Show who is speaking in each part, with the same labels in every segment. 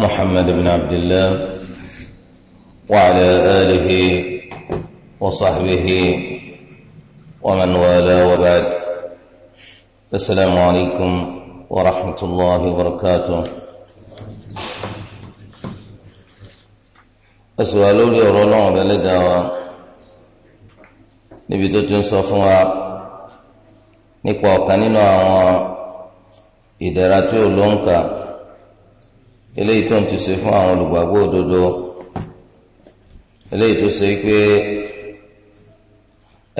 Speaker 1: محمد بن عبد الله وعلى آله وصحبه ومن والاه وبعد السلام عليكم ورحمة الله وبركاته أسوألوا لي رولون للدعوة níbi tó ti ń sọ fún wa nípa ọ̀kan eléyìí tó ń ti ṣe fún àwọn olùgbàgbọ́ òdodo eléyìí tó ṣe pé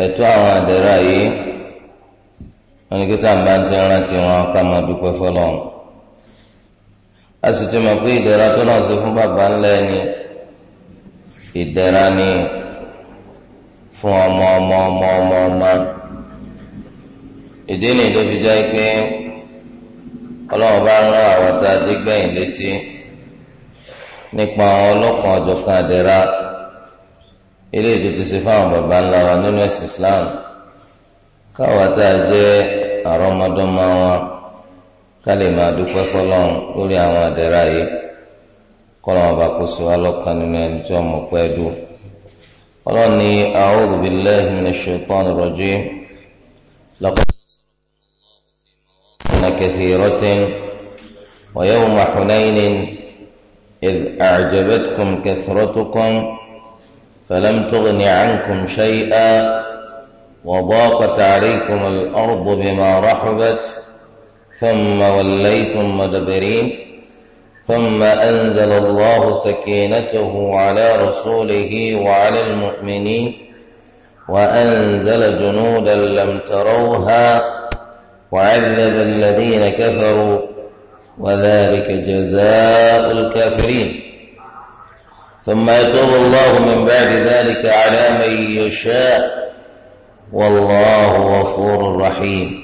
Speaker 1: ẹ̀tọ́ àwọn àdẹ́rà yìí wọn ni kíkà bá ti rántí wọn ká máa dúpẹ́ fọlọ́n a sì ti mọ̀ pé ìdẹ̀ra tó náà ṣe fún bàbá ńlẹ̀ ni ìdẹ̀ra ni fún ọmọ ọmọ ọmọ ọmọ ọmọ ìdí nìyí tó pé ọlọ́run bá rán àwọn tá a dé gbẹ̀yìn létí nípa àwọn ọlọ́kan ọ̀jọ̀kan àdẹ́ra ilé ìtòtò ṣe fáwọn bàbá ńlá wa nínú ẹ̀sìn Islam káwa tá a jẹ́ àrọ́mọdọ́mọ wọn ká lè máa dúpẹ́ fọlọ́run lórí àwọn àdẹ́ra yìí kọ́ra wọn bá kó sọ ọlọ́kan nínú ẹni tí wọ́n mọ̀ pẹ́ dùn. ọlọ́ni a'udhu billahi minash shaitani rajim lọ́kọ́. وشحن كثيرة ويوم حنين إذ أعجبتكم كثرتكم فلم تغن عنكم شيئا وضاقت عليكم الأرض بما رحبت ثم وليتم مدبرين ثم أنزل الله سكينته على رسوله وعلى المؤمنين وأنزل جنودا لم تروها وعذب الذين كفروا وذلك جزاء الكافرين ثم يتوب الله من بعد ذلك على من يشاء والله غفور رحيم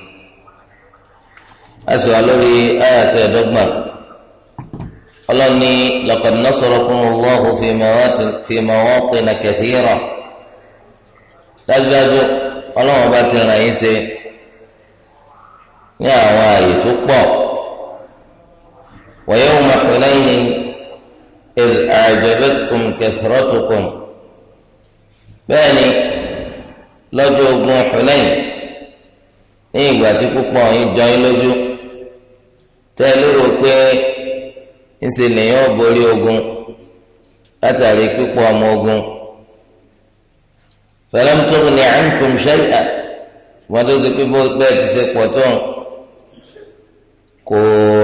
Speaker 1: أسأل لي آية دقمر قال لقد نصركم الله في مواطن, في مواطن كثيرة dájúdájú ọlọ́run bá ti ràn ní àwọn ààyè tó pọ̀ wa yawma Hunayn idh a'jabatkum kathratukum bẹ́ẹ̀ ni lọ́jọ́ ogun Hunayn ní ìgbà tí púpọ̀ yín jọ yín lójú tẹ́ ẹ lérò pé ńṣe lèyìn ó borí ogun látàrí pípọ̀ ọmọ ogun falam tughni ankum shay'a wọ́n tó ṣe pé bẹ́ẹ̀ ti ṣe pọ̀ tó kò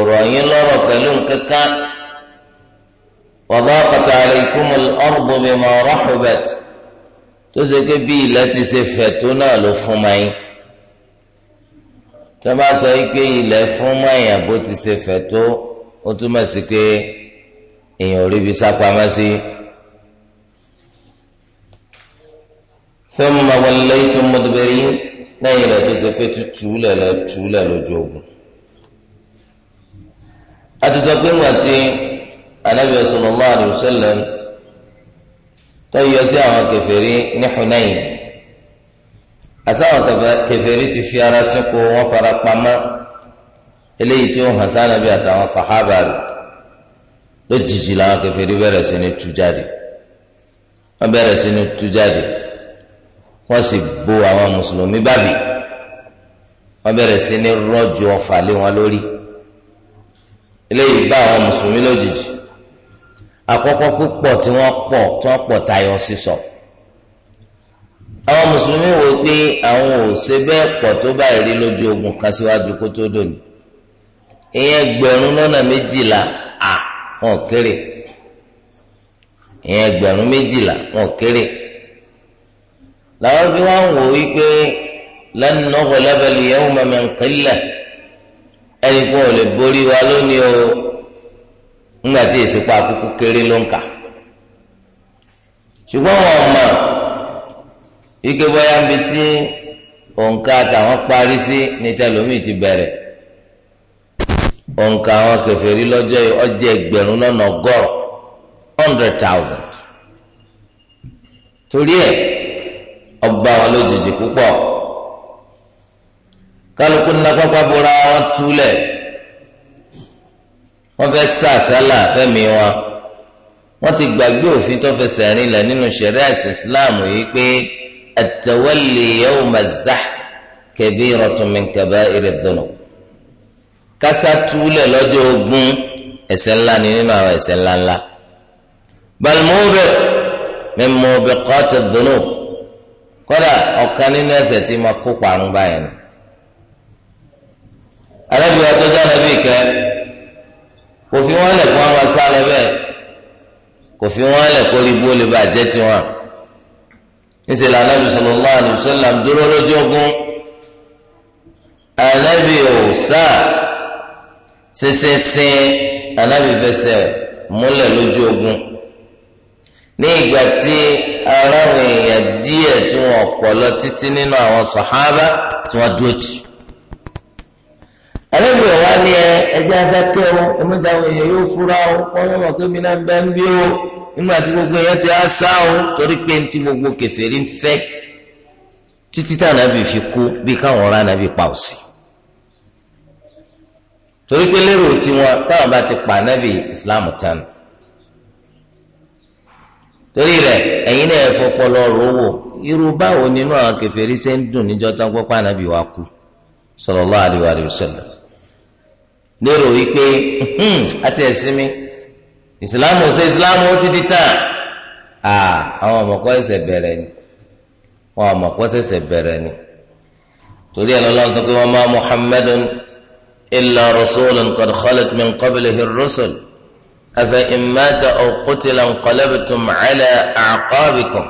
Speaker 1: rọ̀ yín lọ́rọ̀ pẹ̀lú nǹkankan wadaqat alaykumul ardu bima rahubat tó ṣe pé bí ilẹ̀ ti ṣe fẹ̀ tó náà ló fún ma yín tó bá sọ pé ilẹ̀ fún ma yàn bó ti ṣe fẹ̀ tó ó túmọ̀ sí pé èèyàn ò ríbi sápamọ́ sí. thumma wallaytum mudbirin lẹ́yìn rẹ̀ tó ṣe pé tútù lẹ̀ lọ tù lẹ̀ lójú ogun a ti sọ pé ńgbà tí anabi sallallahu alayhi wa sallam tó yọ sí àwọn kèfèrí ní Hunayn àsáwọn kèfèrí ti fi ara sínkú wọn fara pamọ́ eléyìí tí ó hàn sànàbí àtàwọn sàhábà rẹ̀ lójijì làwọn kèfèrí bẹ̀rẹ̀ sí ní tú jáde wọ́n bẹ̀rẹ̀ sí ní tú jáde wọ́n sì bo àwọn mùsùlùmí bábì wọ́n bẹ̀rẹ̀ sí ní rọ̀jò ọfà lé wọn eléyìí bá àwọn mùsùlùmí lójijì àkọ́kọ́ púpọ̀ tí wọ́n pọ̀ tí wọ́n pọ̀ tayọ sísọ àwọn mùsùlùmí wò pé àwọn ò ṣe bẹ́ẹ̀ pọ̀ tó báyìí rí lójú ogun kan síwájú kó tó dòní ìyẹn ẹgbẹ̀rún lọ́nà méjìlá à wọn kéré ìyẹn ẹgbẹ̀rún méjìlá wọn kéré làwọn fi wá wò wípé lan naghlaba al-yawma min qillah. ẹni pé lè borí wa lónìí o ńgbà tí ìsìnkú akúkú kéré ló ń kà ṣùgbọ́n wọn mọ̀ ike bóyá ń bi tí òǹkà tàwọn parí sí ní tẹlómi ti bẹ̀rẹ̀ òǹkà àwọn kèfèrí lọ́jọ́ ọjọ́ ẹgbẹ̀rún lọ́nà hundred thousand torí ọgbà wọn lójijì púpọ̀. kálukú ńlá pápá bora wọn túlẹ̀ wọn fẹ́ sá àsálà fẹ́mi wọn wọn ti gbàgbé òfin tó fẹsẹ̀ rinlẹ̀ nínú ṣẹ̀ríà Islam yìí pé at-tawalli yawma az-zahf kabiratun min kaba'iri adh-dhunub kásá túlẹ̀ lọ́jọ́ ogun ẹ̀ṣẹ̀ ńlá ni nínú àwọn ẹ̀ṣẹ̀ ńlá ńlá bal mubiq min mubiqati adh ọ̀kan nínú ẹ̀ṣẹ̀ tí ma kó parun báyẹn alábìyà tó dára bíi kẹ kò fi wọn lẹ kó wọn máa sá lọ bẹ́ẹ̀ kò fi wọn lẹ kó rí bó lè bá jẹ tiwọn níṣẹ lànà bí sallallahu alaihi wasallam dúró lójú ogun anabi ọsà sísinsin anabi fẹsẹ̀ múlẹ̀ lójú ogun ní ìgbà tí aráwìn èèyàn díẹ̀ tí wọn pọ̀ lọ títí nínú àwọn sàhábà tí wọn dúró tì àlejò ẹ̀ wá ní ẹ ẹjẹ́ adákẹ́ o ẹ̀mẹ́ta àwọn èèyàn yóò fura o wọ́n mọ̀ náà ń bẹ́ ń bí o nígbà tí gbogbo èèyàn ti á sá o gbogbo ń fẹ́ títí tá ànábì fi kú bí káwọn ọ̀rá ànábì pa ò sí torí pé Islam tán torí náà irú báwo nínú àwọn ṣe ń dùn tán gbọ́ wa kú lérò wípé hmm, àti ẹ̀sìn mi ìsìláàmù ṣe ìsìláàmù ó ti di tán àwọn ọmọkọ ẹsẹ̀ bẹ̀rẹ̀ ni wọn ọmọkọ ẹsẹ̀ bẹ̀rẹ̀ ni torí ẹ̀ lọ́lọ́run sọ pé wọ́n máa muhammadun illa rasulun qad khalat min qablihi rusul afa imata aw qutila nqalabtum ala a'qabikum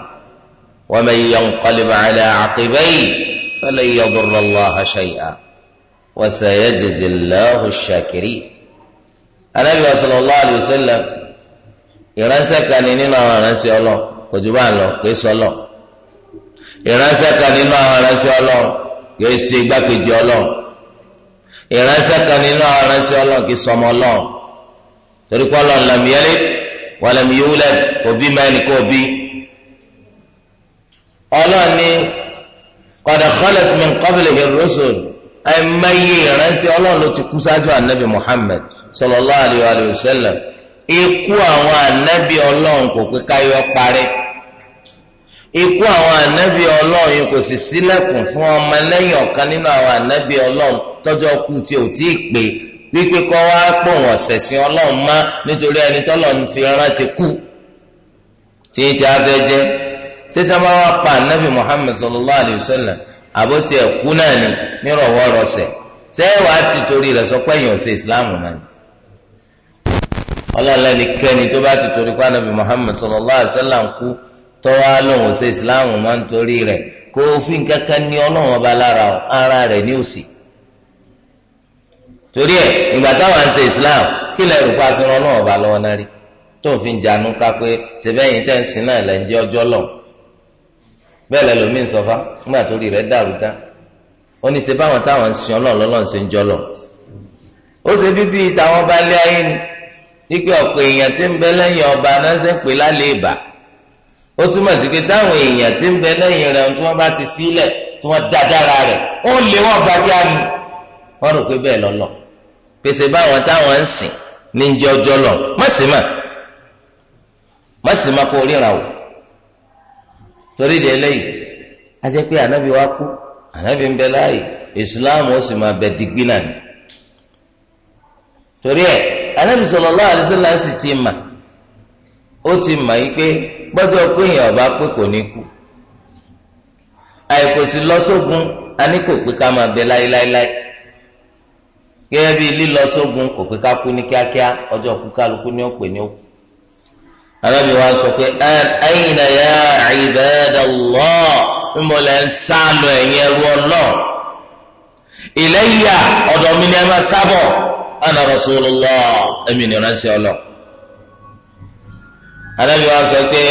Speaker 1: wa man yanqalib ala aqibayhi falan yadurra allaha shay'a wa sayajzi Allahu ash-shakirin anabi sallallahu alayhi wa sallam ìránṣẹ́ kan ní nínú àwọn ìránṣẹ́ ọlọ kò jù bá ń lọ kò sọ lọ ìránṣẹ́ kan nínú àwọn ìránṣẹ́ ọlọ kò sí igbákejì ọlọ ìránṣẹ́ kan nínú àwọn ìránṣẹ́ ọlọ kò sọmọ ọlọ torí pé ọlọ lam yalid wa lam yulad ẹ̀mẹ́yẹ ìránṣẹ́ ọlọ́run ló ti kú sáájú Muhammad sallallahu aliyu aliyu alayhi ikú àwọn ànábì ọlọ́run kò pé káyọ́ parẹ́ ikú àwọn ànábì ọlọ́run kò sì fún ọmọ ẹlẹyìn ọ̀kan nínú àwọn anabi ọlọ́run kú tí wípé wá má nítorí ẹni fi rán ti kú tí ń ti ṣé tí bá wá pa àbótí ẹ̀kú náà ni nírọ̀wọ́rọ̀sẹ̀ sẹ́wàá ti torí rẹ̀ sọ pé èèyàn ṣe ìsìláàmù náà ni ọlọ́ọ̀lẹ́nikẹ́ni tó bá ti torí pé anabi Muhammad sallallahu alaihi wasallam kú tọ́wọ́ lòun ṣe ìsìláàmù máa ń rẹ̀ kó òfin kankan ní lára ara rẹ̀ ní òsì torí ẹ ìgbà táwọn ṣe ìsìláàmù kí pa ọlọ́wọ́n bá lọ́wọ́ náà rí tó òfin jànú ká pé bẹ́ẹ̀ lẹ́ lómi nsọ́fà ńgbà tó rí rẹ̀ dàrú tán ó ní ṣe báwọn táwọn ń sin ọlọ́run lọ́lọ́run ṣe ń jọlọ ó ṣe bíbí táwọn bá lé ayé ni wípé ọ̀pọ̀ èèyàn tí ń bẹ lẹ́yìn ọba náà ṣe ń pè lálẹ́ ìbà ó túmọ̀ sí pé táwọn èèyàn tí ń bẹ lẹ́yìn rẹ̀ tí wọ́n bá ti fílẹ̀ tí wọ́n dá dára rẹ̀ ó lé wọn bá bí àmì wọ́n rò pé bẹ́ẹ̀ lọ́lọ́ pèsè báwọn táwọn ń sìn ní jọjọ lọ mọ̀símà mọ̀símà kò ríra o torí de eléyìí a jẹ́ pé anabi wa kú ànábì ń bẹ láàyè islam ó sì máa bẹ torí ẹ Anabi sallallahu alaihi wasallam ti mà ó ti mà yí pé gbọ́dọ̀ péyàn ọba pé kò ní kú àìkò sí lọ a ní kò pé ká máa bẹ láéláéláé gẹ́gẹ́ bí lílọ kò pé ká kú ní arábì wa sọ pé ayna ya ibadallah ìmọ̀lẹ̀ ń sá lọ ẹ̀yìn ẹrú ọlọ́ ilayya ọ̀dọ̀ mi ni ẹ máa sábọ̀ ana rasulullah ẹ̀mí ni ránṣẹ́ ọlọ́ arábì wa sọ pé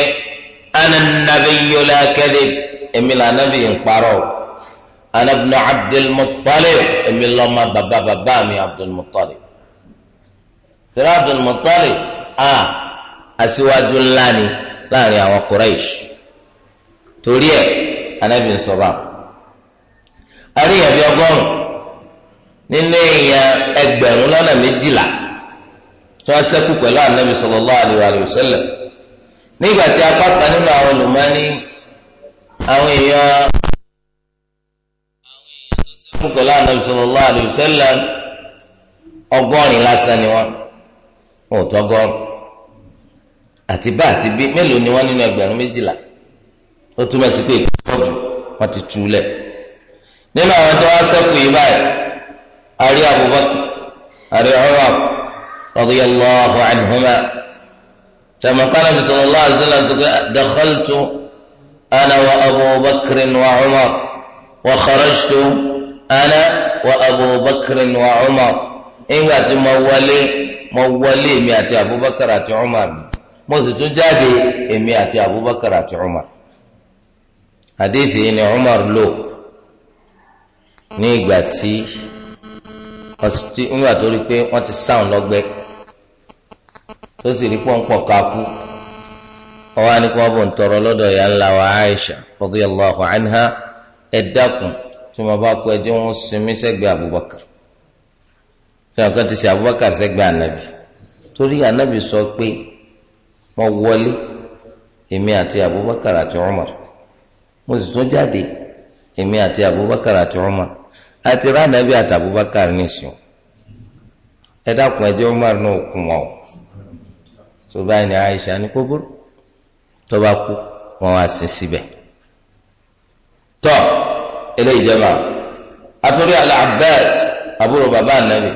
Speaker 1: ana nabiyyu la kadhib èmi là nàbí ń parọ́ ana ibn Abdul Muttalib èmi lọ́mọ mi Abdul Muttalib tẹ̀lé Abdul ah. aṣíwájú ńlá ni láàrin àwọn Quraysh torí ẹ̀ anabi nsọba àríyànjú ọgọ́rùn nínú èèyàn ẹgbẹ̀rún lọ́nà méjìlá tí wọ́n ṣẹ́kù pẹ̀lú anabi sallallahu alaihi wa sallam nígbà tí apá kan nínú àwọn olùmọ́ni àwọn èèyàn ṣẹ́kù anabi sallallahu alaihi wa sallam ni àti bá àti bí mélòó ni wọ́n nínú ẹgbẹ̀rún méjìlá ó túmọ̀ sí pé ètò pọ̀ jù wọ́n ti tú lẹ̀ nínú àwọn tó wá sẹ́kù yìí báyìí àrí Abubakar àrí Umar radiyallahu anhuma tẹ̀mọ̀kánà bisalòláà zẹ́lá zẹ́lá dakhaltu ana wa Abubakar wa Umar wa kharajtu ana wa Abubakar wa Umar ìgbà tí mo wọlé mo wọlé mi àti Abubakar àti Umar mi. mo sì tún jáde èmi àti Abubakar àti Umar hadith yìí ni Umar lò ní ìgbà tí nígbà tó rí pé wọ́n ti sáwọn lọ́gbẹ́ tó sì rí pọ́npọ́ kakú ọwọ́ ni kí wọ́n bọ̀ ń tọrọ lọ́dọ̀ ìyá ńlá wa Aisha anha dákun tí mo bá Abubakar tí wọn kàn Abubakar sẹ́gbẹ́ anabi torí anabi sọ pé. mo wọlé èmi àti Abubakar àti Umar mo sì tún jáde èmi àti Abubakar àti Umar àti ránàbí àti Abubakar nìṣó ẹ dákun ẹ jẹ́ Umar náà kún wọn o tó báyìí ní Aisha ní kó burú tó bá kú wọn wá sí síbẹ̀ tọ́ eléyìí jẹ́ báà àtúrí àbúrò bàbá ànábì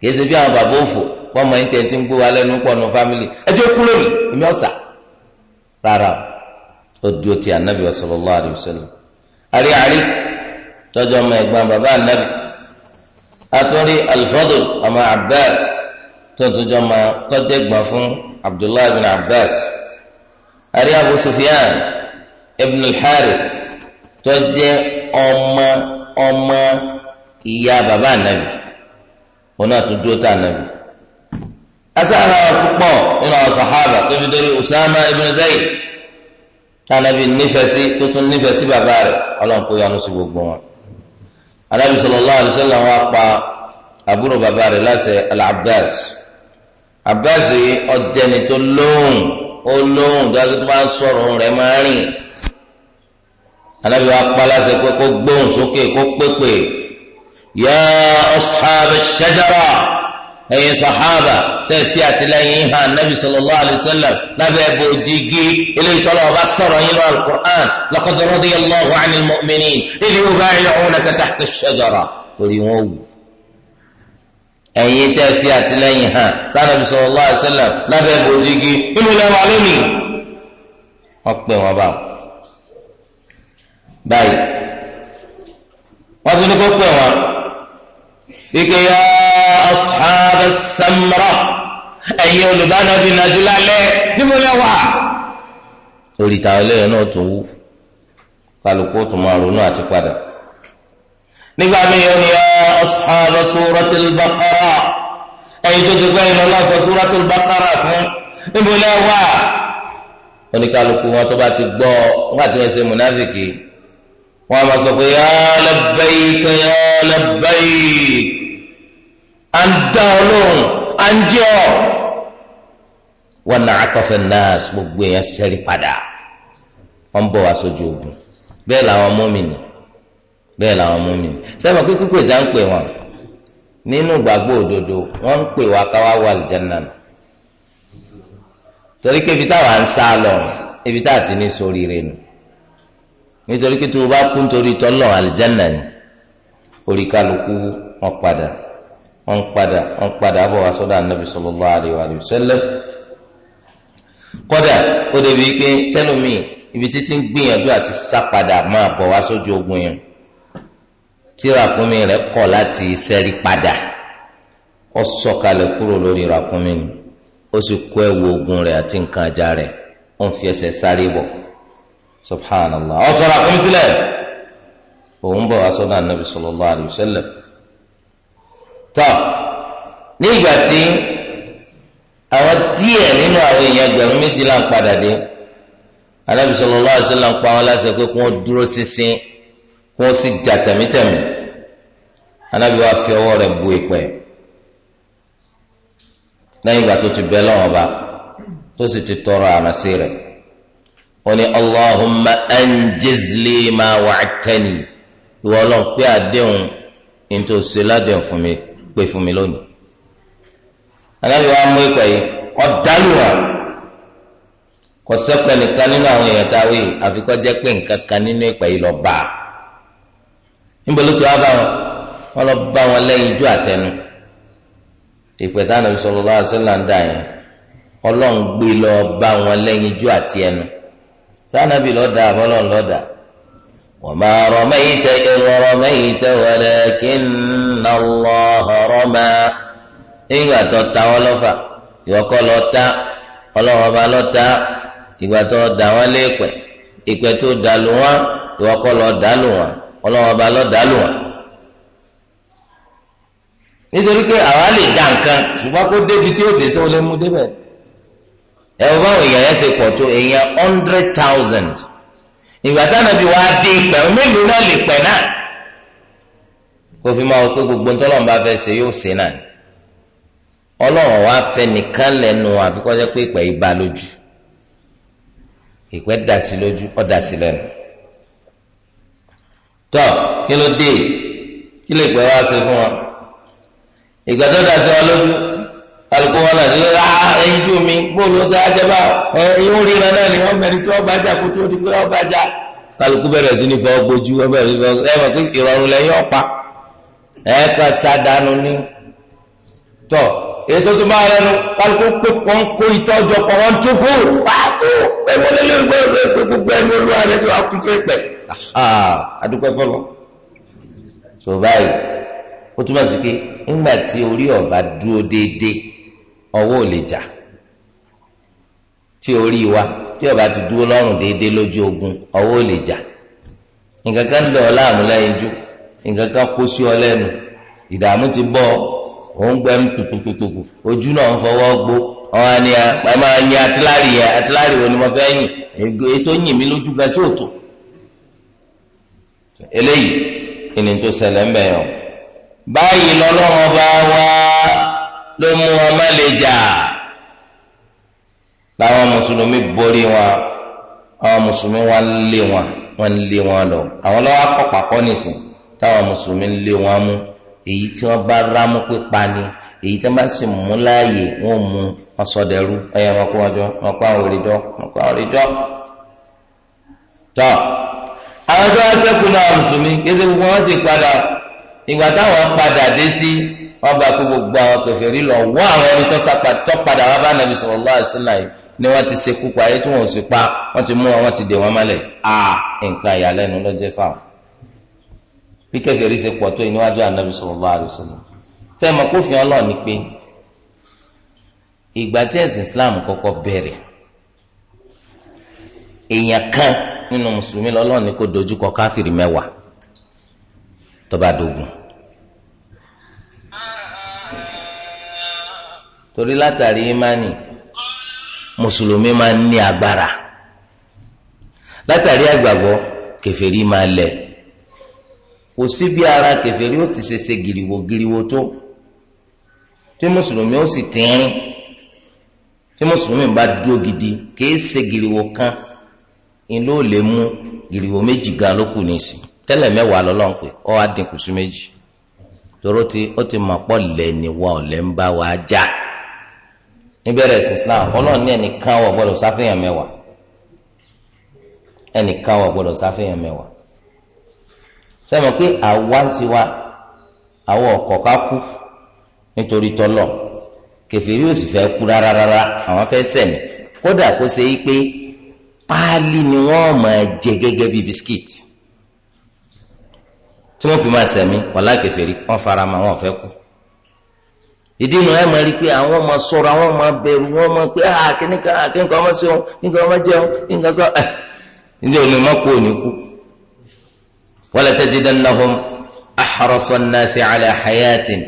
Speaker 1: kì ṣe bí àwọn bàbá òfò wọ́n mọ̀ ẹ̀ńtẹ̀ ti ń gbó wa lẹ́nu pọ̀ nù fámìlì ẹjọ́ kú lónìí èmi ọ̀sà rárá ó di o ti ànábì sallallahu alaihi wasallam. àrí àrí tọ́jú ọmọ ẹ̀gbọ́n bàbá ànábì àtúndì al-Fadl ọmọ Abbas tọ́jú ọmọ tọ́jú ẹ̀gbọ́n fún Abdullahi bin Abbas àrí Abu Sufyan ibn al-Harith tọ́jú ọmọ ọmọ ìyá bàbá ànábì wọn náà tún dúró tá ànábì asára púpọ̀ nínú àwọn sàhábà tó fi dórí Usama ibn Zayd tánàbí nífẹ̀ẹ́sí tó tún nífẹ̀ẹ́sí bàbá rẹ̀ ọlọ́run kó yanu sí gbogbo wọn. alábi sallallahu alaihi wasallam wá pa àbúrò bàbá rẹ̀ láṣẹ al-Abbas Abbas yìí ọjẹni tó lóhùn ó lóhùn dájú tó bá ń sọ̀rọ̀ rẹ̀ máa rìn alábi wá pa láṣẹ ya ashab shajara ẹ̀yin sọ̀hábà tẹ̀sí àtìlẹ́yìn ha nabi sallallahu alayhi wa sallam lábẹ́ bòjìgì eléyìí tọ́lọ́ ọba sọ̀rọ̀ yín lọ́wọ́ alukur'an laqad radiyallahu anil mu'minin idh yubayi'unaka tahta ash-shajara orí wọn wù. ẹ̀yin tẹ̀sí àtìlẹ́yìn ha sanabi sallallahu alayhi wa sallam lábẹ́ bòjìgì inú ilẹ̀ wà lónìí. wọ́n pè wọ́n bá báyìí wọ́n tún ní kó pè wọ́n ike ya ọ̀sáàbẹ̀ sẹ́mọ̀rọ̀ ẹ̀yin olùbánàbí nàdú lálẹ́ níbo lẹ wà. orí ìtàwọn ẹlẹ́yìn náà tún wú kálukú tún máa ronú àti padà. nígbà míì ó ní ya ọ̀sáàbẹ̀ suratul baqara ẹ̀yin tó ti gbẹ́ iná náà fọ suratul baqara fún níbo lẹ oníkálukú wọn tó bá ti gbọ́ wọn àti wọn ṣe múnáfìkì wọn a máa sọ pé ya labbayka ya labbayka à ń dá ọ lóhùn à ń jẹ́ ọ. wọn nà àkọfẹ nọọsì gbogbo èèyàn sẹ́rí padà wọn bọ̀ wá sójú ogun bẹ́ẹ̀ làwọn mọ́mìnì bẹ́ẹ̀ làwọn mọ́mìnì sẹ́mi pé pípé ìjà ń pè wọn nínú gbàgbọ́ òdodo wọ́n ń pè wá káwá wà lìjánná torí pé ibi táwa ń sá lọ ibi táà ti ní sórí rẹ nù nítorí pé tó o bá kú nítorí tọ́lọ̀ àlìjánná ni orí wọn padà wọn padà wọn padà bọ̀ wá sọ́dọ̀ anabi sallallahu alayhi wa sallam ó débi pé ibi títí ń gbìyànjú àti sá padà máa bọ̀ sójú ogun yẹn tí ràkúnmí rẹ kọ láti sẹ́rí padà ó sọ̀kalẹ̀ kúrò lórí ràkúnmí ni ó sì kó ogun rẹ àti nǹkan ajá rẹ̀ ó fi ẹsẹ sáré bọ tọ ní ìgbà tí àwọn ninu nínú àwọn èèyàn ẹgbẹ̀rún méjìlá ń padà dé Ànábì sallallahu alaihi wasallam ń pa wọn láṣẹ pé kí dúró ṣinṣin kí wọ́n sì jà tẹ̀mítẹ̀mí wa fi ọwọ́ rẹ̀ bu ìpẹ́ lẹ́yìn ti bẹ lọ́wọ́ bá tó sì ti tọrọ àmàṣe rẹ̀ wọ́n ni Allahumma anjiz li ma wa'adtani ìwọ Ọlọ́run pé àdéhùn ní tó gbé fún mi lónìí anábì wa mú ìpè yìí ọ̀dàlùwà kò sẹ́pẹ̀ nìkan nínú àwọn èèyàn tá a wí àfikọ́ jẹ́ pé nǹkan kan nínú ìpè yìí lọ bá a níbo ló ti wá bá wọn wọn lọ bá wọn lẹ́yìn ijó àtẹnu ìpè tá a nàbí sallallahu alaihi ń dà yẹn ọlọ́run gbé lọ bá wọn lẹ́yìn ijó àti ẹnu sáà lọ́ọ́ dà àbọ́lọ́ọ̀ lọ́ọ́ dà وما رميت إذ رميت ولكن الله رمى إذا تتا ولفا يقولتا ọlọ́wọ́ba lọ́ta ìgbà tó da wọn lé ìpẹ́ taa, tó da wọn da nítorí pé àwa lè nǹkan ṣùgbọ́n kó débi tí ó dé sí mú débẹ̀. wọ́n èèyàn yẹn ṣe pọ̀ ìgbà tánábì wàá dé pẹ̀ mélòó náà lè pẹ̀ náà fi máa wọ pé gbogbo ntọ́lọ́run bá fẹ́ ṣe yóò ṣe náà ọlọ́run wá fẹ́ nìkan lẹ́nu àfikọ́jẹ́ pé ìpẹ́ ìbá lójú ìpẹ́ dàsí lójú ó lẹ́nu tọ́ kí ló dé kí lè wá ṣe fún kálukú wọn náà ah, ṣe ra ẹyin tó mi bóòlù ó ṣe ajẹba ẹyin ó ríra náà ni wọn mẹ́rin tí wọn bá jà kó tó di pé wọn bá jà kálukú bẹ̀rẹ̀ sí ní fọ gbójú wọn bẹ̀rẹ̀ sí ní fọ ẹ mọ̀ pé ìrọ̀rùn lẹ́yìn ọpa ẹ kà sádànù ní tọ ètò tó bá rẹ nu kálukú pé wọn kó ìtọ́jọ pọ̀ wọn tó kú pàtó ẹgbẹ́ lélẹ́ gbẹ́ gbogbo ẹni olúwa rẹ sí wa kú fún ìpẹ́ àdúgbò tí orí ọ̀bà dúró déédéé ọwọ́ olejà lè jà tí orí wa tí ọba ti dúró lọ́rùn déédé lójú ogun ọwọ́ olejà nǹkan kan lọ láàmú lẹ́yìn jú nǹkan kan ọ lẹ́nu ìdààmú ti bọ́ o gbẹ ń tukutukutu ojú náà ń fọwọ́ gbó ọ̀hún ni ẹ máa yẹn wo ni mo fẹ́ yìn ètò yìn mí lójú gan sí òtò eléyìí ìní tó ṣẹlẹ̀ ń ló mú wọn má lè jà làwọn mùsùlùmí borí wọn àwọn mùsùlùmí wọn lé wọn wọn lé wọn lọ àwọn lọ́wọ́ akọ̀pàkọ́ nìsín táwọn mùsùlùmí lé wọn mú èyí tí wọ́n bá rámú pípa ni èyí tí wọ́n bá sì mú láàyè wọ́n mú wọn sọdẹ̀rú ẹ̀yẹ wọn kó wọn jọ wọn kó àwọn òrìjọ wọn kó àwọn òrìjọ tọ́ àwọn tó wá sẹ́kù náà mùsùlùmí kí ẹsẹ̀ gbogbo wọn ti padà ìgbà táwọn padà dé sí wọ́n bá kó gbogbo àwọn kèfèrí lọ wọ́n àwọn ẹni tó padà wá bá nàbí sallallahu alaihi wasallam ni wọ́n ti ṣekú pa ayé tí wọ́n sì pa wọ́n ti mú wọn wọ́n ti dè wọ́n mọ́lẹ̀ à nǹkan ìyàlẹ́nu ló fáwọn. bí kèfèrí ṣe pọ̀ tó níwájú ànábì sallallahu alaihi wasallam sẹ́mi kófin ọlọ́ọ̀ ni pé ìgbà tí ẹ̀sìn Islam kọ́kọ́ bẹ̀rẹ̀ èèyàn kan nínú mùsùlùmí lọ́lọ́ọ̀ ni kò dojúkọ káfìrí mẹ́wàá tó bá dogun torí látàrí imani mùsùlùmí máa ń ní agbára látàrí àgbàgbọ́ kèfèrí máa lẹ̀ kò sí bí ara kèfèrí ó ti ṣeṣe gìrìwò gìrìwò tó tí mùsùlùmí ó sì tínrín tí mùsùlùmí bá dúró gidi kìí ṣe gìrìwò kan inú ò lè mú gìrìwò méjì gan ló kù nísìn tẹ́lẹ̀ mẹ́wàá lọ́lọ́run pé ó wá sí méjì toró ó ti mọ̀ pọ̀ lẹ́ni wa ọ̀lẹ́ ń bá wa já. Ja níbẹ̀rẹ̀ sí islam ọlọ́run ní ẹnìkan wọ̀ gbọ́dọ̀ sáfihàn mẹ́wàá ẹnìkan wọ̀ gbọ́dọ̀ sáfihàn mẹ́wàá sẹ́mi pé àwa ń tiwa àwọn ọ̀kọ̀ ká kú nítorí tọ́lọ̀ kẹfìrí ò sì fẹ́ kú rárá rárá àwọn fẹ́ sẹ̀mí kódà kó ṣe yí pé páálí ni wọ́n máa jẹ gẹ́gẹ́ bí bisikíìtì tí wọ́n fi máa sẹ̀mí wàlá kẹfìrí wọ́n fara máa wọ́n fẹ́ kú. ìdí inú ẹ máa rí i pé àwọn ọmọ sọ̀rọ̀ àwọn ọmọ bẹ̀rù wọn máa pé ah kíníkan ọmọ sí ah, wọn kíníkan ọmọ jẹun kíníkan kọ ẹ ǹjẹ́ eh, òní má kú òní kú. wala tajidannahum ahrasa an-nasi ala hayatin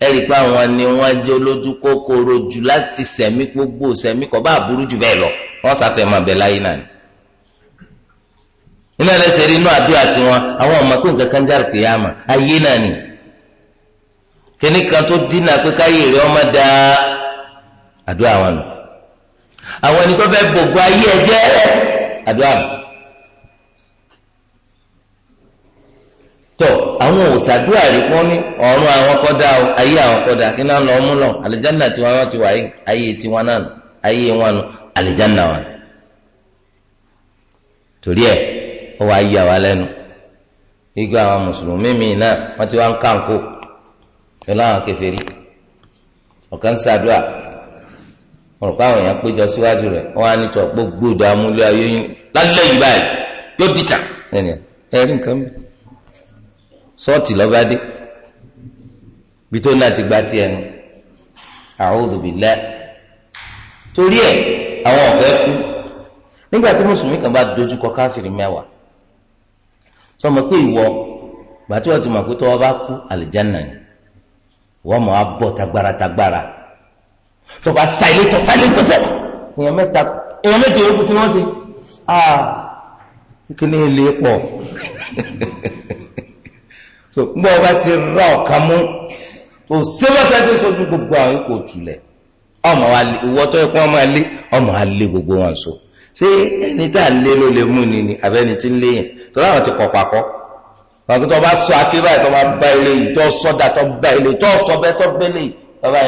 Speaker 1: ẹ rí i pé àwọn ni wọ́n jẹ́ olójú kòkòrò jù láti sẹ̀mí gbogbo sẹ̀mí kọ́ bá burú jù bẹ́ẹ̀ lọ wọ́n sàfẹ́ máa bẹ̀ láyé náà ni. ẹlẹ́sẹ̀ rí inú àdúrà tiwọn àwọn kíní kan tó dínà pé káyé rẹ ọmọ dáa àdúrà wọn nù àwọn ẹni tó fẹ́ gbogbo ayé ẹ jẹ́ àdúrà nù. tọ àwọn òsàdúrà rí wọn ní ọ̀run àwọn kódà o ayé àwọn kódà kí náà lọ mú lọ àlìjáná tiwọn wọn ti wà ayé tiwọn náà nù ayé wọn nù àlìjáná wọn. torí ẹ ó wàá yà wá lẹ́nu igbó àwọn mùsùlùmí mi náà wọn ti wá ń kàǹkó pẹ̀lú àwọn kèfèrí ọ̀kan ṣàdúrà wọn pa àwọn èèyàn péjọ síwájú rẹ̀ wọn á ní tọ gbogbo ìdààmú lé ayé yín lálẹ́ yìí báyìí yóò dìtà ẹnì ẹrí nǹkan mi sọ́ọ̀tì lọ́ba dé bí tó náà ti gba tiẹ̀ nu a'udhu billahi torí ẹ̀ àwọn ọ̀fẹ́ kú nígbà tí mùsùlùmí kan bá dojú kọ káfíìrì mẹ́wàá sọ ma pé ìwọ gbàtí ti mọ̀ pé tọ́wọ́ bá kú àlìjánnà ni wọ́n mọ̀ á tagbara tagbara tagbára tó bá sa ilé tó èèyàn mẹ́ta èèyàn mẹ́ta wọ́n ah, ilé pọ̀ so gbọ́ ọba ti ra ọ̀kan mú tó sẹ́wọ́sẹ́sẹ́ gbogbo àwọn ipò òtúlẹ̀ ọmọ wa lé ìwọ́ tó ẹ̀kọ́ ọmọ alé ọmọ alé gbogbo wọn so ṣé ẹni tá a lé ló lè mú ni ni àbẹ́ni ń léyìn tó láwọn ti kọ̀ wọn kò tó bá sọ tó bá bá ilé yìí tó sọdà tó bá ilé tó sọ bẹ tó bẹlẹ yìí tó bá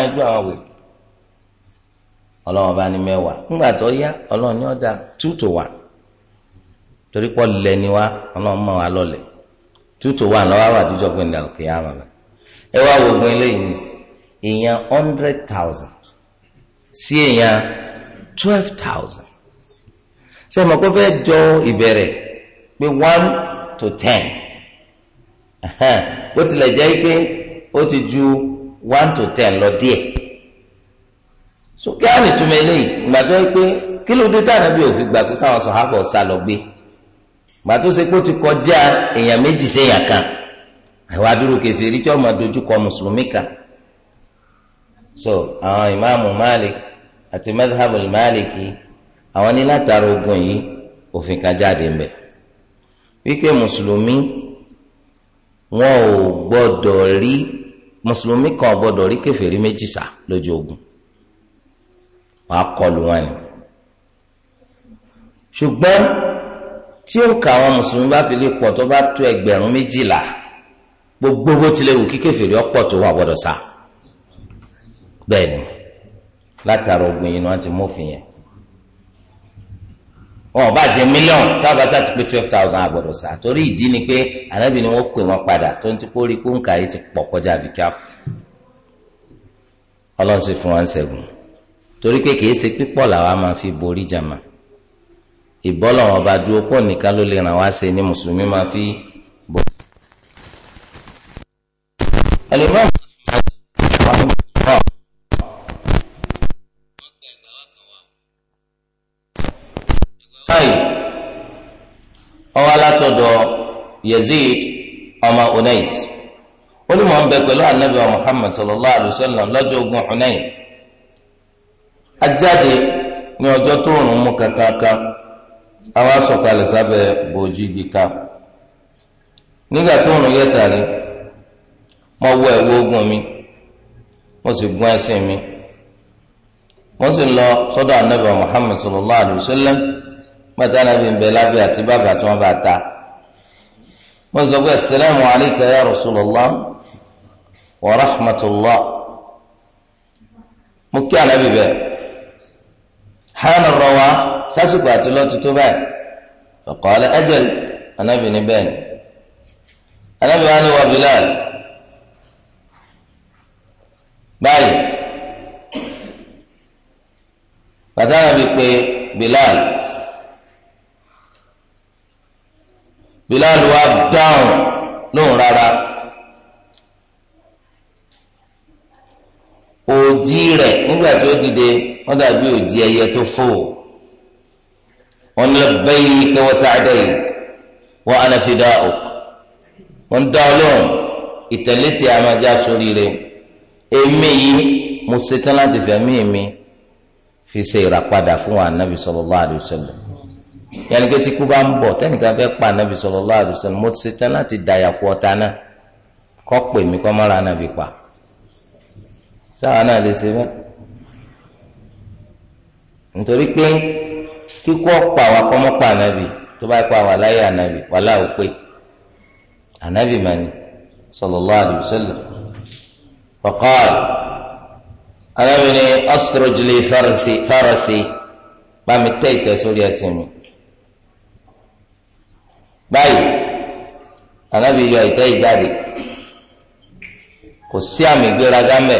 Speaker 1: àwọn ńgbà tó yá ọjà torí ni wá ọlọ́wọ́n mọ̀ le lọ́lẹ̀ two to one àwọn àdújọ́ pé ní ẹ wá eléyìí ní èèyàn hundred thousand sí èèyàn twelve thousand ṣé mo kó to ten. bó tilẹ̀ jẹ́ pé ó ti ju one to ten lọ díẹ̀ so kí á ní túmọ̀ eléyìí gbàdúrà pé kí ló dé táwọn ẹbí òfin gbà pé káwọn sọ̀hábà sá lọ gbé gbà tó ṣe pé ti kọjá èèyàn méjì séèyàn kan àwọn adúrú kẹfìrí tí wọn máa dojú mùsùlùmí kan so àwọn ìmáàmù Malik àti madhhabu Maliki àwọn ní látara ogun yìí òfin kan jáde ń bẹ wípé mùsùlùmí wọn ò gbọ́dọ̀ rí mùsùlùmí kan gbọ́dọ̀ rí kèfèrí méjì sá lójú ogun wàá kọlù wọn ni ṣùgbọ́n tí ó kà àwọn mùsùlùmí bá fi lè pọ̀ tó bá tó ẹgbẹ̀rún méjìlá gbogbo bó tilẹ̀ wù kí kèfèrí ọ̀pọ̀ tó wà gbọ́dọ̀ sá bẹ́ẹ̀ ni látara ogun yìí ni wọ́n ti mú òfin yẹn wọn ọba jẹ mílíọ̀nù tí a bá ti pé twelve thousand àgbọ̀dọ̀ sá torí ìdí ni pé ànábì ni wọ́n padà tó ń ti kó ń ti pọ̀ kọjá àbí kí a ọlọ́run sì fún wọn sẹ́gun torí pé kìí ṣe pípọ̀ làwa máa fi borí jàmà bá dúró pọ̀ nìkan ló lè ràn wá ṣe ni fi borí. látọ̀dọ̀ Yazid ọmọ Unais ó ní wọ́n ń bẹ pẹ̀lú anabi Muhammad sallallahu alayhi wa sallam lọ́jọ́ ogun Hunain ajáde ní ọjọ́ tó rùn mú kankankan àwa sọ̀kalẹ̀ sábẹ́ bòójì gíga nígbà tó rùn yẹ tàrí mo wọ ẹ̀wù ogun mi mo sì gun ẹṣin mi mo sì lọ sọ́dọ̀ anabi Muhammad sallallahu alayhi wa sallam pátá nàbí ń bẹ lábẹ́ àti bàbà tí wọ́n bá ta wọ́n sọ pé assalamu alayka ya rasulallah wa rahmatullah mo kí ànábì bẹ hàn rọwà sásìkò àti lọ́tù tó báyìí faqala ànábì ní bẹ́ẹ̀ ni ànábì wa ni wà báyìí pátá nàbí pé Bilal. Bilal wa dáhùn lóhùn rárá òdì rẹ̀ nígbà tí ó dìde wọ́n dàbí òdì ẹyẹ tó fò wọ́n ní labbayka wa sa'dayka wa ana fida'uk wọ́n dá ọ lóhùn ìtẹ̀lé tí a máa já sórí rẹ̀ èmi yìí mo ṣetán láti fẹ̀mí mi fi ṣe ìràpadà fún wa Ànábì sallallahu alaihi wasallam yẹn nìkan tí kú bá ń bọ̀ tẹ́nìkan fẹ́ pa anabi sallallahu alaihi wasallam mo ti ṣe tán láti dàyàkú ọ̀tá náà kọ́ pè mí kọ́ mọ́ra anabi pa sáwọn náà lè ṣe bẹ́ẹ̀ nítorí pé kíkọ́ pa wà kọ́ mọ́ pa anabi tó bá pa wà láyé anabi wà láwù pé anabi mani sallallahu alaihi wasallam faqal anabi ni asrujli farasi farasi bá mi tẹ́ ìtẹ́sórí ẹsẹ̀ mi báyìí anabi yọ ìtẹ́ ìjáde kò sí àmì ìgbéraga mbẹ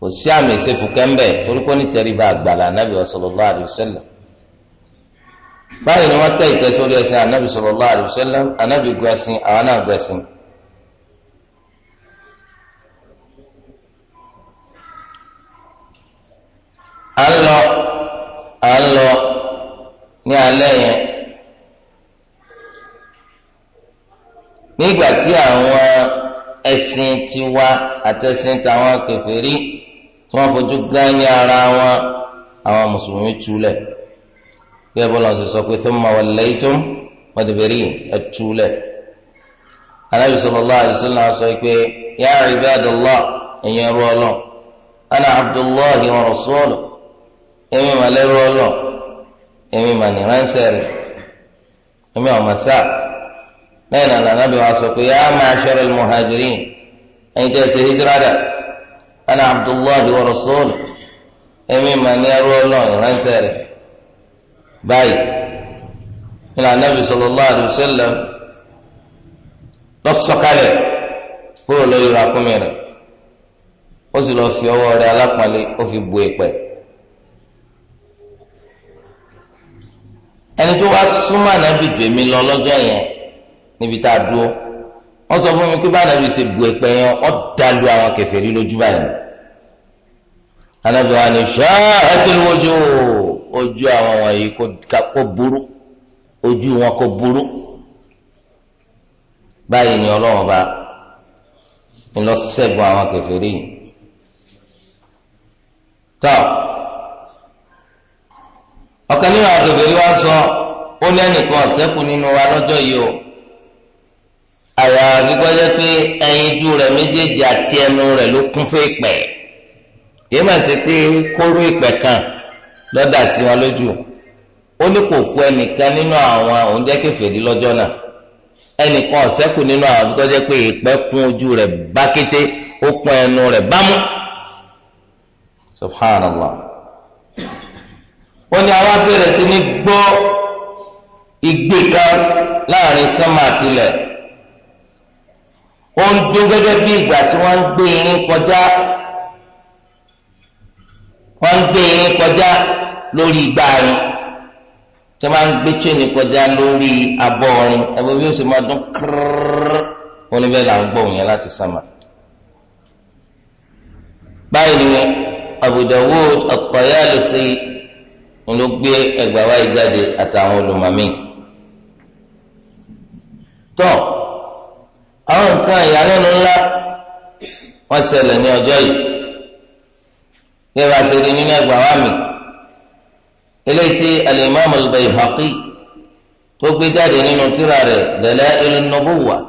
Speaker 1: kò sí àmì ìsefùkẹ mbẹ torí pé onítẹríba àgbàlá anabi sallallahu alaihi wasallam báyìí ni wọ́n tẹ́ ìtẹ́ sórí ẹsẹ̀ anabi sallallahu alaihi wasallam anabi gbẹsìn àwọn náà gbẹsìn. à ń lọ à ń lọ ní alẹ́ yẹn. nígbà tí àwọn ẹ̀sìn tiwa àtẹ̀sìn tàwọn kèfèrí tí wọ́n fojú gánni ara wọn àwọn mùsùlùmí túlẹ̀ bí ẹ bọ́lá ọ̀sẹ̀ sọ pé thumma wallaytum mudbirin ẹ̀ túlẹ̀ alábi sallallahu alaihi wasallam sọ pé ya ibadallah ẹ̀yin ẹrú ọlọ́ ana abdullahi wa rasuluhu ẹ̀mí màlẹ́rú ọlọ́ ẹ̀mí mànìránṣẹ́ rẹ̀ ẹ̀mí bẹ́ẹ̀ náà nànàbí wa sọ pé yá ma'ashara al-muhajirin ẹ̀yin tẹ́ ṣe hijirada ana abdullahi wa rasul ẹ̀mí màní ẹrú ọlọ́run ìránṣẹ́ rẹ̀ báyìí lọ́sọ̀kalẹ̀ kúrò lórí rẹ̀ ó sì lọ́ọ́ fi ọwọ́ rẹ̀ ó fi bu ẹni tó wá súnmọ́ lọ lọ́jọ́ yẹn. níbi tá a dúró wọ́n sọ fún mi pé báyìí nàbí ṣe bu ẹ̀pẹ̀ yẹn ọ́ dalu àwọn kèfèrí lójú báyìí anábìyàn ni ṣáàtìlú ojú ojú àwọn wọ̀nyí kó burú ojú wọn kó burú báyìí ni ọlọ́wọ́n bá ńlọ sẹ́gun àwọn kèfèrí yìí tọ́ ọ̀kan nínú àwọn kèfèrí wa sọ ó lẹ́nìkan ọ̀sẹ́kù nínú wa lọ́jọ́ yìí o àyàfi kọjá pé ẹyinjú rẹ̀ méjèèjì àti ẹnu rẹ̀ ló kún fún ìpẹ́ yìí mà sí pé kóró ìpẹ́ kan lọ́dà sí wọn lójú ó ní kò kú ẹnìkan nínú àwọn òun jẹ́ kẹfẹ́dí lọ́jọ́ náà ẹnìkan ọ̀sẹ́kù nínú àwọn àfikọ́ jẹ́ pé ìpẹ́ kún ojú rẹ̀ bákété ó kún ẹnu rẹ̀ bámú subhanallah ó ní àwa bẹ̀rẹ̀ sí ní gbọ́ igbe kan láàrin sánmà àtilẹ̀ ó ń dún gẹ́gẹ́ bí ìgbà tí wọ́n ń gbé irin kọjá wọ́n ń gbé irin kọjá lórí igbá rin tí wọ́n ń gbé tíwèé kọjá lórí abọ́ rin ẹ̀bùn bí ó sì máa dún kírrrr wọ́n ní bẹ́ẹ̀ là ń gbọ́ òun yẹn láti sàmà. báyìí ni Abu Dawud At-Tayalisi ló gbé ẹgbàá wáyé jáde àtàwọn olùmọ̀mí. tọ́ọ̀ àwọn nǹkan ìyàlẹ́nu ńlá wọ́n ṣẹlẹ̀ ní ọjọ́ yìí yẹ́wà ṣe ni nínú ẹgbàá wa mi eléyìí tí al-Imam al-Bayhaqi tó gbé jáde nínú tírà rẹ̀ Dala'il an-Nubuwah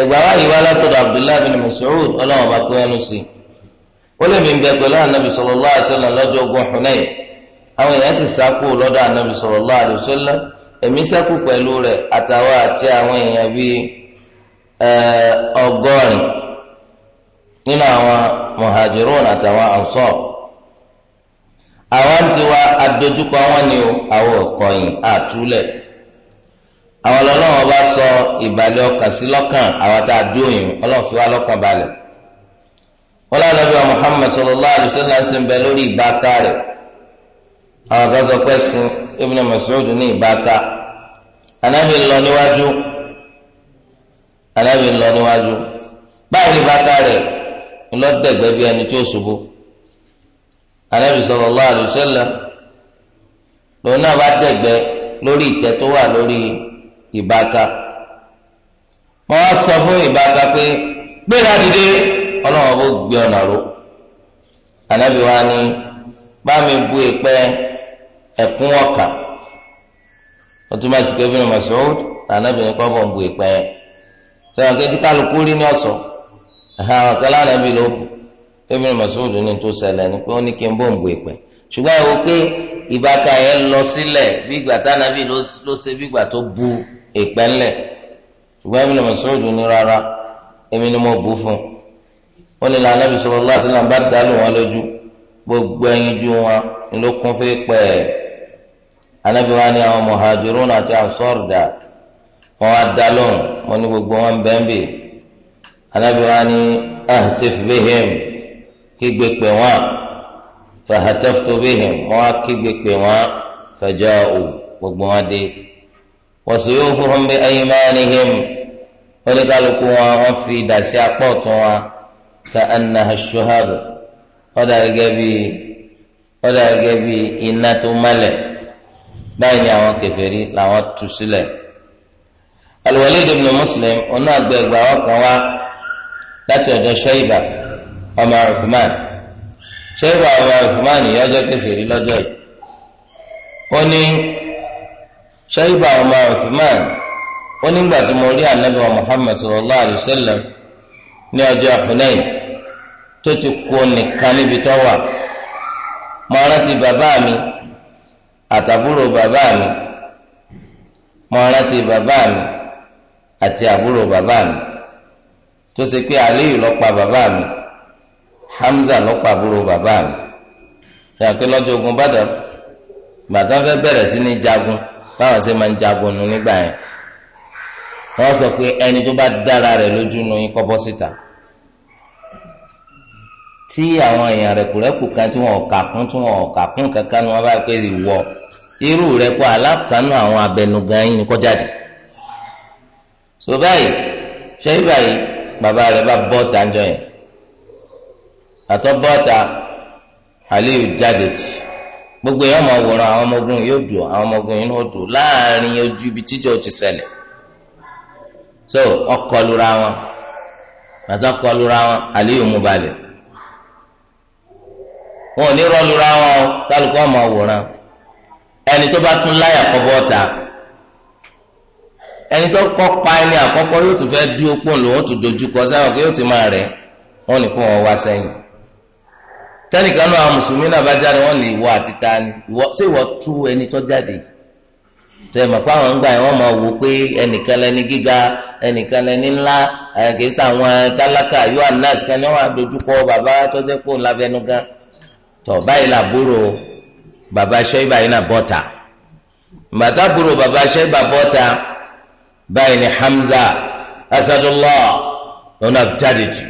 Speaker 1: ẹgbàá wa yìí wá látọ̀dọ̀ Abdullahi bin Mas'ud ọlọ́wọ́n bá pé ẹnu sí i ó lè mi bẹ pẹ̀lú anabi sallallahu alaihi wasallam lọ́jọ́ ogun Hunayn àwọn èèyàn sì sákú lọ́dọ̀ anabi sallallahu alaihi wasallam èmi sákú pẹ̀lú rẹ̀ àtàwọn àti àwọn èèyàn bíi. Eh, ọgọrin nínú àwọn muhajirun àtàwọn awọn àwọn ti wá adójúkọ wọn ni o àwọn òkọyìn àtúlẹ̀ àwọn ọlọ́wọ́ bá sọ ìbàlẹ̀ ọkàn sí lọ́kàn àwọn tá a dóyìn ọlọ́wọ́ fi wá lọ́kàn balẹ̀ wọn lọ́wọ́ ń bẹ lórí rẹ̀ àwọn kan sọ pé sin anábì ń lọ níwájú báyìí ní bàtà rẹ̀ ńlọ́dẹ̀gbẹ́ ẹni tí ó ṣubú anábì sallallahu alaihi wasallam lòun náà bá dẹ̀gbẹ́ lórí ìtẹ́ tó wà lórí ìbáta wá sọ fún ìbáta pé gbéra dìde gbé wa ni bá mi bu ìpẹ́ ẹ̀kún ọ̀kà wọ́n tún bá sì pé bí wọ́n mọ̀ ni kọ́ bọ̀ bu sọ̀rọ̀ nke kálukú rí ní ọsọ àwọn kan lo bí ló kù ní ní tó ni pé ó ní kí n bò ń bu ìpè ṣùgbọ́n ìwọ pé ìbáka yẹn lọ sílẹ̀ bí ìgbà tánàbí ló ṣe bí ìgbà tó bu ìpè ńlẹ̀ ṣùgbọ́n Ibn ní rárá mo bu fún ju wọn ló kún fún ìpè ni àwọn wọn wá dá lóhùn wọn ní gbogbo wọn bẹ́ẹ̀ bì anabi wa ni ahtif bihim kígbe pè wọn fahataftu bihim wọn wá kígbe pè wọn faja'u gbogbo wọn dé wa suyufuhum bi aymanihim wọn ní kálukú wọn wọn fi dàsí apá ọ̀tún wọn ka annaha shuhab wọn dàrí gẹ́bí wọn dàrí gẹ́bí iná tó malẹ̀ báyìí ni àwọn kèfèrí làwọn tú sílẹ̀. Al-Walid ibn Muslim ọ̀nà àgbẹ̀ ẹgbà ọkàn wa láti ọ̀dọ̀ Shayba ọmọ Uthman Shayba ọmọ Uthman yìí ọjọ́ kẹfìrí lọ́jọ́ yìí ó ní Shayba ọmọ Uthman ó nígbà tí mo rí Ànábì wa Muhammad sallallahu alayhi wa sallam ní ọjọ́ Hunayn tó ti kú nìkan níbi tó wà mo rántí bàbá mi àtàbúrò bàbá mi mo rántí bàbá mi àti àbúrò bàbá mi tó ṣe pé aliyu ló pa bàbá mi hamza ló pa àbúrò bàbá mi ṣe àpé lọ́jọ́ ogun Badr bàtà fẹ́ bẹ̀rẹ̀ sí ní jagun báwọn ṣe máa ń jagun nu nígbà yẹn wọ́n sọ pé ẹni tó bá dára rẹ̀ lójú nu yín kó bọ́ síta tí àwọn èèyàn rẹ̀kùrẹ́kù kan tí wọ́n kà kún tí wọ́n kà kún kankan ni wọ́n bá pè é wọ irú rẹ̀ kó alákàánú àwọn abẹnugan yín ni kó jáde so báyìí ṣẹ́yí báyìí bàbá rẹ̀ bá bọ́ta ń jọ yẹn àtọ́ bọ́ta Aliyu jáde tì gbogbo yẹn ọmọ wòran àwọn ọmọ yóò dùn àwọn ọmọ yìí náà dùn láàrin ojú ibi tíjọ ti ṣẹlẹ̀ so ọkọ lura wọn bàtà kọ lura wọn Aliyu mú balẹ̀ wọn ò ní rọ lura wọn kálukú ọmọ wòran ẹni tó bá tún láyà kọ́ bọ́ta. ẹni tó kọ́ pa ẹni àkọ́kọ́ yóò tún fẹ́ dí opó ńlò wọ́n tún dojú sáyọ̀ kí yóò ti máa rẹ̀ wọ́n ní kó wọn wá sẹ́yìn tẹnìkan náà mùsùlùmí náà bá jáde wọ́n lè wọ àti ta ni ṣé ìwọ tú ẹni tó jáde
Speaker 2: tó ẹ mọ̀ pé àwọn ń gbà yẹn wọ́n máa wò pé ẹnìkan lẹni gíga ẹnìkan lẹni ńlá
Speaker 1: báyìí ni Hamza Asadullah ọ̀nà jáde tì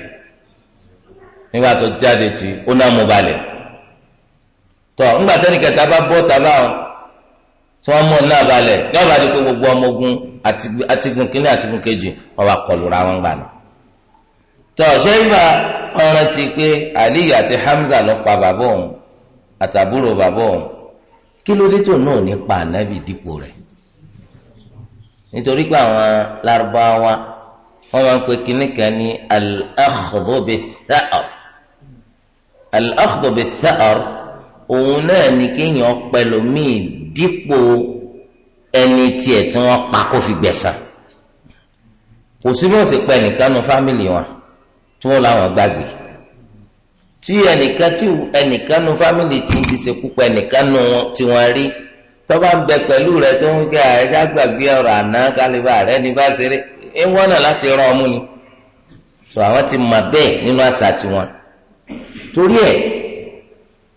Speaker 1: nígbà tó jáde tì ọ̀nà mú balẹ̀ tọ́ ńgbà tẹ́ni kẹta bá bọ́ tàbá tí wọ́n mú ọ̀nà balẹ̀ yóò bá di pé gbogbo ọmọ ogun atigun kínní atigun kejì wọ́n bá kọlù ra wọn gbà ní. tọ́ ṣé ti pé Aliyu àti Hamza pa bàbá òun àtàbúrò bàbá òun kí ló dé nítorí pé àwọn Lárúbáwá wọn máa ń pe kinní kan ní al-akhdhu bi-th-tha'ar al-akhdhu bi-th-tha'ar òun náà ni kéèyàn pẹlòmíì dípò ẹni tiẹ̀ tí wọ́n pa kó fi gbẹ̀san kò sí bí wọ́n sì pẹ nìkan fámìlì wọn tí wọ́n láwọn gbàgbé tí ẹnìkan tí ẹnìkan fámìlì ti ń fi ṣekú pa ẹnìkan tí wọ́n rí tọ́ba ń bẹ pẹ̀lú rẹ tó ń kẹ́ àyẹ́dá gbàgbé ọ̀rọ̀ àná kálíbà rẹ ní bá ṣeré ẹ wọ́n náà láti rọ ọmú ni tó àwọn ti mà bẹ́ẹ̀ nínú àṣà tiwọn torí ẹ̀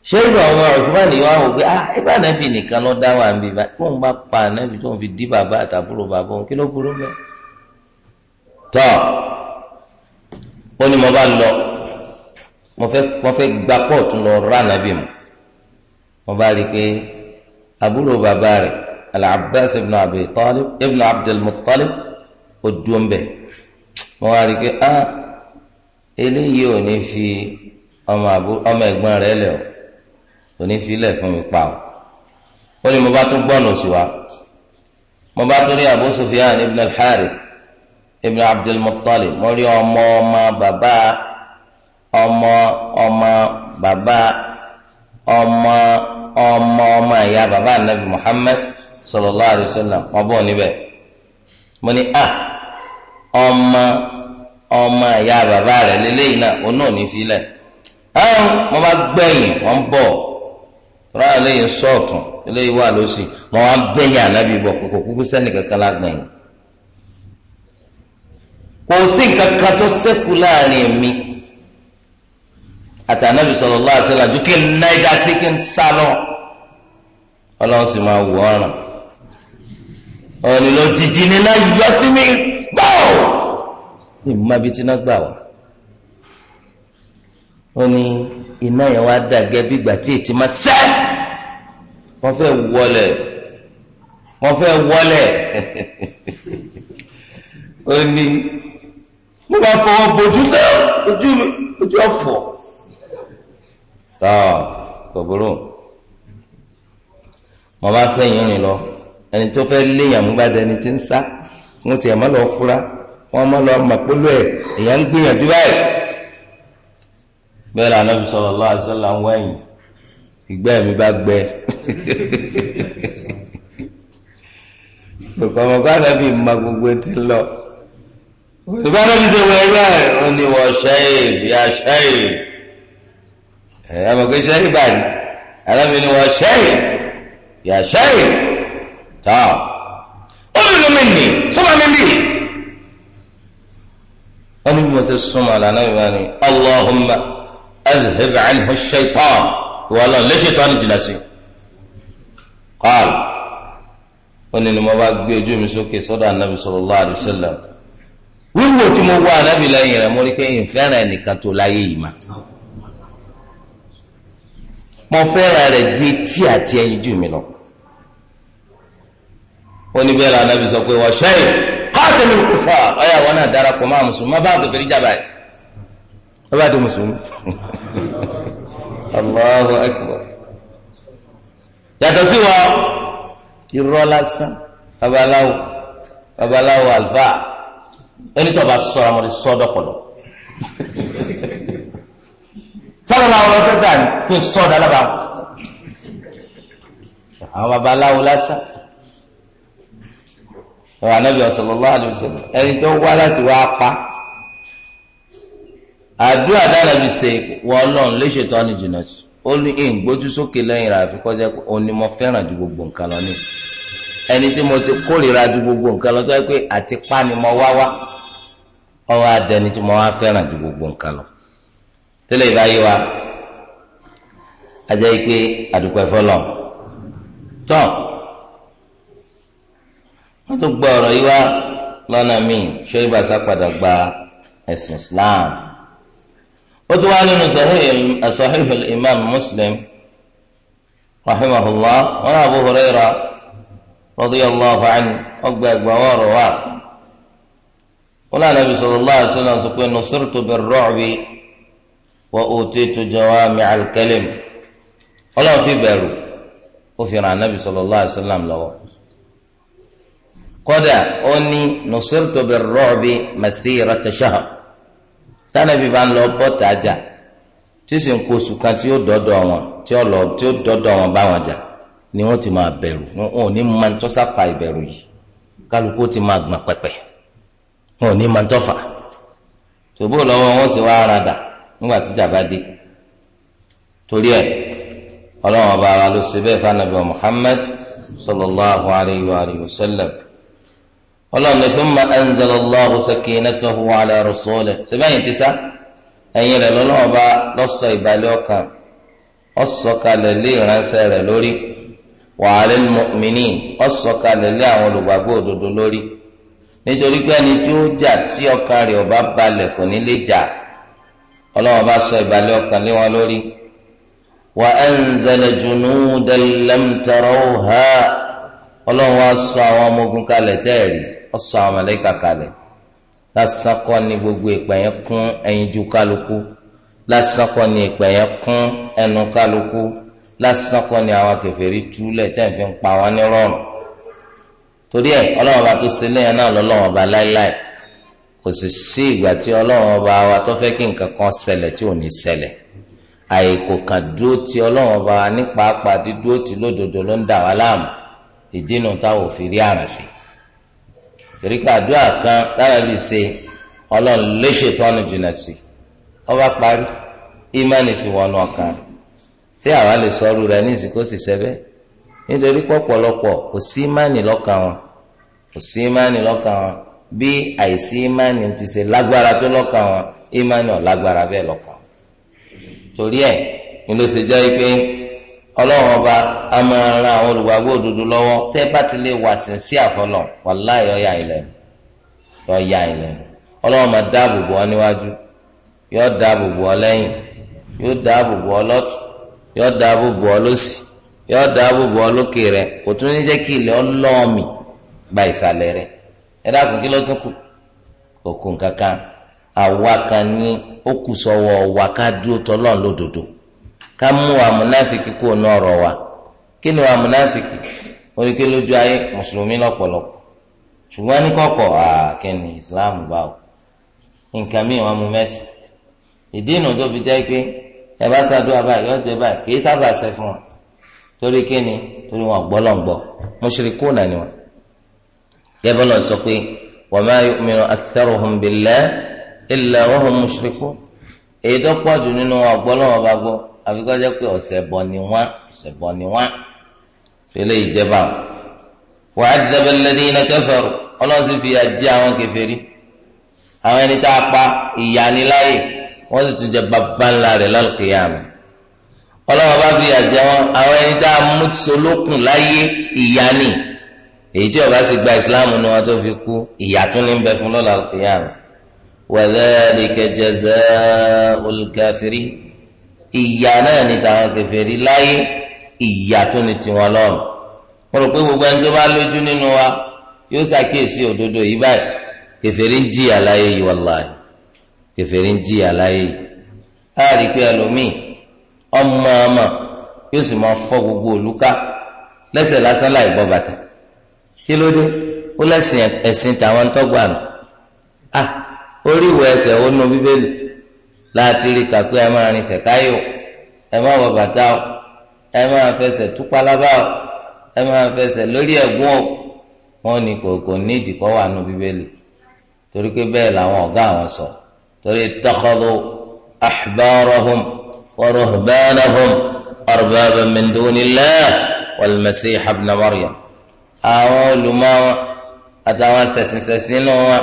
Speaker 1: ṣé ìlú àwọn ọ̀ṣunmáà nìyẹn wàá wò ah ẹgbẹ́ ànábì nìkan ló dá wà níbí báyìí tóun bá pa ànábì tóun fi dí bàbá àtàbúrò bàbá òun kí ló burú mẹ́ tọ́ ó ní mo bá lọ mo fẹ́ gba pọ́ọ̀tù lọ rà ànábì mu mo bá rí i pé àbúrò bàbá rẹ̀ Al-Abbas ibn Abi Talib ibn Abdul Muttalib ó dúró ń bẹ̀ mo wá rí i pé a ah, eléyìí ò ní fi ọmọ ẹ̀gbọ́n rẹ̀ lẹ̀ ò ní fi ilẹ̀ fún mi pa o ó ní mo bá tún gbọ́nà oṣù wa mo bá tún rí Abu Sufyan ibn al ibn Abdul Muttalib mo rí ọmọ ọmọ bàbá ọmọ ọmọ bàbá ọmọ. ọmọ ọmọ ẹ̀yà bàbá anabi muhammed sallallahu alayhi wa sallam ọbọ níbẹ̀ mo a ah, ọmọ ọmọ ẹ̀yà bàbá rẹ̀ lélẹ́yìí náà òun náà ní filẹ̀ ẹ̀hún mo bá gbẹ̀yìn wọ́n bọ̀ rárá eléyìí sọ̀tún eléyìí wà lọ́sì mo wá gbẹ̀yìn anabi bọ̀ kúkú sẹ́ni kankan lágbẹ̀yìn kò sí àtànàbì sallallahu alaihi wasallam ju kí n ná ẹja sí kí n sá lọ ọlọ́run sì máa wù ọ̀ràn ọ̀nì ló jìjì nínú yọ sí mi gbọ́ ní mmabi tí náà gbà wá ó ní iná yẹn wá dà gẹ́bí ìgbà tí ètí máa sẹ́ wọ́n fẹ́ wọlé wọ́n fẹ́ wọlé ó ní mo bá fọwọ́ bójú sẹ́ ojú mi ojú ọ̀fọ̀ tọ́ kò burú mo bá fẹ́ yín rìn lọ ẹni tó fẹ́ léèyàn mú gbàdé ẹni tí ń sá wọn tiẹ̀ má lọ fura wọn má lọ mọ̀pólú ẹ̀ èèyàn ń gbìyànjú báyìí bẹ́ẹ̀ lànà sallallahu alaihi wasallam ń wẹ̀yìn ìgbẹ́ mi bá gbẹ gbogbo ọmọkọ ànábì ma gbogbo ti lọ ìbára mi ti wọ ẹgbẹ́ ẹ̀ wọ́n ní wọ́n ṣẹ́yìn bí a ṣẹ́yìn ẹ mọ̀ pé sẹ́yìn báyìí alámi ni wọ́n sẹ́yìn yà sẹ́yìn tọ́ olùlùmí ni súnmọ́ mi bì. wọ́n ní bí mo ṣe súnmọ́ àlànà ìwà ni allahumma adhib anhu shaitan wàhálà lẹ́sẹ̀tọ́ ni jìnnà sí. qaal wọ́n ní ni mo bá gbé ojú mi sókè sọ́dọ̀ anabi sallallahu alaihi wasallam wíwò tí mo wá anabi lẹ́yìn rẹ̀ mo rí pé ìfẹ́ràn ẹnìkan tó láyé yìí máa mo fẹ́ràn rẹ̀ ju etí àti ẹyin jù mí lọ. ó ní bẹ́ẹ̀ lànà bí sọ pé wọ́n ṣẹ́yìn káàtìmí kúfà ọ̀yà wọn náà darapọ̀ máa mùsùlùmí má bá àgbẹ̀ fèrè jábà yìí má bá àdé mùsùlùmí. Allahu akbar. yàtọ̀ sí wa irọ́ lásán babaláwo babaláwo àlùfáà ẹni tó bá sọ̀rọ̀ àmọ́ ní sọ́dọ̀ pọ̀lọ́.
Speaker 2: sábàbà ọ̀rọ̀ fẹ́ gbà ní kí n sọ ọ̀dà lábàá
Speaker 1: àwọn babaláwo lásán ọ̀rọ̀ anábì sallallahu alaihi wasallam ẹni tó wá láti wá pa
Speaker 2: àdúrà dárẹ́bì ṣe
Speaker 1: wọ́n lọ́n léṣe tó ní jìnnà sí ó ní ìgbójú sókè lẹ́yìn rà àfi kọjá pé òun ni mo fẹ́ràn ju gbogbo nǹkan lọ ní ẹni tí mo ti kórìíra ju gbogbo nǹkan lọ tó yẹ pé àti pa ni mo wá wá ọwọ́ adẹni tí mo wá fẹ́ràn ju gbogbo nǹkan lọ tẹ́lẹ̀ ìbáyé wa ajẹ́ pé àdùpẹ́ fọlọ́ tọ́ wọ́n tún gbọ́ ọ̀rọ̀ yìí wá lọ́nà míì ṣé ibàṣá padà gba ẹ̀sìn Islam ó tún wá nínú sahih al-imam Muslim rahimahullah wọn Abu Hurairah radiyallahu anhu ọgbà ẹgbà wọ́ọ̀rọ̀ wa wọn lànà Nabi sallallahu alaihi wasallam sọ pé wa utitu jawami'a al-kalim ọlọ́run fi ó fi ràn anábì sallallahu alaihi wasallam lọ́wọ́ ó ní ni bir-ru'bi masirata shahr tánàbí bá ń lọ bọ́ tàjà tí sì ń kó tí ó wọn tí ó lọ tí ó dọ́dọ̀ wọn bá ni ti máa bẹ̀rù wọn ò ní máa yìí kálukú ti máa gbọ̀n pẹ̀pẹ̀ wọn ò ní máa nígbà tí jàmbá dé torí ẹ ọlọ́run ọba wa ló ṣe bẹ́ẹ̀ fanabi wa muhammad sallallahu alayhi wa alihi wa sallam ọlọ́run ní fún ma anzalallahu sakinatahu ala rasuli sẹ́bẹ̀yìn ti sá ẹ̀yin rẹ̀ lọ́lọ́run ọba lọ́sọ̀ ìbàlẹ̀ ọkàn ọ̀sọ̀kalẹ̀ lé ìránṣẹ́ rẹ̀ lórí wa alal mu'minin ọ̀sọ̀kalẹ̀ lé àwọn olùgbàgbọ́ òdodo lórí nítorí pé ẹni tí ó jà tí ọkàn rẹ̀ ọba balẹ̀ kò ní lè jà. ọlọ́wọ́ bá sọ ìbàlẹ̀ ọkàn lé wọn lórí wa anzala junudan lam tarawha ọlọ́wọ́ wa sọ àwọn ọmọ ogun kalẹ̀ tẹ́ẹ̀rí ọsọ sọ àwọn màláíkà kalẹ̀ lásàkọ́ ni gbogbo ìpẹ́ yẹn kún ẹyinjú kálukú lásàkọ́ ni ìpẹ́ kún ẹnu kálukú lásàkọ́ ni àwọn fi ń pa wọn ní rọrùn torí bá tó ṣe lẹ́yìn náà kò sì sí ìgbà tí ọlọ́run ọba wa tó fẹ́ kí nǹkan kan ṣẹlẹ̀ tí ò ní ṣẹlẹ̀ àìkò kan dúró ti ọlọ́run ọba wa ní pàápàá dídúró ti lódodo ló ń dà wá láàmú ìdínú táwọn ò fi rí àrùn sí torí pé àdúrà kan lára bíi ṣe ọlọ́run lè ṣètọ́nu jìnnà sí ọba parí ìmánì sí wọnú ọkàn ṣé àwa lè sọrú rẹ ní ìsìnkú sì ṣẹbẹ nítorí pọ̀pọ̀lọpọ̀ kò sí ìmánì lọ́kàn wọn kò sí ìmánì lọ́kàn wọn bí àìsí ìmánì ti ṣe lágbára tó lọ́kàn wọn ìmánì ò lágbára bẹ́ẹ̀ lọ́kàn torí ẹ̀ ni ló ṣe jẹ́ pé ọlọ́run ọba a máa ran àwọn olùgbàgbọ́ òdodo lọ́wọ́ tẹ́ bá ti lè wà sín sí àfọlọ́ wàláì ọ̀yà ìlẹ̀nu ọ̀yà ìlẹ̀nu ọlọ́run máa dáàbò bò níwájú yóò dáàbò bò lẹ́yìn yóò dáàbò bò lọ́tù yóò dáàbò bò lọ́sì yóò dáàbò bò lókè rẹ̀ kò tún ní jẹ́ kí ilẹ̀ ọlọ́ọ̀mì gba ìsàlẹ̀ rẹ̀ ẹ dákun kí ló tún kù kò kù kankan àwa kan ó kù sọ́wọ́ wa dúró tọlọ lódodo ká mú amúnáfíkì ọ̀rọ̀ wa kí ni amúnáfíkì ó ní kí lójú ayé mùsùlùmí lọ́pọ̀lọpọ̀ ṣùgbọ́n ní islam bá o nǹkan míì wọn mú mẹsì ìdí ìnù tó fi jẹ́ pé ẹ bá báyìí kì í sábà ṣe fún wọn ni torí wọn gbọ́ lọ́ngbọ́ gẹ́gẹ́ bọ́lá sọ pé wa ma yu'minu aktharuhum billahi illa wa hum mushrikun èyí tó pọ̀ jù nínú ọgbọ́lọ́wọ́ bá gbọ́ àfi kọ́ jẹ́ pé ọ̀sẹ̀ bọ̀ ni wọ́n ọ̀sẹ̀ bọ̀ ni wọ́n fẹlẹ́ ìjẹba wa adhaba alladhina kafaru ọlọ́sì fi àjẹ́ àwọn kèfèrí àwọn ẹni tá a pa ìyà wọ́n sì tún jẹ bàbá rẹ̀ lálùkìyàmù èyí tí ọba sì gba ìsìláàmù ni wọn tó fi kú ìyà tún ní bẹ fún lọ́la kìyàm wa dhalika jazaa'ul kafiri ìyà náà ni tàwọn kèfèrí láyé ìyà tún ni tiwọn lọ́run mo rò pé gbogbo ẹni tó bá lójú nínú wa yóò ṣàkíyèsí òdodo yìí báyìí kèfèrí ń jìyà láyé yìí wàláyé kèfèrí ń jìyà láyé yìí á pé ẹlòmíì ọmọ yóò sì máa fọ́ gbogbo òlúkà lẹ́sẹ̀ lásán láì bọ́ bàtà kí ló dé ó lẹ́sìn ẹ̀sìn tàwọn ń tọ́gbà nù à orí ìwọ ẹsẹ̀ ó nu bíbélì láti rí kà pé ẹ máa rin sẹ̀káyò ẹ máa wọ bàtà o ẹ máa fẹsẹ̀ tú pálábá o ẹ máa fẹsẹ̀ lórí ẹ̀gún o wọn ní kò kò ní ìdìkọ́ wà nu bíbélì torí pé bẹ́ẹ̀ làwọn ọ̀gá àwọn sọ torí ittakhadhu ahbarahum wa ruhbanahum arbaban min dunillah wal masih ibn maryam àwọn olùmọ̀ wọn àtàwọn sẹ̀sìnsẹ̀sìn náà wọn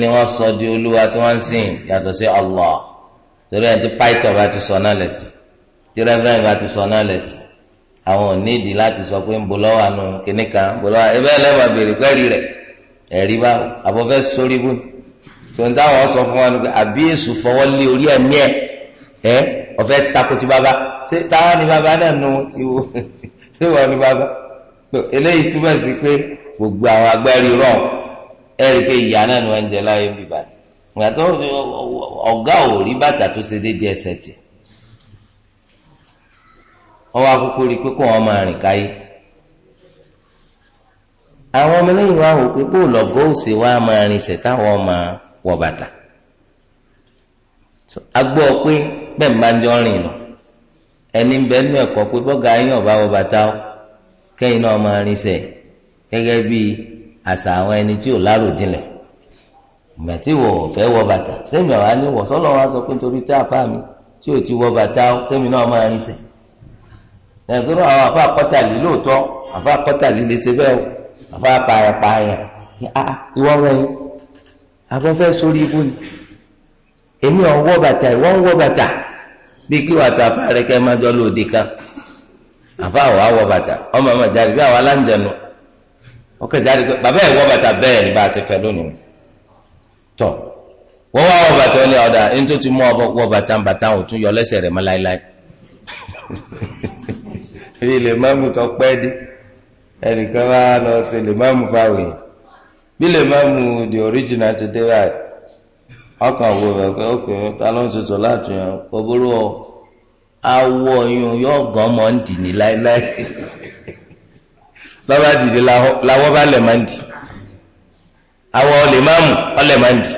Speaker 1: ni wọ́n sọ di olúwa tí wọ́n ń sìn yàtọ̀ sí Allah torí ẹni tí pító bá ti sọ náà lẹ̀sìn tí rẹ́fẹ́rẹ́n bá ti sọ náà lẹ̀sìn àwọn ò nídìí láti sọ pé ń bo lọ́wọ́ àánú kìnnì kan ń bo lọ́wọ́ ẹbẹ́ ẹlẹ́wọ̀n béèrè pẹ́ẹ́rì rẹ̀ ẹ̀rí bá àbọ̀fẹ́ sórí bú sọ̀rọ̀ táwọn sọ fún wọn àbí èṣù fọwọ́ lé orí ẹ̀mí ẹ̀ ẹ̀ takoti bàbá ṣé táwọn ni bàbá náà nu ìwò ṣé wọ́n ni bàbá eléyìí túbọ̀ sí pé gbogbo àwọn agbárí rọ̀ ẹ̀rí pé ìyá náà ni wọ́n ń jẹ láyé bíbá gbàtọ́ ọ̀gá ò rí bàtà tó ṣe déédéé ẹsẹ̀ tiẹ̀ ọwọ́ akókó rí pé kó wọn máa rìn káyé àwọn ọmọ lẹ́yìn wa wò pé kó lọ́gọ́ òsè wa máa rinṣẹ̀ táwọn máa wọ bàtà agbọ́ pé bẹ́ẹ̀ máa ń jọ rìn lọ ẹni bẹ́ẹ̀ nú ẹ̀kọ́ pé bọ́gà yín ọ̀bá wọ bàtà ọ́ kẹ́yìn náà máa rinṣẹ́ gẹ́gẹ́ àṣà àwọn ẹni tí ò láròjinlẹ̀ ìgbà tí wò wọ bàtà sẹ́mi àwa ní wọ̀ sọ́lọ́ wa sọ pé nítorí tí àfa tí ò ti wọ bàtà kẹ́mi náà máa rinṣẹ́ àwọn àfa àkọ́tàlí lóòótọ́ àfa àkọ́tàlí lè ṣe bẹ́ẹ̀ àfa àpààyàn ah, sórí ibú ni èmi bàtà bàtà bí kí wàtà àfa àfa awa awọ bàtà ọmọ ọmọ jáde bí àwọn aláǹjẹnu ọkọ jáde pé bàbá ẹ̀ bàtà bẹ́ẹ̀ ni bá a tọ wọ́n wá wọ bàtà ọ̀dà ẹni tó ọ wọ bàtà bàtà ò yọ lẹ́sẹ̀ rẹ̀ mọ́ láéláé èyí lè má mú kan pẹ́ dé ẹnìkan wá lọ sí lè má mú fáwọn èèyàn bí lè má mú the original ṣe awọ ọyàn yóò gan ọmọ ń dì ní láéláé lọ́ba dìde làwọ́ bá lẹ̀ máa ń dì awọ ọlẹ̀ máa mú ọlẹ̀ máa ń dì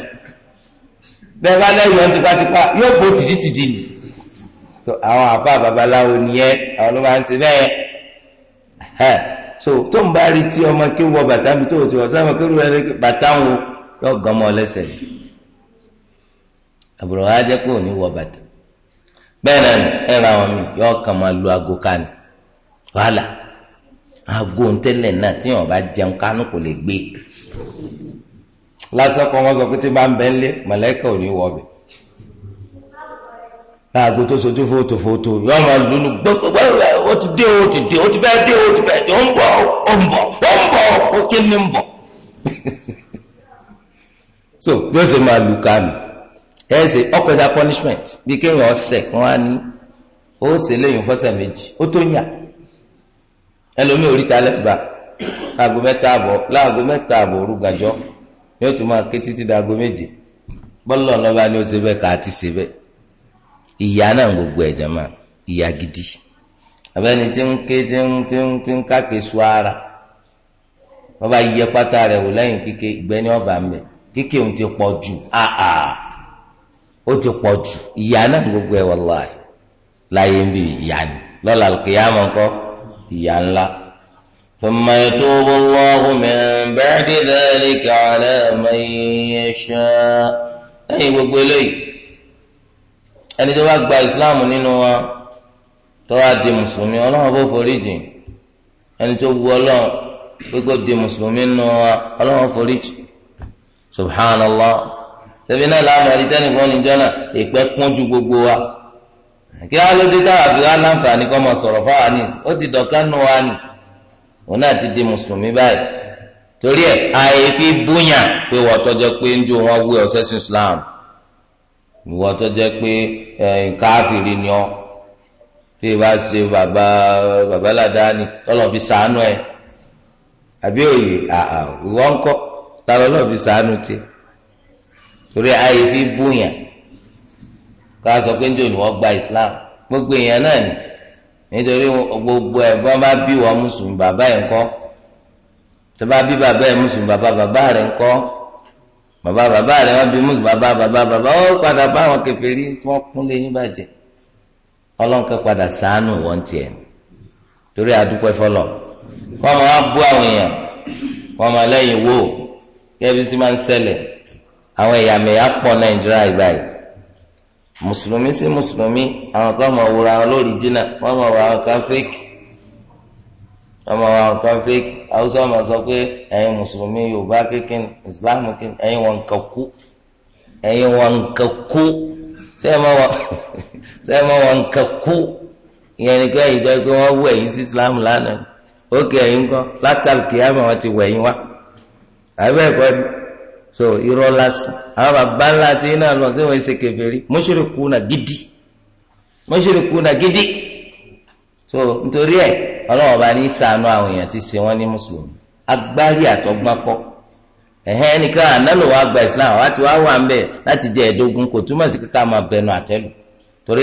Speaker 1: bẹ́ẹ̀ bá lẹ́yìn tipátipá yóò bó tìdítìdì nì so àwọn àfa babaláwo nìyẹn àwọn ló máa ń ṣe bẹ́ẹ̀ so tó ń bá rí tí ọmọ kí wọ bàtà mi tó ti wọ sáwọn kí wọ́n bàtà wọn yóò gan ọmọ lẹ́sẹ̀ àbúrò wa jẹ́ pé òní wọ bàtà bẹ́ẹ̀ náà ni ẹ ra àwọn mi yọ kàn máa lu aago ká ni wàhálà aago ntẹ́lẹ̀ náà tí wọn bá jẹun kánú kò lè gbé lásán kan wọn sọ pé tí bá ń bẹ ń lé mọ̀lẹ́kà ò ní wọ ọbẹ̀ aago tó sojú fóòtò fóòtò yọ máa lulu gbẹgbẹgbẹ ó ti dé ó ti dé o ti fẹ́ dé ó ti fẹ́ dé ó ń bọ̀ ó ń bọ̀ ó ń bọ̀ ó kí ni ń bọ̀ so bí ó máa lu ká ẹ ṣe ọkọjá punishment bí kéèyàn ọsẹ kí wọn á ní ó ṣe léyìn fọ́sẹ̀ méjì ó tó yàn ẹlòmíì oríta lẹ́fìbà aago mẹ́ta àbọ̀ láago mẹ́ta àbọ̀ òru ni ó tún máa ké títí di aago méje ni ó ṣe bẹ́ẹ̀ káà ti ṣe iya ìyá náà ń gbogbo gidi abẹ́ni tí ń ké tí ń su ara yẹ pátá rẹ wò òun ti ó ti pọ̀ jù ìyá náà gbogbo ẹ̀ wàláì láyé ń bí ìyá ni lọ́la kìyàmọ̀ ńkọ́ ìyá ńlá. ثم يتوب الله من بعد ذلك على من يشاء ẹ̀yin gbogbo eléyìí ẹni tó bá gba islam nínú wa tó wá di mùsùlùmí ọlọ́run bó forí ẹni tó wu ọlọ́run pé di mùsùlùmí nínú wa ọlọ́run forí subhanallah sẹ́bi náà láàmú ẹni tẹ́nìkan níjọ́ náà ìpẹ́ kún ju gbogbo wa kí á ló dé táwọn àbí wá láǹfààní kọ́ mọ sọ̀rọ̀ fáwọn ní ó ti dọ̀kan nù wá nì òun náà ti di mùsùlùmí báyìí torí ẹ àyèfi búyà pé wọ́n tọ́jọ́ pé ń jó wọn wé ọ̀sẹ̀ sí Islam wọ́n tọ́jọ́ pé káfìrí ni ọ́ tí bá ṣe bàbá babaládá ni tọ́lọ̀ fi sàánú ẹ̀ àbí òye àà ìwọ́n ń kọ́ tàbí ọlọ́ọ̀ fi sàánú tiẹ̀ torí ayé fi búyàn ká sọ pé níjọ́ ni wọ́n gba islam gbogbo èèyàn náà ni nítorí gbogbo ẹ̀ bọ́n bá bí wọ́n mùsùlùmí bàbá ẹ̀ ńkọ́ tó bá bí bàbá ẹ̀ mùsùlùmí bàbá bàbá rẹ̀ ńkọ́ bàbá bàbá rẹ̀ wọ́n bí mùsùlùmí bàbá bàbá bàbá ó padà bá àwọn kèfèrí tí wọ́n kún lé yín bàjẹ́ ọlọ́nkẹ́ padà sàánù wọ́n tiẹ̀ torí àdúpẹ́ fọlọ́ wọ́n máa bú àwọn èèyàn wọ́n máa lẹ́yìn wò kẹ́bí sí máa ń ṣẹlẹ̀ àwọn ẹ̀yà mẹ̀yà pọ̀ nàìjíríà ìbáyìí mùsùlùmí sí mùsùlùmí àwọn kan máa wura àwọn lórí dínà wọ́n máa àwọn kan fake wọ́n máa àwọn kan fake haúsá máa sọ pé ẹ̀yin mùsùlùmí yorùbá kékin islam kékin ẹ̀yin wọn nǹkan kú ẹ̀yin wọn nǹkan kú sẹ́yìn máa wọn nǹkan kú ìyẹn ni pé islam lánàá ókè ẹ̀yin kan látàlùkì àmọ́ wọn ti wá àbẹ́ẹ̀kọ́ ni. so irọ́ lásán àwọn bàbá ńlá àti iná lọ sí wọn ṣe kèfèrí mushrikuna gidi mushrikuna gidi so nítorí ẹ ọlọ́wọ́ bá ní sànú àwọn èèyàn ti ṣe wọ́n ní mùsùlùmí agbárí àtọ́gbọ́n kọ́ ẹ̀hẹ́n nìkan wa gba islam wa ti wá wà ń bẹ̀ láti jẹ́ ẹ̀dógún kò túmọ̀ sí kíkà máa bẹnu àtẹ́lù torí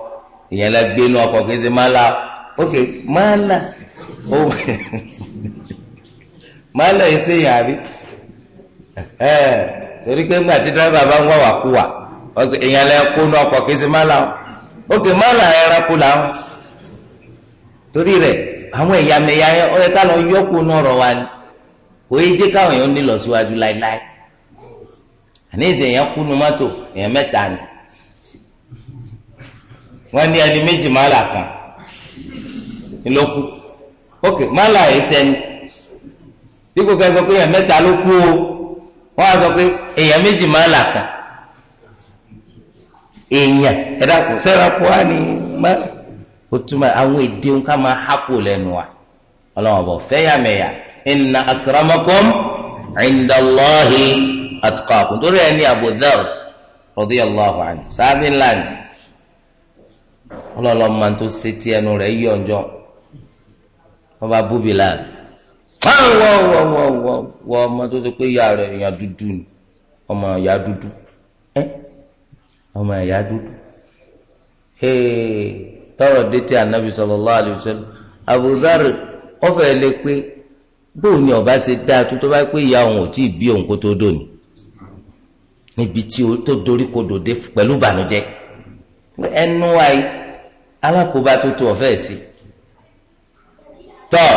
Speaker 1: ìyẹn lẹ gbé inú ọkọ̀ kì í ṣe mala ok mala ó mala yìí ṣe yàn àbí torí pé ńgbà tí dírẹ́bà bá ń wá wàkúwà ìyẹn lẹ kó inú ọkọ̀ kìí ṣe mala ok mala ẹranko làwọn torí àwọn ẹ̀yà mẹ̀yà ká lọ nọ̀rọ̀ wa ni kò yé jẹ́ káwọn èèyàn nílọ síwájú láéláé mọ́tò èèyàn mẹ́ta ni wọ́n ní ẹni méjì mọ́là kan ńlọ́kù ok mọ́là yìí sẹ́ni dípò kẹ́ sọ pé èèyàn mẹ́ta ló kú o wọ́n á sọ pé èèyàn méjì mọ́là kan èèyàn ẹ̀dá kò sẹ́ra kó wá ní mọ́là ó túmọ̀ àwọn èdè ń ká máa há kó lẹ́nu wa ọlọ́wọ́n bọ̀ fẹ́yàmẹ̀yà inna akramakum indallahi atqakum torí ẹni Abu Dharr radiyallahu ọlọlọ máa tó sétí ẹnu rẹ yí ọ̀njọ́ wọ́n bá bú Bilal wọ́n ọmọ tó ọmọ ya dúdú tọrọ dẹtí anabi Abu ọfẹ lè pé ni ọba ṣe tó tó bá pé ìyá òun ò tí ì bí òun kó tó dòní níbi tí tó dorí alákòóbá tó tó ọ̀fẹ́ sí tọ́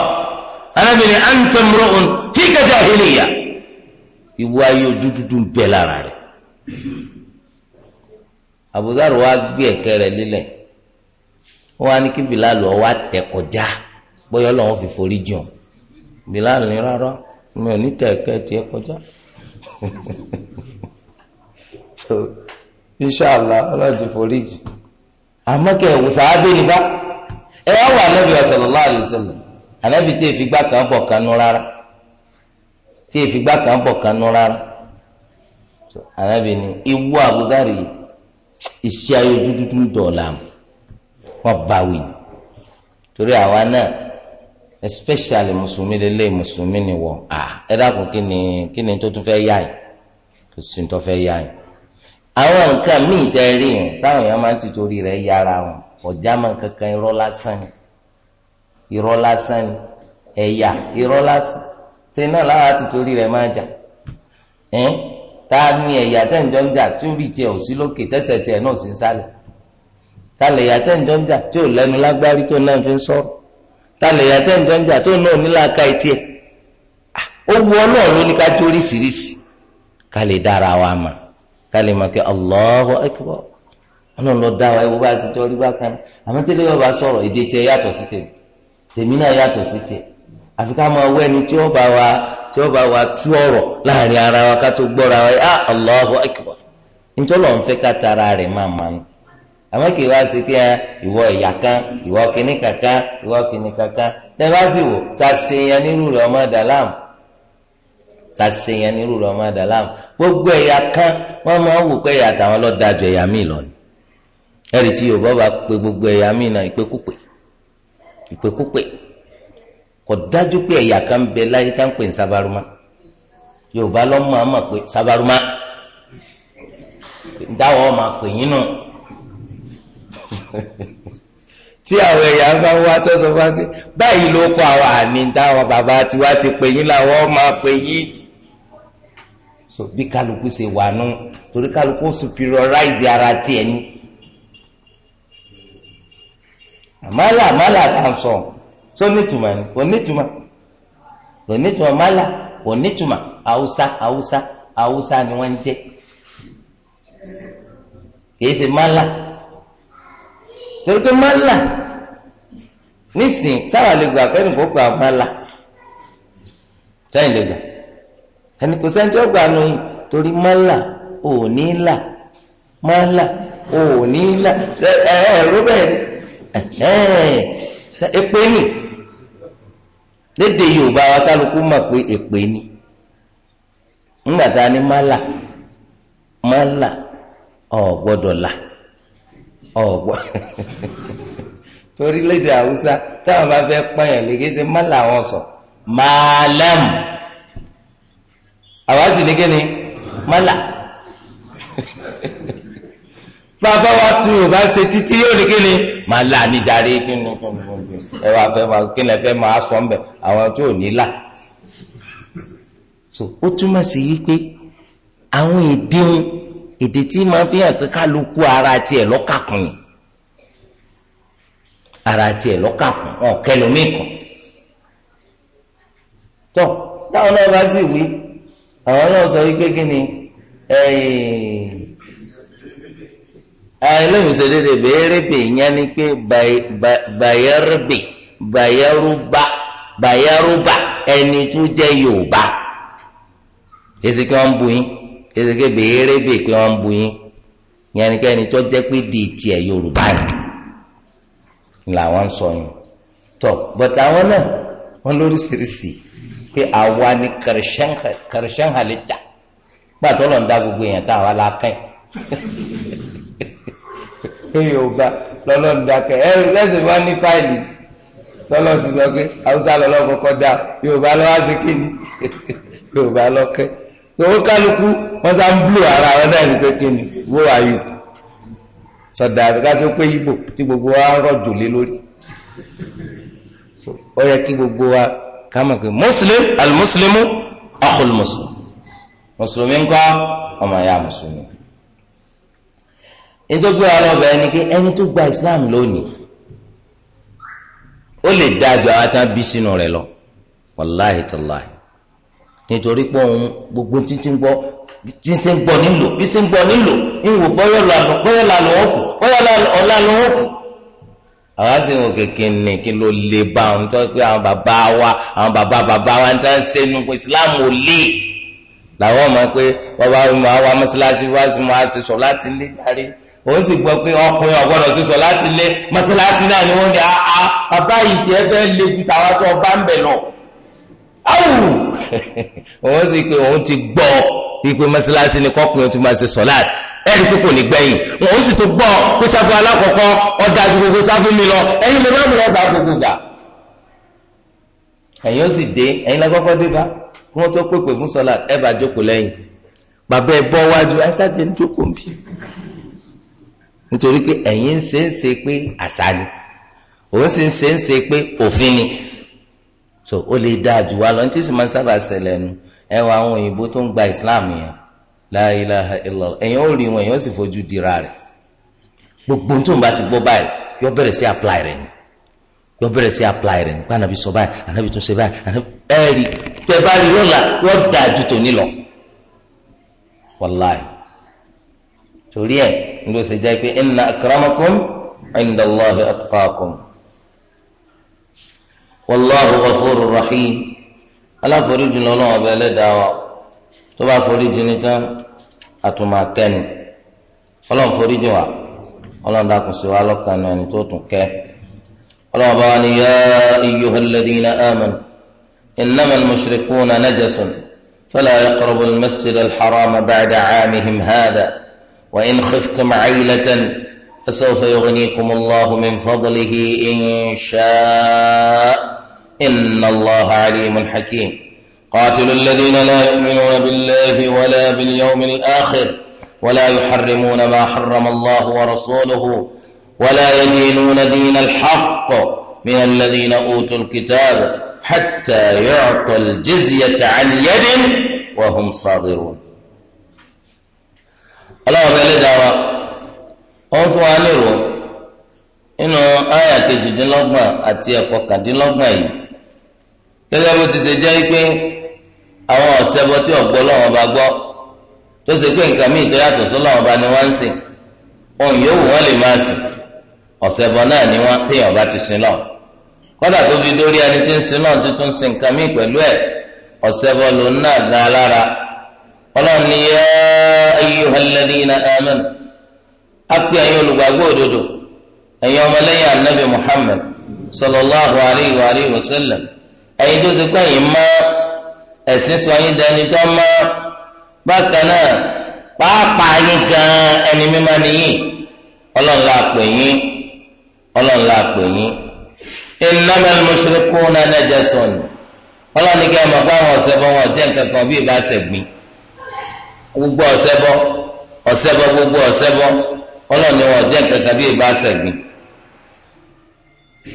Speaker 1: arábìnrin antamroon fíkà jahiliya ìwọ ayé ojú dúdú ń bẹ lára rẹ̀ àbúdárò wa gbé ẹ̀kẹ́ rẹ̀ lílẹ̀ wọ́n wá ní kí Bilal ọ wá tẹ̀ kọjá bóyá Ọlọ́run fi forí jùn Bilal ní rárá mi ò ní tẹ̀ ẹ̀kẹ́ tiẹ̀ kọjá so inshàlá ọlọ́run ti forí jùn àmọ́ kẹ ẹ̀ wò sàábé ni bá ẹ wá wà ànábì sallallahu alaihi wasallam ànábì tí èfi gbà kan bọ̀ kanú rárá tí èfi kan bọ̀ kanú rárá ànábì ni ìwú àbúdárì iṣẹ́ ayé dúdúdú wọn bá torí àwa náà especially mùsùlùmí lélẹ̀ mùsùlùmí ni wọ́n à ẹ dákun kí ni kí ni tó tún fẹ́ yá yìí kò sí tó fẹ́ yá yìí. àwọn nǹkan míì tẹ rí yẹn táwọn èèyàn máa ń tìtorí rẹ̀ yára wọn ọjà máa ń kankan irọ́ lásán ni irọ́ lásán ni ẹ̀yà irọ́ lásán ṣe náà láwa tìtorí rẹ̀ máa jà ẹ́n tá a ní ẹ̀yà tẹ́ǹjọ́ ń jà tí ó rí tiẹ̀ ò sí lókè tiẹ̀ náà sì ń sálẹ̀ tá a lè yà ń jà tí ò lẹ́nu lágbárí tó náà fi ń sọ̀rọ̀
Speaker 2: tá a lè yà ń
Speaker 1: jà tó náà ẹ̀
Speaker 2: ah, ó wu
Speaker 1: kálímà kí Allahu akbar ọlọ́run lọ dá wa ẹ wo bá a ṣe jọ rí bákan náà àmọ́ tí lè bá sọ̀rọ̀ èdè tiẹ̀ yàtọ̀ sí tèmi tèmi náà yàtọ̀ sí tiẹ̀ àfi ká máa wọ ẹni tí ó bá wa tí ó bá wa tú ọ̀rọ̀ láàrin ara wa ká tó gbọ́ra wa ah Allahu akbar nítorí òun fẹ́ ká tara rẹ̀ máa ma nù àmọ́ kì í wá sí pé ah, ìwọ ìyá kan ìwọ kìnnìkan kan ìwọ kìnnìkan kan tẹ́ sàṣeyàn nírú rẹ̀ ọmọ àdàlámù gbogbo ẹ̀yà kan wọn máa wò pé ẹ̀yà àtàwọn lọ́dájọ ẹ̀yà míì lọ ni ẹ̀rì tí yorùbá bá pe gbogbo ẹ̀yà míì náà ìpèkúpè ìpèkúpè kò dájú pé ẹ̀yà kan bẹ láyé tá ń pè ní yorùbá pé pè yín nù tí àwọn bá wá tó sọ fún wa pé báyìí ló àwọn táwọn bàbá tiwa ti pè yín làwọn so bí kálukú ṣe wà nù torí kálukú superiorize ara tiẹ̀ ni àmàlà àmàlà là ń sọ so nítumọ̀ ni kò nítumọ̀ kò nítumọ̀ màlà kò nítumọ̀ haúsá haúsá haúsá ni wọ́n ń jẹ́ kì í ṣe màlà torí pé màlà nísìnyí sáwà lè gbà pé nìkan kò àmàlà sẹ́yìn lè gbà. ẹni kò sẹ́ni tí nù yìí torí mọ́là ò là mọ́là ò là ẹ ẹ Robert ẹ ẹ léde Yorùbá wa kálukú mọ̀ pé ni ńgbà tá a ní mọ́là mọ́là ò là ò torí léde Haúsá táwọn bá fẹ́ mọ́là wọn sọ àwa sì ní kíni mọ́là bàbá wa tún yorùbá ṣe títí yóò ní kíni mọ́là níjàre kíni ẹ wá fẹ́ máa kíni ẹ fẹ́ máa sọ ń bẹ̀ àwọn tó ní là so ó túmọ̀ sí wípé àwọn èdè èdè tí máa fi hàn pé kálukú ara tiẹ̀ lọ́kàkùn yìí ara tiẹ̀ lọ́kàkùn ọ̀kẹlòmíkan tó táwọn náà bá sì wí àwọn náà sọ wípé kí ni ẹlẹ́yìn ah, ṣe dédé ìyẹn ni pé bayerbe bayeruba bayeruba ẹni tó jẹ́ yorùbá èsì kí wọ́n ń bu yín èsì kí kí wọ́n bu yín ìyẹn ni kẹ́ni tó jẹ́ pé di tiẹ̀ yorùbá ni làwọn ń sọ yín tọ́ bọ̀tà àwọn náà wọ́n lóríṣiríṣi pé àwa ni kẹrìṣẹ́n halitta gbà tó lọ́n dá gbogbo èèyàn táwa la kẹ́yìn pé yorùbá lọ́lọ́n dá kẹ́ ẹ lẹ́sìn wá ní fáìlì tọ́lọ́ ti sọ pé haúsá lọ́lọ́ kọ́kọ́ dá yorùbá lọ́wọ́ sí kíni yorùbá lọ́kẹ́ owó kálukú wọ́n sá ń blu ara wọn náà ní kékeré ni wo àyù sọ̀dà àbíká tó pé ibo tí gbogbo wa ń rọ̀jò lé lórí ó yẹ kí gbogbo wa. kama pe muslim alimuslimu akhul muslim mùsùlùmí ńkọ́ ọmọ ya mùsùlùmí. nítorí ọ̀rọ̀ ọbẹ̀ ẹni pé ẹni tó gba islam lónìí o le dá ata àwọn tá a lọ gbogbo títí ń gbọ́ tí ń ṣe ń nilo nílò bí ṣe àwọn sì wọn kékeré ní kí ló lè bá àwọn tó pé àwọn bàbá wa àwọn bàbá bàbá wa ń tán sẹ́nu pé islam ò lè làwọn mọ̀ pé bàbá mi àwa mọ́sálásí wá sí mọ́ àṣẹ sọ láti lé járe òun sì gbọ́ pé ọkùnrin ọ̀gbọ́dọ̀ sì sọ láti lé mọ́sálásí náà ni wọ́n ní àá ah, ah, bàbá yìí tiẹ̀ fẹ́ lé ju tàwa tó ọba ń bẹ̀ lọ. áwù òun sì pé òun ti gbọ́ pípé mọ́sálásí ni kọ́kùnrin tó máa ṣe sọ láti ẹni kókò ní gbẹ̀yìn wọn ó sì tún gbọ́ pé sáfù alákọ̀ọ́kọ́ ọ̀dà ju gbogbo sáfù mi lọ ẹ̀yin lè má mú lọ́gbà gbogbo gbà. ẹ̀yin ó sì dé ẹ̀yin lákọ́kọ́ dé bá kí wọ́n tó pèpè fún sọ́lá ẹ̀ bá jókòó lẹ́yìn bàbá ẹ̀ bọ́ wájú ẹ̀sájẹ́ ń jókòó bí. nítorí pé ẹ̀yin ń ṣe ń ṣe pé àṣà ni òun sì ń ṣe ń ṣe pé òfin ni so ó lè dáa jù wá lọ ní tí sì máa ń sábà ṣẹlẹ̀ nu ẹ wọ àwọn òyìnbó tó ń gba ìsìláàmù yẹn la ilaha illallah ẹ̀yàn ó rí wọn ẹ̀yàn ó sì fojú dira rẹ̀ gbogbo tó ń bá ti gbọ́ báyìí yọ bẹ̀rẹ̀ sí apply rẹ̀ ni yọ bẹ̀rẹ̀ sí apply rẹ̀ ni pé anabi sọ báyìí anabi tún ṣe báyìí ẹ rí tẹ bá rí lọ́la yọ dáa ju tòní lọ wàláì torí ẹ ń lọ sí jẹ́ pé inna akramakum indallahi atqakum wallahu ghafurur rahim aláforíjì lọ́lọ́wọ́ ọba ẹlẹ́dàá wa. tó bá forí jìn ní tán àtùmọ̀ akẹ́ni ọlọ́run forí jìn wá ọlọ́run dákun sí wa lọ́kàn náà ẹni tó tún kẹ́ ọlọ́run bá wà ní yá ayyuhal ladhina amanu innamal mushrikuna najasun fala yaqrabul masjidal harama ba'da 'amihim hadha wa in khiftum 'aylatan. فسوف يغنيكم الله من فضله إن شاء إن الله عليم حكيم قاتلوا الذين لا يؤمنون بالله ولا باليوم الآخر ولا يحرمون ما حرم الله ورسوله ولا يدينون دين الحق من الذين أوتوا الكتاب حتى يعطوا الجزية عن يد وهم صادرون الله بلدعوة أوفوا عنه inú àyà kejìdínlọ́gbọ̀n àti ẹ̀kọ́ kàdínlọ́gbọ̀n yìí gẹ́gẹ́ كذا ti àwọn ọ̀sẹ́bọ tí ọ̀gbọ́ lọ́wọ́ bá gbọ́ tó ṣe pé nǹkan míì tó yàtọ̀ sí bá ni wọ́n ń sìn ohun yòówù wọ́n lè máa sìn ọ̀sẹ̀bọ náà ni wọ́n téèyàn bá ti sin lọ́wọ́ kọ́dà tó fi dórí ẹni tí ń sin lọ́wọ́ tuntun sin nǹkan míì pẹ̀lú ẹ̀ ọ̀sẹ̀bọ ló ń náà gan alára ọlọ́run ni yá ayyuhal á pé ẹ̀yin olùgbàgbọ́ òdodo ẹ̀yin ọmọlẹ́yìn ẹ̀sìn sọ yín dẹni tó mọ́ bákan náà pàápàá yín gan ẹni mímọ́ nìyí ọlọ́run la pè yín ọlọ́run la pè yín innamal mushrikuna najasun ọlọ́run ní kí ẹ mọ̀ pé àwọn ọ̀sẹ̀bọ wọn jẹ́ nǹkan kan bí ìbá ṣẹ̀gbìn gbogbo ọ̀sẹ̀bọ ọ̀sẹ̀bọ gbogbo ọ̀sẹ̀bọ ọlọ́run ní wọn jẹ́ nǹkan kan bí ìbá ṣẹ̀gbìn.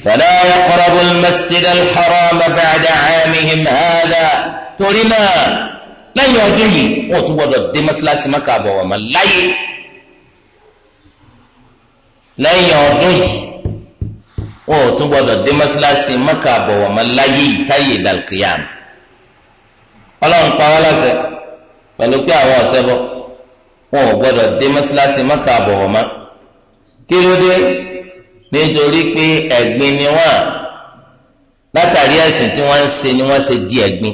Speaker 1: فلا يقربوا المسجد الحرام بعد عامهم هذا torí náà lẹ́yìn ọdún yìí wọ́n tún gbọ́dọ̀ dé mọ́sálásí mọ́kà bọ̀ wọ́n mọ́ láyé lẹ́yìn ọdún yìí wọ́n tún gbọ́dọ̀ dé mọ́sálásí mọ́kà bọ̀ wọ́n mọ́ láyé táyé dàlùkìyàm ọlọ́run pa wọ́n láṣẹ pẹ̀lú pé àwọn ọ̀sẹ́ bọ̀ wọ́n gbọ́dọ̀ dé mọ́sálásí mọ́kà bọ̀ wọ́n mọ́ kí ló dé nítorí pé ẹ̀gbin ni wọ́n látàrí ẹ̀sìn tí wọ́n ń ṣe ni wọ́n ṣe di ẹ̀gbin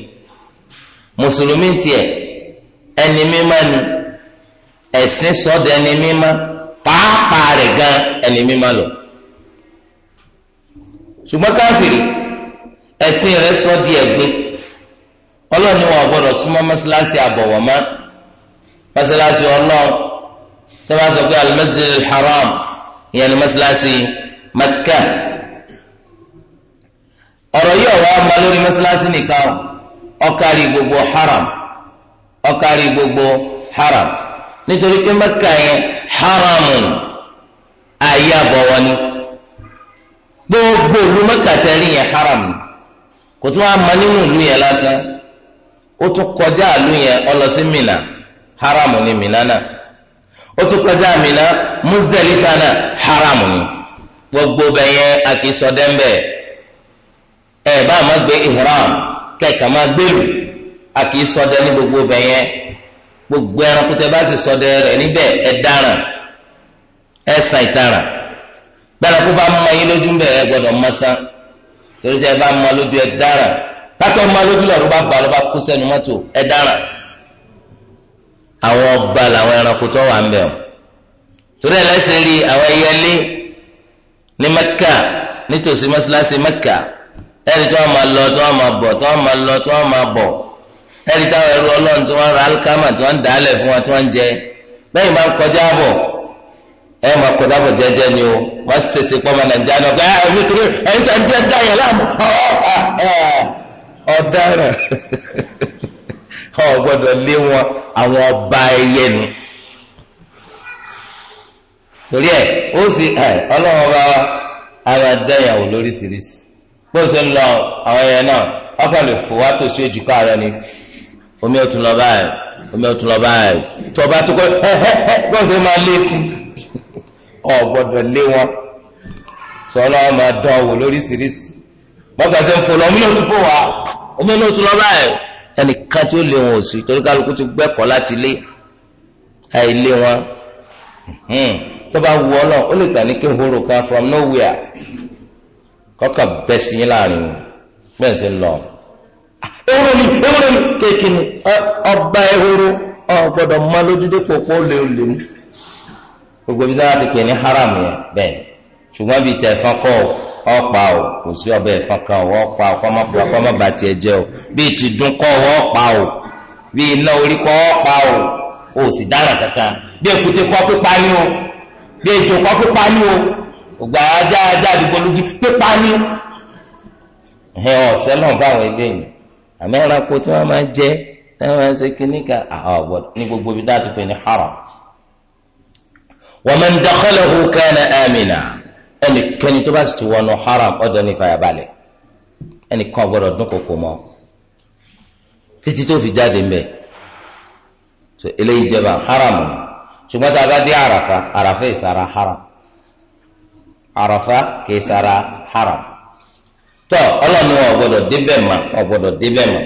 Speaker 1: mùsùlùmí tiẹ̀ ẹni mímọ́ ni ẹ̀sìn sọ́dọ̀ ẹni mímọ́ pàápàá rẹ̀ gan ẹni mímọ́ lọ ṣùgbọ́n káfíìrì ẹ̀sìn rẹ̀ sọ di ẹ̀gbin ọlọ́ọ̀ni wọn gbọ́dọ̀ súnmọ́ mọ́ṣáláṣí àbọ̀wọ̀ mọ́ mọ́ṣáláṣí ọlọ́ọ̀ tẹ́ sọ pé al haram ìyẹn ni mọ́ṣáláṣí yìí. mẹ́kà ọrọ yìí ọ̀rọ̀ àgbà lórí mẹ́sàlásì nìkan ọ̀kárí gbogbo haram ọ̀kárí gbogbo haram nítorí pé mẹ́kà yẹn haramun ayé ni gbogbo ìlú maka tẹ́rí yẹn haram kò tún àmọ́ nínú ìlú yẹn lásán ó tún kọjá ìlú yẹn ó lọ sí ni Mínà náà ó tún kọjá náà haram ni. gbogbo bẹ yẹn a kì í sọ dẹ́mbẹ̀ ẹ bá a máa gbé ihram kẹ̀kẹ́ máa gbèrú a kì sọ dẹ́ ní gbogbo bẹ yẹn gbogbo ẹranko tẹ bá sì sọ dẹ́ rẹ níbẹ̀ ẹ dáràn ẹ san ìtara gbẹranko bá yín lójú ẹ torí sẹ ẹ bá lójú ẹ kátó lójú bá bá kó ẹ àwọn ọba làwọn ẹranko tó wà ní mẹ́kà nítòsí mọ́sálásí mẹ́kà ẹ̀rí tí wọ́n máa lọ tí wọ́n máa bọ̀ tí wọ́n máa lọ tí wọ́n máa bọ̀ ẹ̀rí táwọn ẹrú ọlọ́run tí wọ́n ra alikama tí wọ́n ń dàálẹ̀ fún wọn tí wọ́n ń jẹ bẹ́ẹ̀ máa ń kọjá bọ̀ ẹ máa kọjá bọ̀ jẹ́jẹ́ ni o wọ́n ṣèṣe pọ́ máa nàìjíríà náà gbẹ́ ẹ̀mí kiri ẹ̀yìn tí wọ́n jẹ́ dá yẹn láàmú ọ̀daràn ọ̀gbọ́dọ̀ lé wọn àwọn ọba ẹyẹ ni torí ẹ ó sì ẹ ọlọ́wọ́ bá ara dẹ́yàwó lóríṣiríṣi bó ṣe ń lọ àwọn yẹn náà ọkọ lè fò wá tó sí ojúkọ ara ni omi ò tún lọ báyìí omi ò tún lọ báyìí tí ọba tó kọ ẹ ẹ ẹ bó ṣe máa lé sí ọ gbọ́dọ̀ lé wọn tí ọlọ́wọ́ máa dán wò lóríṣiríṣi bọ́kà ṣe ń fò lọ omi ò tún fò wá omi ò tún lọ báyìí ẹnìkan tí ó lé wọn ò sí torí kálukú ti gbẹ́kọ̀ọ́ láti lé àìlé wọn. Hmm. tọba bá ọ náà ó lè kàn ní ké horo kan from nowhere kọ́kà bẹ́ sí yín láàrin wọn ń ṣe lọ. ehoro ni ehoro ni kéèkì ni ọba ehoro ọ gbọ́dọ̀ lójúdé lè lè gbogbo ibi tí ti pè ní haram yẹn o kò sí ẹ̀fọn kan ọ̀wọ́ o tiẹ̀ o bíi ti kọ́ ọ̀wọ́ ọ̀pá o bíi iná orí kọ́ ọ̀pá o o sì dára kankan èkúté kọ́ o. bí ètò kan pípa ní o ògbà ajá ajá àdúgbò lójú pípa ní. ẹ ọ̀sẹ̀ náà fáwọn ẹgbẹ́ yìí àmọ́ ẹranko tí wọ́n máa ń jẹ tí wọ́n máa ń ṣe kíní kan àwọn ní gbogbo ibi dáàtú pé ní haram. waman dakhalahu kana amina ẹnikẹ́ni tó bá sì ti wọnú haram ọ̀dọ̀ ní ìfàyàbalẹ̀ ẹnìkan gbọ́dọ̀ dún kòkò mọ́ títí tó fi jáde ń eléyìí jẹba haram ni. ṣùgbọ́n tá a bá arafa àràfà àràfà haram àràfà kìí sara haram tọ ọlọ́ni wọn ọ̀gbọ́dọ̀ débẹ̀ mà ọ̀gbọ́dọ̀ débẹ̀ mà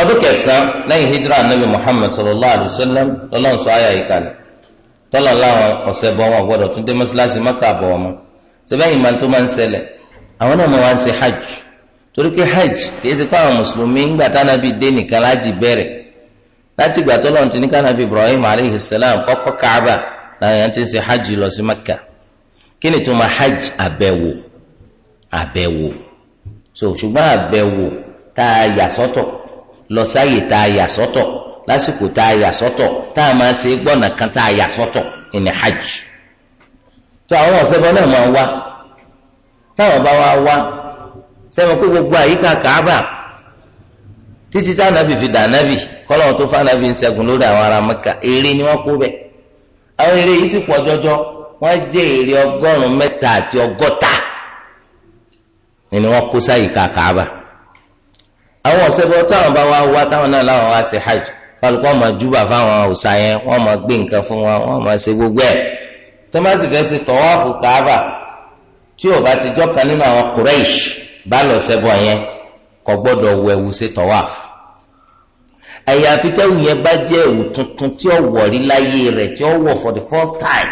Speaker 1: ọdún kẹsàn-án lẹ́yìn hijra anabi muhammed sallallahu alayhi wa sallam lọ́lọ́run sọ ayà ìkàlẹ̀ láwọn ọ̀sẹ̀ wọn tún dé bọ̀ wọn máa tó máa ń àwọn náà hajj torí hajj pé àwọn mùsùlùmí ń gbà dé láti gbà tó lọ́n ti ní Ibrahim aleyhi salam kọ́kọ́ káàbà làwọn hajj lọ sí maka kí ni tó hajj abewo so ṣùgbọ́n abewo tá a yà sọ́tọ̀ lọ sáyè tá a yà sọ́tọ̀ lásìkò tá a yà sọ́tọ̀ tá a máa ṣe gbọ́nà kan tá a yà sọ́tọ̀ ìní hajj tó àwọn náà máa wá táwọn bá wá wá títí tá ànábì fi dà ànábì kọ́lọ́wọ́n tó fún ànábì ń ṣẹ́gun lórí àwọn ará mẹ́ka eré ni wọ́n kó bẹ̀ àwọn eré yìí sì pọ̀ jọjọ wọ́n jẹ́ eré ọgọ́rùn-ún mẹ́ta àti ọgọ́ta ni wọ́n kó sáyìí ká Káàbà àwọn ọ̀sẹ̀ bọ́ táwọn bá wá wá táwọn náà láwọn wá ṣe hajj kálukọ́ máa júbà fáwọn òòṣà yẹn wọ́n máa gbé nǹkan fún wọn wọ́n máa ṣe gbogbo ẹ̀ tọ́másì fẹ́ ṣe tọ́wọ́ fún tí ò bá ti jọ́ kan nínú àwọn Quraysh bá lọ ṣẹbọ yẹn kọ gbọ́dọ̀ wọ ẹ̀wù ṣe tawaf àyàfi yẹn bá jẹ́ ẹ̀wù tuntun tí ó wọ̀ rí láyé rẹ̀ tí ó wọ̀ for the first time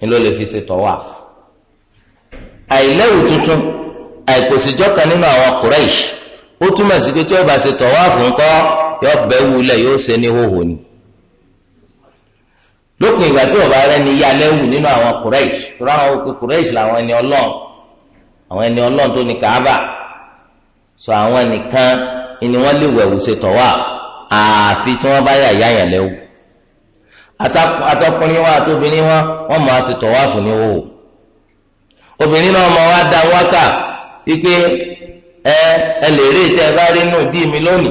Speaker 1: ni ló lè fi ṣe tawaf tuntun àìkòsíjọ́ kan nínú àwọn Quraysh ó túmọ̀ sí pé tí ó bá ṣe ńkọ́ yọ yóò ṣe ní hóhò ni ni nínú àwọn làwọn ẹni àwọn ẹni tó so àwọn nìkan ni wọ́n lè wẹ̀wù ṣe tawaf àfi tí wọ́n bá yà yá yàn lẹ́wù atọkùnrin wa àtobìnrin wa wọ́n máa ṣe tawaf ní wò obìnrin náà máa wá da wákà wípé ẹ ẹ lè rí ìtẹ́ ẹ bá rí nù dí mi lónìí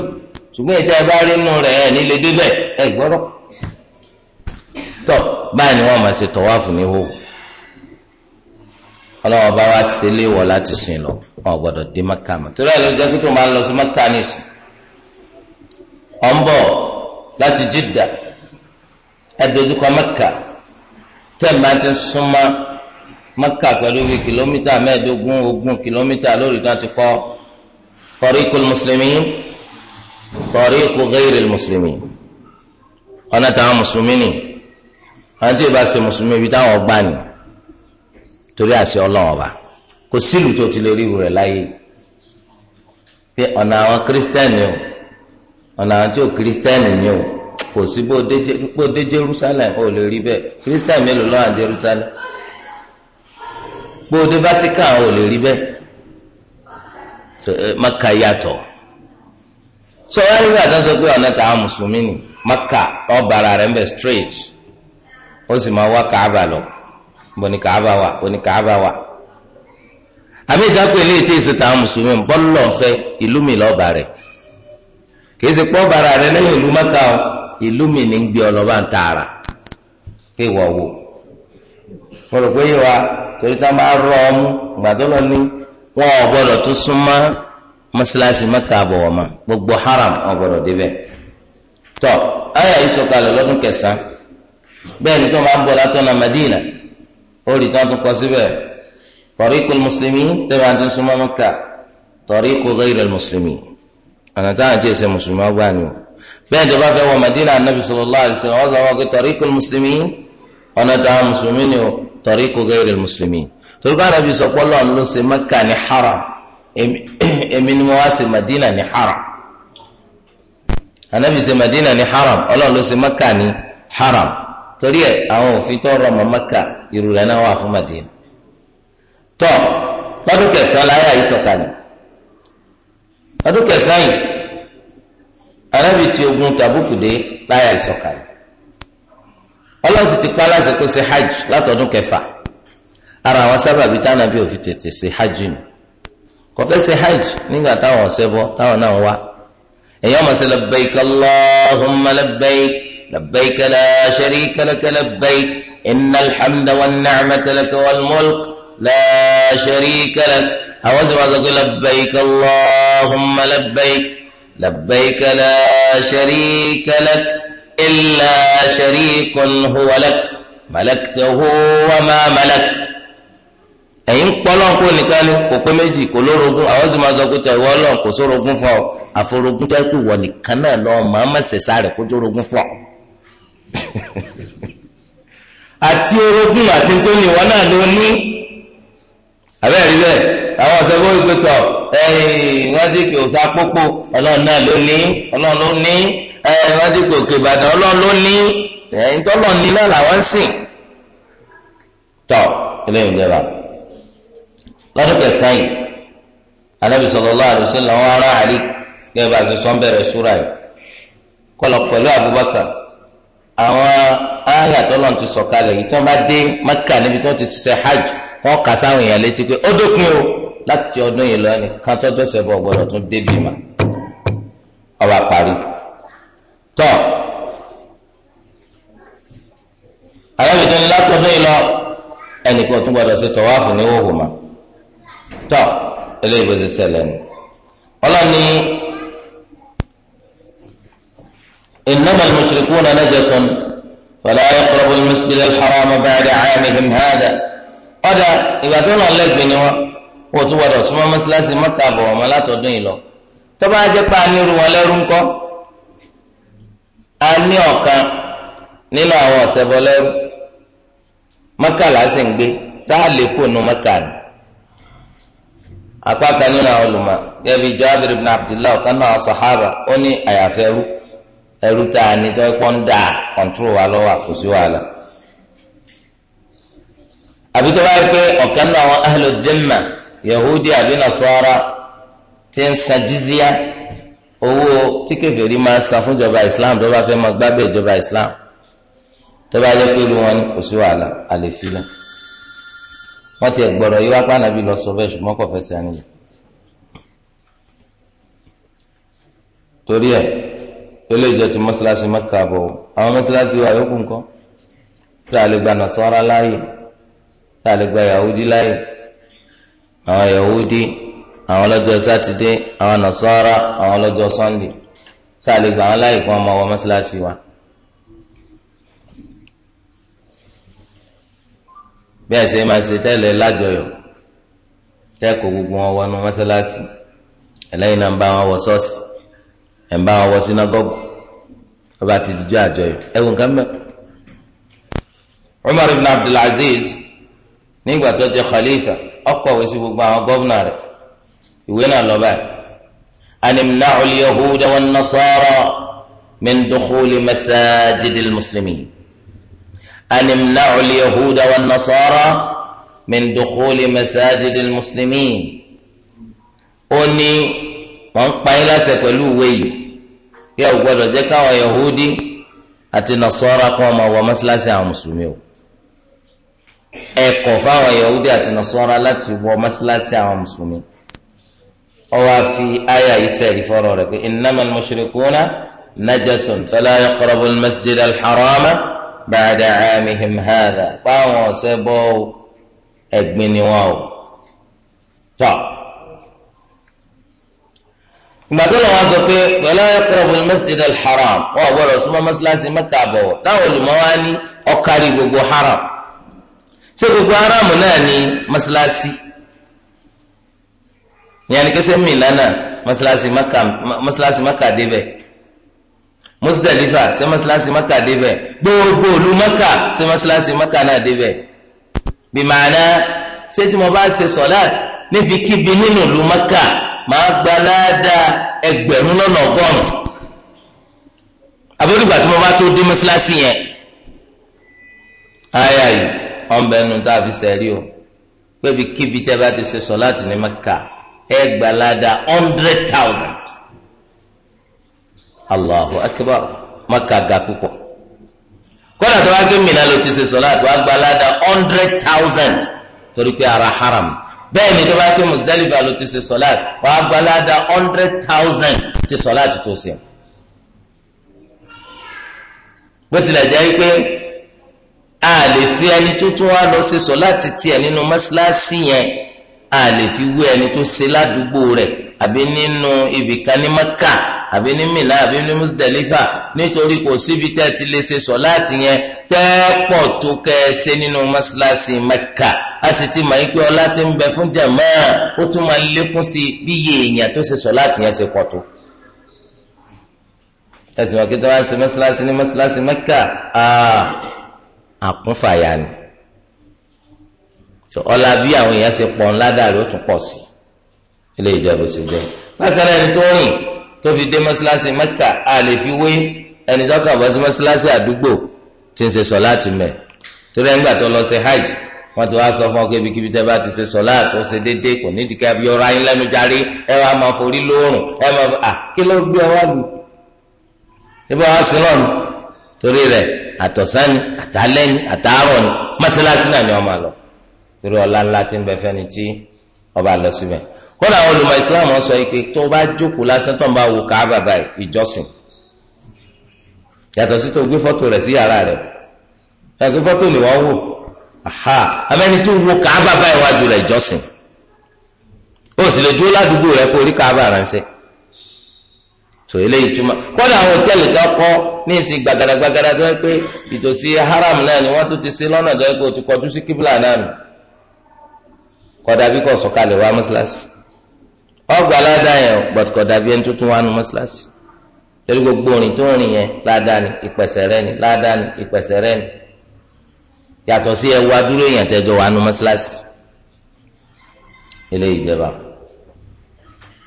Speaker 1: ṣùgbọ́n ìtẹ́ bá rí nù rẹ̀ ẹ nílé débẹ̀ ẹ gbọ́dọ̀ tọ́ báyìí ni wọ́n máa ṣe tawaf ní wò ọlọ́wọ́ bá wá sí ilé wọ̀ láti sìn lọ wọn gbọ́dọ̀ dé maka mọ́ torí ẹ̀ ló jẹ́ pé tó máa ń lọ sí maka nìsín ọ̀ ń bọ̀ láti jìdà ẹ̀ dojúkọ maka tẹ́ ẹ̀ máa ti súnmọ́ maka pẹ̀lú bíi kìlómítà mẹ́ẹ̀ẹ́dógún ogún kìlómítà lórí tó ti kọ́ tariqul muslimin tariqu ghayril muslimin ọ̀nà táwọn mùsùlùmí ni àwọn tí bá ṣe mùsùlùmí ibi táwọn ọgbà ni. torí àṣẹ ọlọ́wọ́n ọba kò sílùú tó ti lè ríru rẹ̀ láyé pé ọ̀nà àwọn kírísítẹ́nì o ọ̀nà àwọn tí ò kírísítẹ́nì ni o kò sí bó dé Jerusalem o lè rí bẹ́ẹ̀ kírísítẹ́nì mélòó Jerusalem bó dé Vatican o lè rí eh, Maka yàtọ̀ sọ wá nígbà tó ń sọ pé ọ̀nà Maka ọ̀bàrà rẹ̀ ń bẹ̀ straight ó sì máa wá lọ. bó ni kàába wà bó ni kàába wà àbí ìjápé ilé tí ìsìta mùsùlùmí bọ́lọ̀ fẹ́ ìlú mi lọ́ba rẹ̀ kìí ṣe pọ́ bara rẹ̀ lẹ́yìn ìlú mẹ́ka o ìlú mi ní gbé ọlọ́ba ń tààrà pé wọ́ wò mo rò pé torí tá a máa rọ ọmú gbogbo haram wọn gbọdọ̀ débẹ̀ tọ́ ayé àyíṣọ́ kalẹ̀ lọ́dún kẹsàn-án bẹ́ẹ̀ ni tó máa ń bọ̀ Madina orí tán tún kọ síbẹ̀ tariqul muslimin tẹ́lẹ̀ àti súnmọ́ mẹ́ka tariqu ghayril muslimin ọ̀nà táwọn àti ẹ̀sẹ̀ mùsùlùmí ọgbà ni o bẹ́ẹ̀ tó bá fẹ́ wọ Madina anabi sallallahu alaihi wasallam wọ́n sọ wọn pé tariqul muslimin ọ̀nà táwọn mùsùlùmí ni o tariqu ghayril muslimin toríko anabi sọ pé lọ́n ló ṣe mẹ́ka ní haram èmi ni mo wá ṣe Madina ní haram anabi ṣe Madina ní haram ọlọ́run ló ṣe mẹ́ka ní haram. torí ẹ àwọn òfin tó rọ mọ Mẹ́kà irú rẹ̀ náà wà fún Madina tó lọ́dún kẹsàn-án láyà yìí sọ̀kalẹ̀ kẹsàn-án yìí arábì tí ogun Tàbúkù dé láyà yìí sọ̀kalẹ̀ ti pa aláṣẹ kó ṣe hajj látọdún kẹfà ara àwọn sábàbí hajj nù kò fẹ́ hajj nígbà táwọn ọ̀sẹ̀ bọ́ táwọn náà wá لبيك لا شريك لك لبيك إن الحمد والنعمة لك والملك لا شريك لك أوزر لبيك اللهم لبيك لبيك لا شريك لك إلا شريك هو لك ملكته وما ملك ẹ̀yin pọ́lọ́n kó nìkan ni kò pé méjì kò lórogún àwọn sì máa sọ pé tẹ̀ wọ́n lọ́n kò sórogún fún ọ àforogún tẹ́kù wọ̀ nìkan náà lọ́ọ́ máa mẹ́sẹ̀ sáré kó tó rogún fún ọ. àti orogún àti tó ní ìwọ náà ló ní abẹ́rẹ́ bẹ́ẹ̀ àwọn ọ̀sẹ̀gbọ́ ìgbẹ́tọ̀ wọ́n ti kì òsà pópó ọlọ́run náà ló ní ọlọ́run ló ní wọ́n ti kì òkè ọlọ́run ló ní ẹ̀yìn tọ́lọ̀ ní náà làwọn ń sìn tọ́ ilé ìjọba lọ́dún kẹsàn-án yìí anábì sallallahu ará gẹ́gẹ́ bá a yìí pẹ̀lú Abubakar àwọn a àtọ́lọ́n ti sọ̀kalẹ̀ yìí tí wọ́n bá dé Mẹ́kà níbi tí wọ́n ti hajj wọ́n kà sáwọn èèyàn létí pé ó o láti ọdún yìí lọ́ni kan tọ́jọ́ sẹ́fọ̀ gbọ́dọ̀ tún débi mà ọba parí. tọ́ alábìtọ́ ni látọ̀dún yìí lọ ẹnìkan tún ní mà tọ́ bó ti ni ọlọ́ni. إنما المشركون نجس فلا يقربوا المسجد الحرام بعد عامهم هذا قد إذا كان الله بنوا وتوضع سما مسلسل مكة وما لا تدين له تبا جاء أمير ولا رمكو أني أوكا nínú àwọn ọ̀sẹ̀bọlẹ́rú mẹ́kà lásìkò ń gbé sáà lè kó nu mẹ́kà ni. apá kan nínú àwọn olùmọ̀ gẹ́gẹ́ bí Jabir ibn Abdullah ẹrú tá a ní tó wa lọ́wọ́ kò wàhálà. àbí tó pé ọ̀kan náà yahudi àbí ti ń san jizíya owó máa san islam tó bá fẹ́ máa gbábẹ́ ìjọba islam tó bá yẹ pé wọn kò sí wàhálà àlefi náà wọ́n ti gbọ́dọ̀ yíwá pàànàbí lọ sọ bẹ́ẹ̀ ṣùgbọ́n kò eléyìí jẹ́ ti mọ́ṣáláṣí mẹ́kà bọ̀ àwọn mọ́ṣáláṣí wa yókù nǹkan tí a lè gba nàṣọ́ra láàyè tí a lè gba yahudi láàyè àwọn yahudi àwọn lọ́jọ́ sátidé àwọn nàṣọ́ra àwọn lọ́jọ́ sọ́ndé tí a lè gba àwọn láàyè kan máa wọ mọ́ṣáláṣí wa. bí ẹ ṣe máa ṣe tẹ́lẹ̀ lájọyọ̀ tẹ́kọ̀ọ́ gbogbo wọn wọnú mọ́ṣáláṣí ẹlẹ́yìn náà ń bá wọn wọ ṣọ́ọ̀ṣì ẹ̀ ń bá wọn wọ sinagogu ọba ti dìjọ àjọyọ̀ ẹ̀wù nǹkan mẹ́. Umar ibn Abdul Aziz nígbà tó jẹ khalifa ọkọ̀wé sí gbogbo àwọn gómìnà rẹ̀ ìwé náà lọ báyìí. animna'u al-yahuda wan-nasara min dukhuli masajidil muslimin. animna'u al-yahuda nasara min dukhuli masajidil muslimin. ó ní wọ́n ń pa yín láṣẹ pẹ̀lú ìwé yìí pé ẹ gbọ́dọ̀ jẹ́ káwọn yahudi àti nasara kó máa wọ mọ́sálásí àwọn mùsùlùmí o ẹ kọ̀ fáwọn yahudi àti nasara láti wọ mọ́sálásí àwọn mùsùlùmí ọwọ́ àfi àyà yìí sẹ́ẹ̀rí fọ́rọ̀ rẹ̀ pé innamal mushrikuna najasun fala yaqrabu al-masjid al-harama ba'da 'amihim hadha báwọn ọ̀sẹ̀ bọ́ ẹ̀gbin ni wọn o tọ́ gbàdúrà wọn sọ pé wala yaqrabu al-masjid al-haram wọn gbọ́dọ̀ súnmọ́ mọ́sálásí mẹ́kà àbọ̀wọ̀ táwọn olùmọ̀ wá ní ọ̀kárí gbogbo haram ṣé gbogbo haram náà ní mọ́sálásí ìyẹn ni kẹsẹ́ mi lánà mọ́sálásí mẹ́kà débẹ̀ Muzdalifa ṣé mọ́sálásí mẹ́kà débẹ̀ gbogbo olú mẹ́kà ṣé mọ́sálásí mẹ́kà náà débẹ̀ bí màánà ṣé tí mo bá ṣe sọ̀láàt níbikíbi nínú olú mẹ́kà ma gba ládàá ẹgbẹ̀rún lọ́nà ọgọ́rùn-ún àbórígbà tí mo bá tó dé mọ́sálásí yẹn ayé yìí ọ̀nbẹ nu tá a fi sẹ́rí o pébi kíbi tẹ́ bá ti ṣe sọ láti ní mẹ́ka ẹ gba ládàá hundred thousand Allahu akbar mẹ́ka ga púpọ̀ kódà tó wá gé mìíràn ló ti ṣe sọ láti wá gba ládàá hundred thousand torí pé ara haram. bẹ́ẹ̀ ni tó bá pé Muzdalifa ló ti ṣe sọ́láàt wàá gbalada hundred thousand ti sọ́láàt tó ṣe. bó tilẹ̀ jẹ́ pé a lè fi ẹni tó tún wá lọ ṣe sọ́láàt tiẹ̀ nínú mọ́ṣáláṣí yẹn a lè fi wé ẹni tó ṣe ládùúgbò rẹ̀ àbí nínú ibìkan ní Mẹ́kà àbí ní Mina àbí ní Musdalifa nítorí kò síbi tẹ́ ti lè ṣe sọ láti yẹn tẹ́pọ̀ tó kẹ́ẹ́sẹ́ nínú mọ́ṣáláṣí Mẹ́kà a sì ti mọ̀ pé ọlá ti ń bẹ fún jàmáà ó tún máa lékún sí bí iye èèyàn tó ṣe sọ láti yẹn ṣe pọ̀ tó. ẹ̀sìn wọn kí tó wá ń ṣe mọ́ṣáláṣí ní mọ́ṣáláṣí Mẹ́kà àkúnfàyà ni ọlá bí àwọn èèyàn ṣe pọ̀ ńlá dàrí ó tún pọ̀ sí ilé ìjọba ṣe jẹ́ bákan náà ẹni tó rìn tó fi dé mọ́sálásí mẹ́kà a lè fi wé ẹni tó kà bọ́ sí mọ́sálásí àdúgbò tí ń ṣe sọ̀láàtì mẹ́ torí ẹ̀ ń gbà tó lọ sí hajj wọ́n ti wá sọ fún ọ pé ibikíbi tẹ́ bá ti ṣe sọ̀láàtì ó ṣe déédéé kò ní ìdíkà bí ọ̀rọ̀ ayé lẹ́nu járe ẹ wàá máa forí lóòrùn ẹ máa fọ à kí ló gbé ọwọ́ lù ṣé bá wàá sí lọ́nu torí rẹ̀ àtọ̀sánni àtàlẹ́ni àtàárọ̀ ni náà ni wọ́n máa lọ torí ọlá ńlá ti ń bẹ fẹ́ni tí ọba lọ síbẹ̀ kódà àwọn olùmọ̀ islam sọ pé tó bá jókòó lásán tó ń bá wo káábà báyìí ìjọsìn yàtọ̀ sí tó gbé fọ́tò rẹ̀ sí yàrá rẹ̀ gbé fọ́tò ni wọ́n wò aha amẹ́ni tó wo káábà báyìí wájú rẹ̀ ìjọsìn ó sì lè dúró ládùúgbò rẹ̀ kó rí káábà ránṣẹ́ so eléyìí túmọ̀ kódà àwọn hòtẹ́ẹ̀lì tó kọ́ ní ìsìn gbàgàdàgbàgàdà tó haram náà ni wọ́n tún ti sí lọ́nà tó yẹ pé ti kọjú sí kíbla náà nù ọgbà ládàá yẹn gbọ̀tùkọ̀ dàbí ẹni tuntun wà nù mọ́ṣáláṣí torí gbogbo orin tó rìn yẹn ládàá ni ìpẹ̀sẹ̀ rẹ ni ládàá ni ìpẹ̀sẹ̀ rẹ ni yàtọ̀ sí ẹwà dúró èèyàn tẹ́jọ wà nù mọ́ṣáláṣí ilé ìjẹba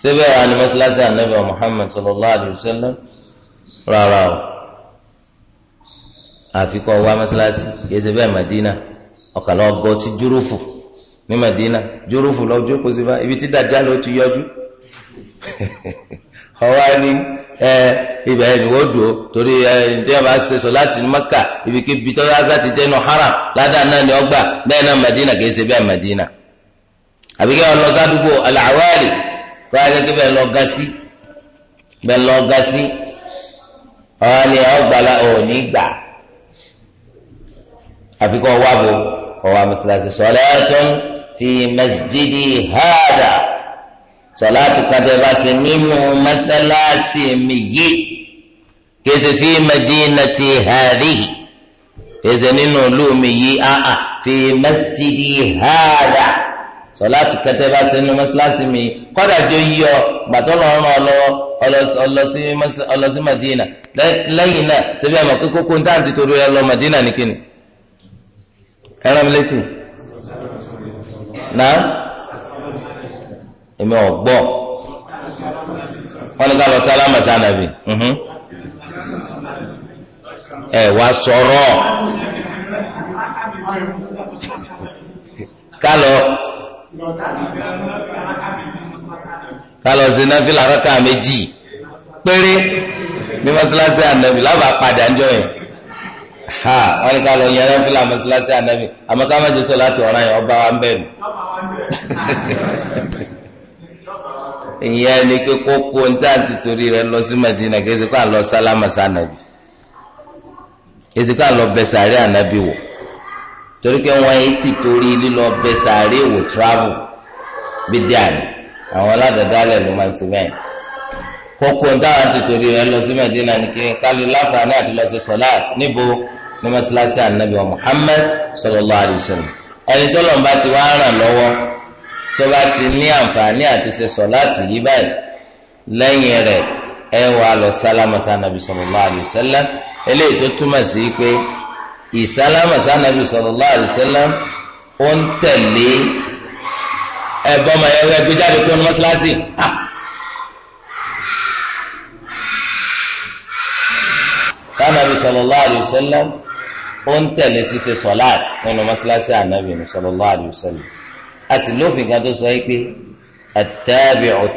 Speaker 1: síbẹ̀ wà nù mọ́ṣáláṣí anabi Muhammad sallallahu alayhi wa sallam rárá o àfikọ́ wà mọ́ṣáláṣí yẹ́sẹ̀ bẹ́ẹ̀ Madina ọ̀kàlọ́ júrúfù ní Madina jórófù lọ jókòó sí bá ibi tí dàjà ló ti yọjú ọwọ́ ni ibẹ̀ ni wọ́n dùn ó torí ǹjẹ́ bá ṣe sọ láti Mẹ́kà ibi kí bi tọ́lá ti jẹ́ haram ládàá náà ni ọgbà bẹ́ẹ̀ náà Madina kì í ṣe bẹ́ẹ̀ Madina àbíkẹ́ ọlọ́sàdúgbò aláwárì kọ́ akẹ́kẹ́ bẹ́ẹ̀ lọ ga sí bẹ́ẹ̀ lọ ga sí ọ̀hún ni ọgbàlá òní gbà àfikún ọwọ́ àbò ọwọ́ àmì sọ̀rọ̀ ẹ̀ tó ń fi masjidi hada sọláàtù kàtẹ́ bá ṣe nínú mọ́sálásí mi yìí kìí ṣe fi madinati hadihi kìí ṣe nínú ìlú mi yìí áà fi masjidi hada sọláàtù kẹtẹ bá sẹnu mọsálásí mi kódà jọ yíyọ gbàtọ lọrùn ọlọ ọlọsí madina lẹ́yìn náà ṣebí àmọ́ kókó kó ń torí ẹ lọ madina nìkíni ẹ rán mi létí náà èmi ò gbọ́ wọ́n ní ká lọ sálámà sànàbì mhm. ẹ wá sọ̀rọ̀ ká lọ ká lọ sí náfìlà rákà méjì péré ní mọ́sálásí ànàbì lábàá padà ń jọ yẹn. ha wọn ka lọ yẹn lọ fílà mọ́sálásí Amaka àmọ́ ká má jẹ́ sọ yẹn ọba wa ń bẹ̀rù. ìyẹn ni pé kókó níta ti torí lọ sí Madina kí ezekiel àlọ sálámà sànàbì ezekiel àlọ bẹsàárẹ ànábì wò torí pé wọn yìí ti torí lílọ bẹsàárẹ wò travel bí díàní àwọn aládàdálẹ ló máa ń kókó ti torí ní mọ́sálásí ànábì wa Muhammad sallallahu alaihi wasallam ẹni tó lọ́nba ti wá ràn lọ́wọ́ tó bá ti ní àǹfààní àti ṣe sọ̀láàtì yí báyìí lẹ́yìn rẹ̀ ẹ wà lọ sálámàsá ànábì sallallahu alaihi wasallam eléyìí tó túmọ̀ sí pé ìsálámàsá ànábì sallallahu alaihi wasallam ó ń tẹ̀lé ẹ̀bọ́n ma ẹ̀rọ ẹgbẹ́ jáde kó ní sanabi ah! sallallahu alayhi wa ó ń tẹ̀lé ṣíṣe sọ̀láàtì nínú mọ́ṣáláṣí ànábì sallallahu alaihi wasallam a sì lófin kan tó sọ yìí pé at-tabi'u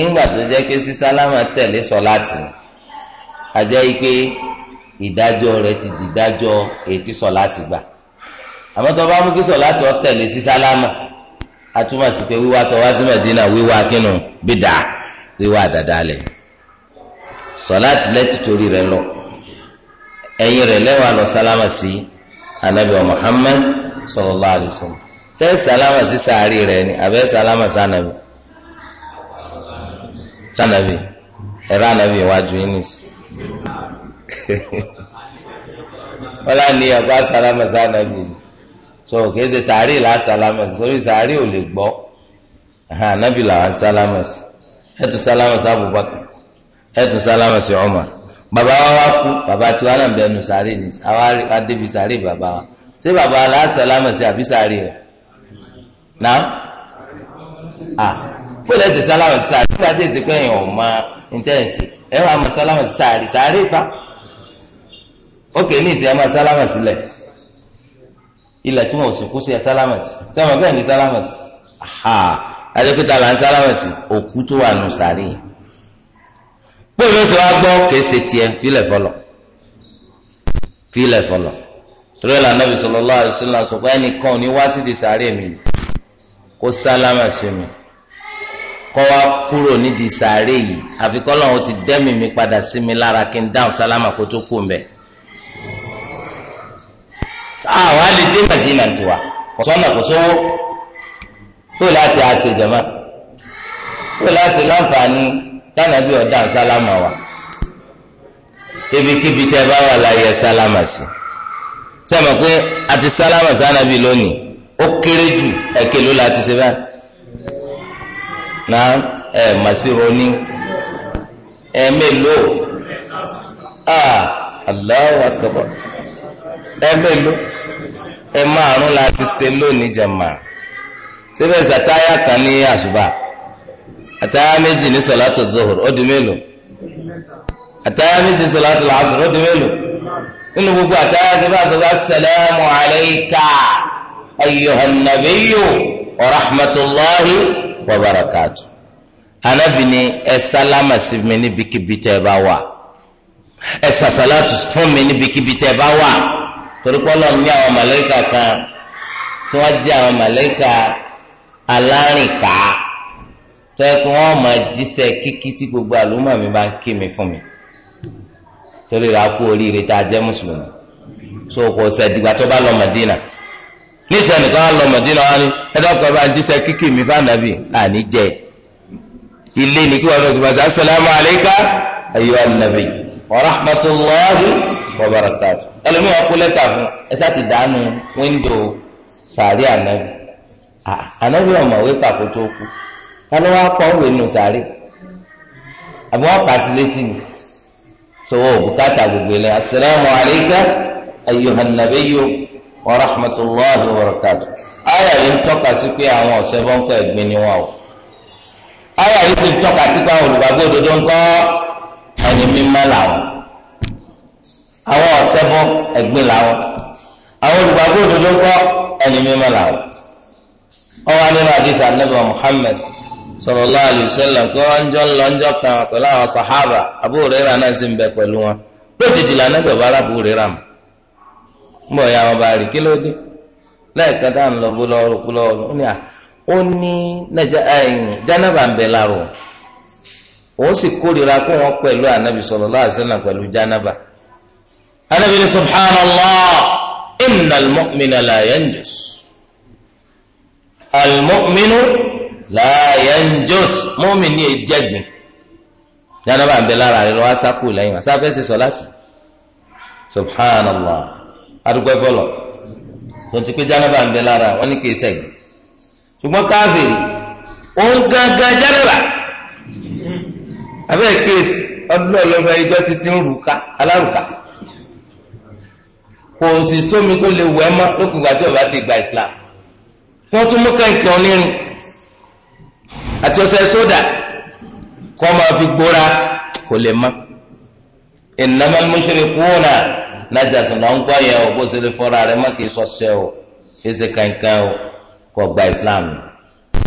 Speaker 1: ńgbà tó jẹ́ pé tẹ̀lé sọ̀láàtì ni a jẹ́ yìí pé ìdájọ́ ti ètí sọ̀láàtì gbà àmọ́ tó bá mú ọ tẹ̀lé a túmọ̀ sí pé wíwá tó wá sí Mẹ̀dínà wíwá kínú bídà wíwá àdàdà lẹ̀ ẹ̀yìn rẹ̀ lẹ́wà lọ sálámà sí anabi muhammed sallallahu alaihi wasallam ṣé sálámà sí sàárì rẹ̀ ni àbẹ́ sálámà sànàbì sànàbì ẹ̀rọ ànàbì iwájú yín nìsí. wọ́n lá ní ọba sálámà sànàbì ni so kìí ṣe sàárì là sálámà sí torí sàárì ò lè gbọ́ ànàbì làwọn sálámà sí ẹ̀tún sálámà sí abubakar ẹ̀tún sálámà sí umar bàbá wa wá kú bàbá tí wàá náà bẹnu sàárè ní àwa débi sàárè bàbá wa ṣé bàbá aláṣàlámà sí àbí sàárè rẹ̀ náà à kó lẹ́sẹ̀ sálámà sí sàárè nígbà tí èsì pé èèyàn ò máa ń tẹ̀sí ẹ wàá máa sálámà sí sàárè sàárè fa ókè ní ìsìn ẹ máa sálámà sílẹ̀ ilẹ̀ tí wọn ò sìnkú sí ẹ sálámà sí sẹ́wọ̀n bẹ́ẹ̀ ni sálámà sí àhà adékúta là ń sálámà sí òkú tó wà nù sàárè yẹn bóyá ló sì wá gbọ́ kìí ṣe tiẹ̀ filẹ̀ fọlọ̀ filẹ̀ fọlọ̀ torí ẹ̀la nàbì sallallahu alaihi wasallam sọ ẹnìkan ní wá sí di sàárè mi kó sálámà sí mi kọ́ wá kúrò nídìí sàárè yìí àfi kọ́lọ́hún ti dẹ́mi mi padà sí mi lára kí n dáhùn sálámà kó tó kú mbẹ́. àwa lè Màdínà tiwa kò sọ́nà kò sówó kó láti àṣejàmá kó láti láǹfààní tánàbí ọ̀dà sálámà wa ibikíbi tẹ́ bá wà láyé sálámà sí sẹ́mi pé àti sálámà sánàbí lónìí ó kéré jù ẹ̀kẹ́ ló la ti ṣe báyìí náà ẹ̀ màsírò ní ẹ̀ mélòó ah Allahu akbar ẹ mélòó ẹ márùn la ti ṣe lónìí jàmá síbẹ̀ sàtáyà kan ní àṣùbà. ataha ama eji salatu dọhụrụ ọ dị mịlụmụ. ataha ama salatu la asịrị ọ dị mịlụmụ. ụnụ bụbu ataha ebe a sịrị ka sịrị ka salamu ala ika ayọha na beyo or hamatuloghi babarakatu. ana bi na esalamas mini bikibite bawa. esa salatu sifo mini bikibite bawa. turukwa n'omya wa malaika ka turawa di malaika ka tẹ́kù wọn máa jíṣẹ́ kíkí tí gbogbo àlùmọ̀ mi máa ń kí mi fún mi torí ra kú oríire tá a jẹ́ mùsùlùmí so kò sẹ́dìgbà tó bá lọ Mọ̀dínà níṣẹ́ nìkan lọ Mọ̀dínà wọn ni ẹ̀dọ́kọ̀ bá ń jíṣẹ́ kíkí mi fànàbì àní jẹ́ ilé ní kí wọn lọ sí pàṣẹ asalaamu alayka ayyuha nabi wa rahmatulahi wa barakatu ẹlòmíràn kú lẹ́tà fún ẹ sá ti dànù wíńdò sàárẹ̀ ànábì ànábì ọ̀mọ̀wé pàkó tó kú ta ló wá kọ́ òwe nù sáré àbí wọ́n kà sí létí ni sọwọ́ bùkátà gbogbo ilẹ̀ asalaamu alayka ayyuhan nabiyyu wa rahmatulahi wa barakatu. ayà yìí ń tọ́ka sí pé àwọn ọ̀sẹ̀ bọ́ńkọ́ ẹ̀gbin ni wọn o ayà yìí sì ń tọ́ka sí pé àwọn olùgbàgbọ́ òdodo ń ẹni mímọ́ làwọn àwọn ọ̀sẹ̀ bọ́ ẹ̀gbin làwọn àwọn olùgbàgbọ́ òdodo ń ẹni mímọ́ làwọn. ọwọ́ nínú àdìsá nàbẹ̀ Muhammad sallallahu alaihi wasallam kí wọ́n jọ ń lọ ń jọ kan pẹ̀lú àwọn sàhábà Abu Hurairah náà sì ń bẹ pẹ̀lú wọn lójijì lànà gbọ̀bá Abu Hurairah mọ̀ ń bọ̀ ya wọn bá rí kí ló dé lẹ́ẹ̀kan tá à ń lọ bó lọ́ọ́rù kú lọ́ọ́rù ó ní à ó ní jánábà eh, ń bẹ láàrú òun sì kórìíra kó wọn pẹ̀lú ànábì sallallahu alaihi wasallam pẹ̀lú jánábà ànábì ní subhanallah innal mu'mina la yanjus al láàyè ń jòs ní ejẹ́gbìn ń bẹ lára rẹ lọ́wọ́ sákò lẹ́yìn wọn sáfẹ́ ṣe sọ́láàtì subhanallah adúgbò ẹ̀fọ́lọ̀ tó ti pé jánaba ń bẹ lára wọn ní kì í sẹ́yìn ṣùgbọ́n káfíìrì òun gangan jánaba abẹ́ kéésì ọdún ọlọ́fẹ́ ìjọ títí ń alárùka kò sómi àti sódà ma fi gbóra kò lè ń yẹn o bó rẹ má kì í o kankan gba Islam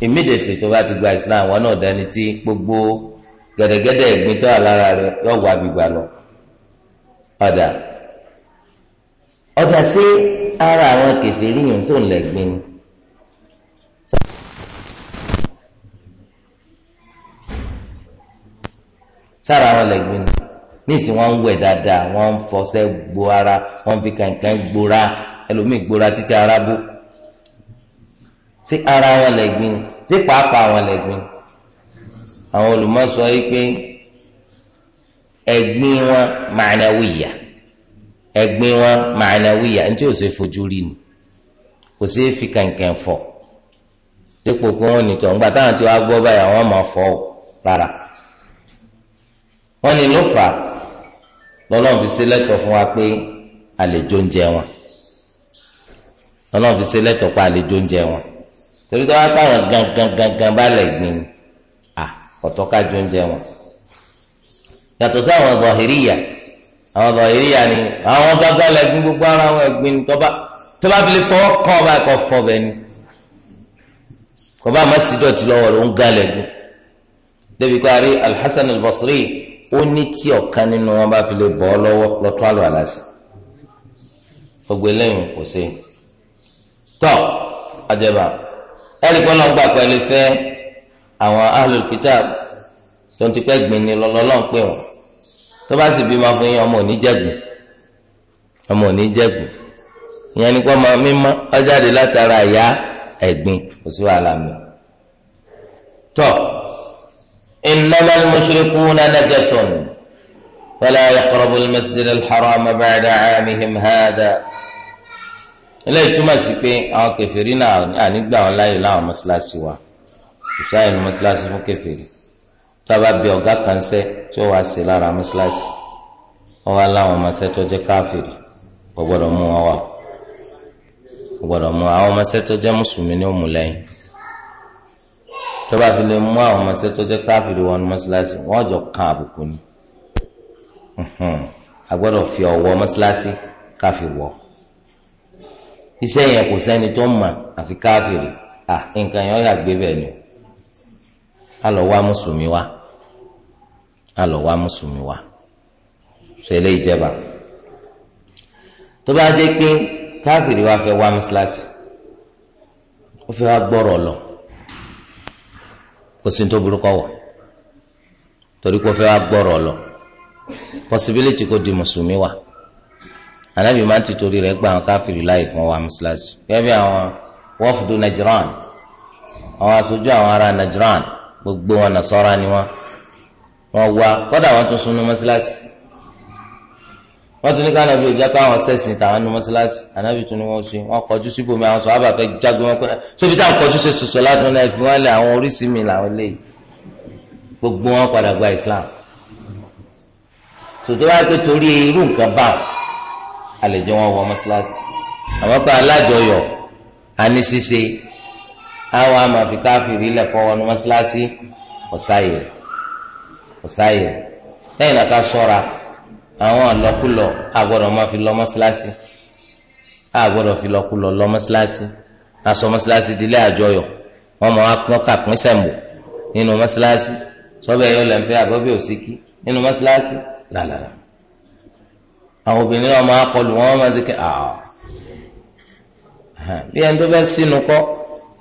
Speaker 1: immediately tó bá Islam wọn náà dání gbogbo gẹ́dẹ́gẹ́dẹ́ ìgbín tó rẹ yóò wá gbígbà lọ
Speaker 2: sí ara àwọn
Speaker 1: ríyìn tó sára àwọn ẹlẹgbẹ́ ni níìsín wọn ń wẹ̀ dáadáa wọn ń fọṣẹ gbo ara wọn fi kankan gbora ẹlòmíì títí ara bó sí ara àwọn ẹlẹgbẹ́ ni sí pàápàá àwọn ẹlẹgbẹ́ ni àwọn olùmọ̀sọ yìí pé ẹ̀gbin wọn mànàwìyà ẹ̀gbin wọn mànàwìyà ní tí ò ṣe fojú rí ni kò sí fi fọ dípò kí táwọn báyà wọ́n ní ló fà á lọ́lọ́run fi ṣe lẹ́tọ̀ fún wa pé àlejò ń jẹ wọn lọ́lọ́run fi ṣe lẹ́tọ̀ pé àlejò ń jẹ wọn torí tó wá pààrọ̀ gangan gangan bá lẹ̀ gbìn à ọ̀tọ́kájú ń jẹ wọn yàtọ̀ sí àwọn zahiriyya àwọn zahiriyya ni àwọn gangan lẹ̀ gbìn gbogbo ara wọn ẹ̀gbìn tọ́ba tọ́ba fi lè fọwọ́ kàn ọba ẹ̀kọ́ fọ bẹ́ẹ̀ ni kọ́ba àmọ́ sídọ̀tì lọ́wọ́ ló ń galẹ̀ gbìn débi kó a rí Al-Basri ó ní tí ọ̀kan nínú wọn bá fi lè bọ́ ọ lọ́wọ́ lọ́tọ́ àlọ́ àlàsì gbogbo eléyìí kò sí tọ́ àjẹbà ẹ̀rí pé ọlọ́run gbà pẹ̀lú fẹ́ àwọn ahlul kitab tó ń ti pẹ́ gbìn ní lọ́lọ́run pé wọ́n tó bá sì bímọ fún yín ọmọ òní jẹ́gbìn ọmọ òní jẹ́gbìn ìyẹn ni pọ́n máa mímọ́ ọjáde látara ìyá ẹ̀gbìn kò sí wàhálà mi tọ́. إنما المشركون نجس فلا يقرب المسجد الحرام بعد عامهم هذا eléyìí túmọ̀ sí pé àwọn kẹfìrí náà ànígbà wọn láàyè láwọn mọ́ṣáláṣí wa ìṣáyè ní mọ́ṣáláṣí fún kẹfìrí tábà bí ọ̀gá kan ṣẹ́ tí ó wá sí lára mọ́ṣáláṣí wọn wá láwọn ọmọọṣẹ́ tó jẹ́ káfìrí kò mú wọn wá kò mú àwọn ọmọọṣẹ́ tó jẹ́ mùsùlùmí ní òmùlẹ́yìn tó bá fi lè mú àwọn ọmọọṣẹ́ tó jẹ́ káfíìrì wọn mọ́ṣáláṣí wọ́n jọ kan àbùkù ni a gbọ́dọ̀ fi ọwọ́ mọ́ṣáláṣí káfíìrì wọ̀ iṣẹ́ yẹn kò sẹ́ni tó mọ̀ àfi káfíìrì à nǹkan yẹn ó yà gbé bẹ́ẹ̀ ni a lọ wá mùsùlùmí wá a lọ wá mùsùlùmí wá ṣe eléyìí jẹba tó pé káfíìrì wa fẹ́ wá mọ́ṣáláṣí ó fẹ́ wá gbọ́rọ̀ lọ kò sí tó burúkọ wọ̀ torí kò fẹ́ wá gbọ́rọ̀ lọ possibility kò di mùsùlùmí wà anabi máa ń ti torí rẹ̀ gba àwọn káfíìrì láì kàn wá mùsùlùmí gẹ́gẹ́ bí àwọn wọ́fùdù nàìjíríàn àwọn aṣojú àwọn ará nàìjíríàn gbogbo wọn nàṣọ́ra ni wọn wọn wá kọ́dà wọn tún sunú mọ́sálásí wọ́n ti ní ká ànábì òjá pé sẹ́sìn tàwọn nu mọ́ṣáláṣí ànábì tún ni wọ́n ṣe wọ́n kọjú sí bòmí àwọn sọ̀rọ̀ àbàfẹ́ jágbe wọn pé sóbi táwọn kọjú ṣe sòsò ládùn náà fi wọ́n lé àwọn oríṣi mi làwọn léyìí gbogbo wọn padà gba Islam tòtò wáyé pé torí irú nǹkan bá àlejò wọn wọ mọ́ṣáláṣí àwọn pé alájọyọ̀ àní ṣíṣe àwọn àmàfi káfíìrì lẹ̀kọ́ wọn mọ́ṣáláṣí ọ̀sáyè àwọn àlọkulọ àgbọ́dọ̀ máa fi lọ mọ́sálásí àgbọ́dọ̀ fi lọkulọ lọ mọ́sálásí aṣọ mọ́sálásí dilé àjọyọ̀ wọn mọ akọkà pín sẹmù nínú mọ́sálásí sọbẹ yóò lẹńfẹ àbọbẹ òsìkí nínú mọ́sálásí làlàlà àwọn obìnrin náà máa kọlù wọn máa ṣe kí àá bí ẹni tó fẹ́ sínú kọ́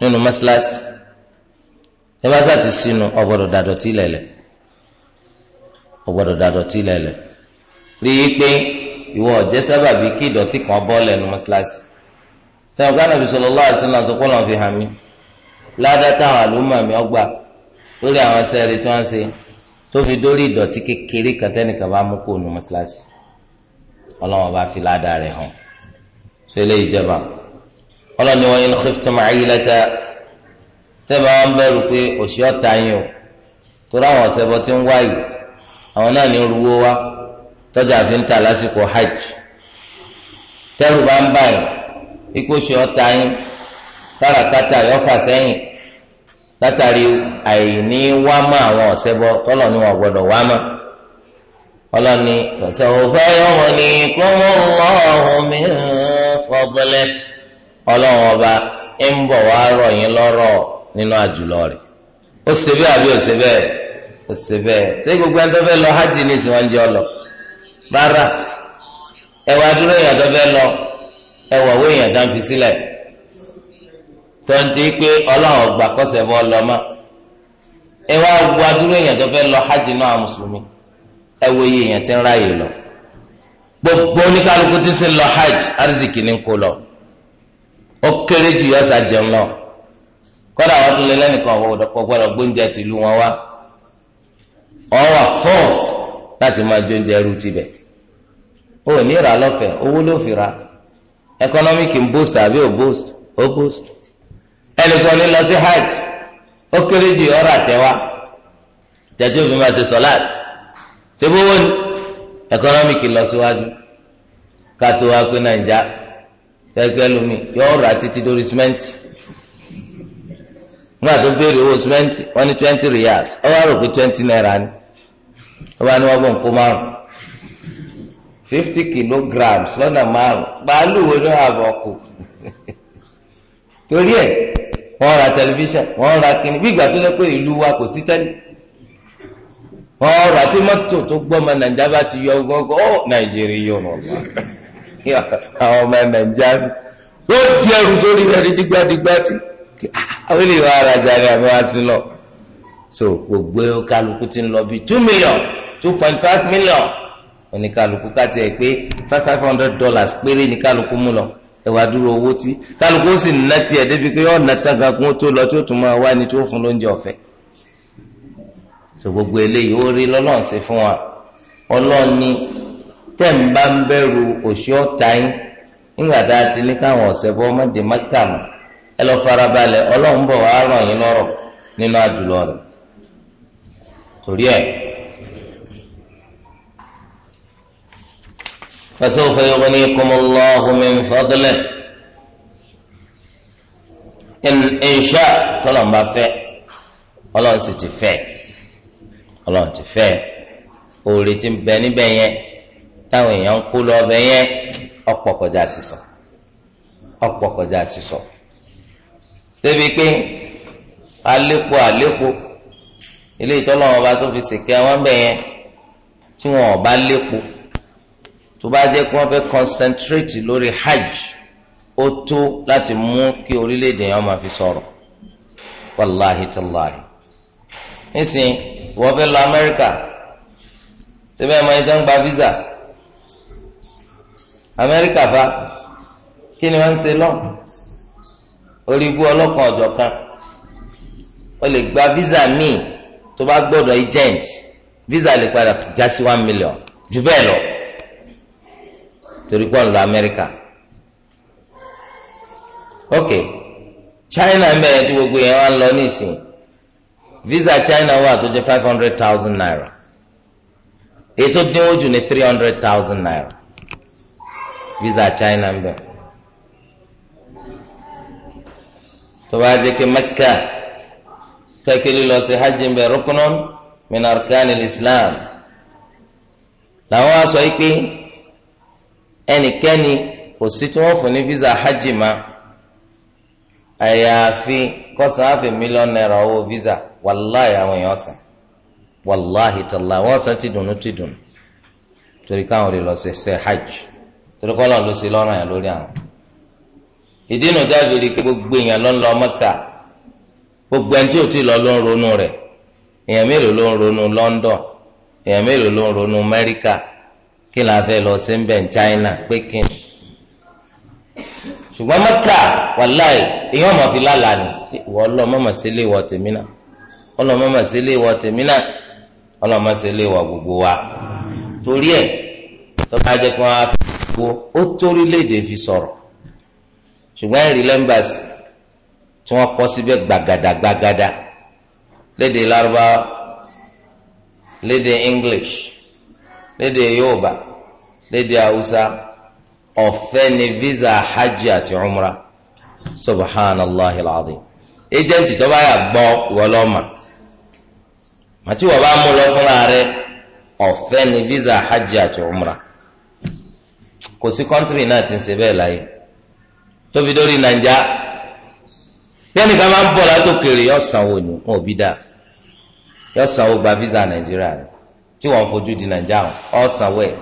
Speaker 1: nínú mọ́sálásí ẹ bá sá ti sínú ọgbọ́dọ̀ dàdọ̀tí lẹ̀lẹ̀ ọgbọ́dọ̀ dàdọ̀tí lẹ̀lẹ̀. rí i pé ìwọ ọ̀jẹ́ sábà bíi kí ìdọ̀tí kan bọ́ lẹ́nu mọ́ṣáláṣí sẹ́wọ̀n gánà bí sọlọ́lá náà fi hàn mí ládá táwọn àlùmọ̀ ọgbà lórí àwọn sẹ́ẹ̀rì tí wọ́n ṣe tó fi dórí ìdọ̀tí kékeré kan tẹ́nìkan bá mú kó nu mọ́ṣáláṣí ọlọ́wọ́n bá fi ládá rẹ̀ hàn ṣe lè jẹba ọlọ́ni wọn inú tẹ́bà wọn bẹ̀rù pé o torí àwọn ọ̀sẹ̀ bọ́ ti ń tọ́jà fi ń ta hajj tẹ́rù bá ń báyìí ikú ṣe ọ̀tá yín káràkátà yọ fà sẹ́yìn látàrí àìní wá mọ́ àwọn ọ̀sẹ̀ bọ́ tọ́lọ̀ ni wọ́n gbọ́dọ̀ wá mọ́ ọlọ́ni òfẹ́ ni kó mọ́ ọlọ́run mi ọlọ́run ọba ń bọ̀ wá rọ̀ yín lọ́rọ̀ nínú àjùlọ rẹ̀ ó ṣe hajj ní ìsìn wọn bára ẹwà dúró èèyàn tó fẹ́ lọ ẹwà owó èèyàn tó ń fi sílẹ̀ tọ́ntì pé ọlọ́run ọgbà kọ́sẹ̀ bọ́ lọ ẹwà wà dúró èèyàn tó fẹ́ lọ hajj náà mùsùlùmí ẹwà èèyàn ti ń ráàyè lọ gbogbo oníkálukú ti ṣe lọ hajj arziki ní lọ ó kéré lọ kọ́dà wọn tún lé lẹ́nìkan gbóúnjẹ tìlú wọn wá wà láti máa jó oúnjẹ ẹrú tibẹ̀ o ò ní ra lọ́fẹ̀ẹ́ owó ló fi ra economic in boost àbí o boost o boost ẹnìkan ní lọ sí hajj ó kéré ju ọ̀rọ̀ àtẹwá tẹ̀tí òfin máa ṣe sọ́láàt ṣé bówó ni economic lọ síwájú ká tó wá pé nàìjà gẹ́gẹ́ lómi yọ ọ̀rọ̀ àtítí dórí símẹ́ǹtì nígbà tó béèrè owó símẹ́ǹtì wọ́n ní twenty riyals ọwọ́ àròkú twenty naira ni. wọ́n ní wọ́n gbọ́n kó márùn fifty kilograms lọ́nà márùn bàálù wo ló hà bọ̀ kù torí ẹ̀ wọ́n ra tẹlifíṣàn wọ́n ra bí ìgbà tó lẹ́ pé ìlú wa kò sí tẹ́lẹ̀ wọ́n ra tí mọ́tò tó gbọ́mọ nàìjíríà bá ti yọ gọ́gọ́ ó nàìjíríà yọ wọn àwọn ọmọ nàìjíríà ó di ẹrù sórí rẹ̀ dígbàdígbà tí àwọn so gbogbo kálukú ti ń lọ bíi two million two point five million oníkálukú káti pé five five hundred dollars péré ni kálukú mú lọ dúró owó tí kálukú sì ná tiẹ̀ débi pé yóò ná tán kankan tó lọ tún gbogbo eléyìí ó rí lọ́lọ́run fún wa ń bá ń bẹ̀rù òṣì ọ̀tá yín ti ní káwọn ọ̀sẹ̀ bọ́ mọ́ ẹ lọ farabalẹ̀ ọlọ́run bọ̀ wá yín lọ́rọ̀ nínú torí ẹ̀ فسوف يغنيكم الله من فضله إن إن شاء tọ́lọ́n sì ti fẹ ọlọ́run ti fẹ òòrè ti bẹ níbẹ̀ yẹn táwọn èèyàn ń kó lọ ọbẹ̀ yẹn ọ̀pọ̀ kọjá sísọ kọjá sísọ débi pé ilé ìtọ́lọ́wọ́n ọba tó fi sèké àwọn bẹ̀ yẹn tí wọn ọba lépo tó bá jẹ́ pé wọ́n fẹ́ concentrate lórí hajj ó tó láti mú kí orílẹ̀-èdè yẹn máa fi sọ̀rọ̀ wàláhi tàláhi nísìnyí wọ́n fẹ́ lọ amẹ́ríkà síbẹ̀ máa ń tán gba visa amẹ́ríkà fa kí ni wọ́n ń ṣe lọ́n orí ibú ọlọ́kan ọ̀jọ̀ kan o lè gba visa míì tó bá gbọ́dọ̀ agent visa lè padà já sí one million jù bẹ́ẹ̀ lọ torí pọ́n lọ amẹ́ríkà ok china ń bẹ̀rẹ̀ tí gbogbo yẹn wá ń lọ nísìnyí visa china wà tó jẹ́ five hundred thousand naira ètò dínwó jù ní three hundred thousand naira visa china ń bẹ̀rẹ̀ tó bá jẹ́ pé mẹ́kà tẹ́kìlì lọ sí hajj bẹ̀ rukunan min arkanil islam làwọn aṣọ yìí pé ẹnikẹ́ni kò sí tí wọ́n fún ní visa hajj ma àyàfi kọ́sàn áfẹ́ mílíọ̀nù náírà owó visa wàláhì àwọn èèyàn sàn wàláhì tàlá wọ́n sàn ti dùnú ti dùnú torí káwọn lè lọ sí ṣe hajj torí kọ́ ló ṣe lọ́rùn yẹn lórí àwọn ìdí nu jáde rí i pé gbogbo èèyàn ló ń lọ Mẹ́kà gbogbo ẹni tí ò ti lọ ló ń ronú rẹ̀ èèyàn mélòó ló ń ronú London èèyàn mélòó ló ń ronú Amẹ́ríkà kí la fẹ́ lọ sí bẹ̀ China pé kí ni ṣùgbọ́n Mẹ́kà wàláì èèyàn máa fi lálàá ni ìwọ ọlọ́mọ́mọ́ sí ilé ìwọ tèmi náà ọlọ́mọ́mọ́ sí ilé ìwọ tèmi náà ọlọ́mọ́ sí ilé ìwọ gbogbo wa torí ẹ̀ tó jẹ́ pé wọ́n á fi gbogbo ó torí léde fi sọ̀rọ̀ ṣùgbọ́n ẹ̀rí lẹ́mbàsì tí wọ́n kọ́ síbẹ̀ gbàgàdà gbàgàdà lédè Lárúbáwá lédè English lédè Yorùbá lédè Haúsá ọ̀fẹ́ ni visa hajj àti umra subhanallah alazim agent tó bá yà gbọ́ ìwọ lọ́mà màtí wọ́n bá mú lọ fúnra rẹ ọ̀fẹ́ ni visa hajj àti umra kò sí kọ́ńtírì náà ti ń ṣe bẹ́ẹ̀ láyé tó dórí nàìjíríà yẹ́nì kan máa ń bọ̀ látòkèrè yọ sanwó ni wọn ò bí dáa yọ sanwó gba visa nàìjíríà rẹ tí wọn fojú di nàìjíríà ọ sanwó ẹ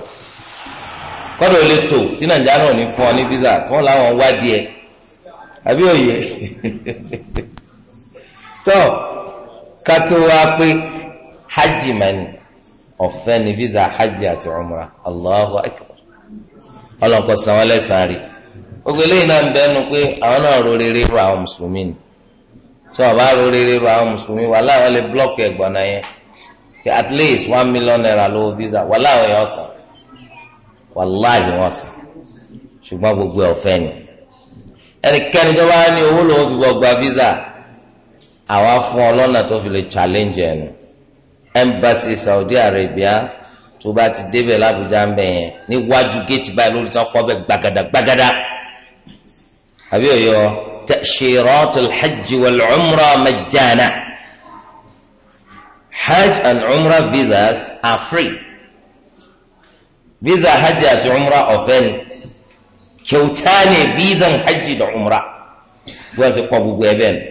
Speaker 1: kọ́dọ̀ ò lè tò tí nàìjíríà náà ní fún ọ ní visa tí wọ́n láwọn wá díẹ̀ àbí òye tó ká tó wá pé hajj mani ọ̀fẹ́ ni visa hajj àti umrah Allahu akbar ọlọ́nkọ sanwó lẹ́sàn-án rèé
Speaker 2: gbogbo eléyìí náà ń
Speaker 1: bẹnu pé àwọn náà ro rere ro àwọn mùsùlùmí ni tí wọn bá ro rere ro àwọn mùsùlùmí wà láwọn lè blọọkì ẹgbọn náà yẹn pé at least one million naira lówó visa wà láwọn yẹn ọsàn wàláhì wọn sàn ṣùgbọ́n gbogbo ẹ ọ̀fẹ́ ni ẹnikẹ́ni tó bá ní owó lówó fi gbọgbà visa àwa fún ọ tó fi lè challenge ẹnu embassy Saudi Arabia tó bá ti débẹ̀ lábújá ń bẹ̀ yẹn níwájú géètì báyìí lórí tí wọ́n kọ́ bẹ́ẹ̀ gbàgàdà gbàgàdà àbí ọ̀yọ́ ta'shiratul hajj wal umra majjana hajj and umra visas are free visa hajj àti umra ọ̀fẹ́ ni kyauta ne visan hajj da umra wọ́n sì kọ́ gbogbo ẹ̀ bẹ́ẹ̀ ni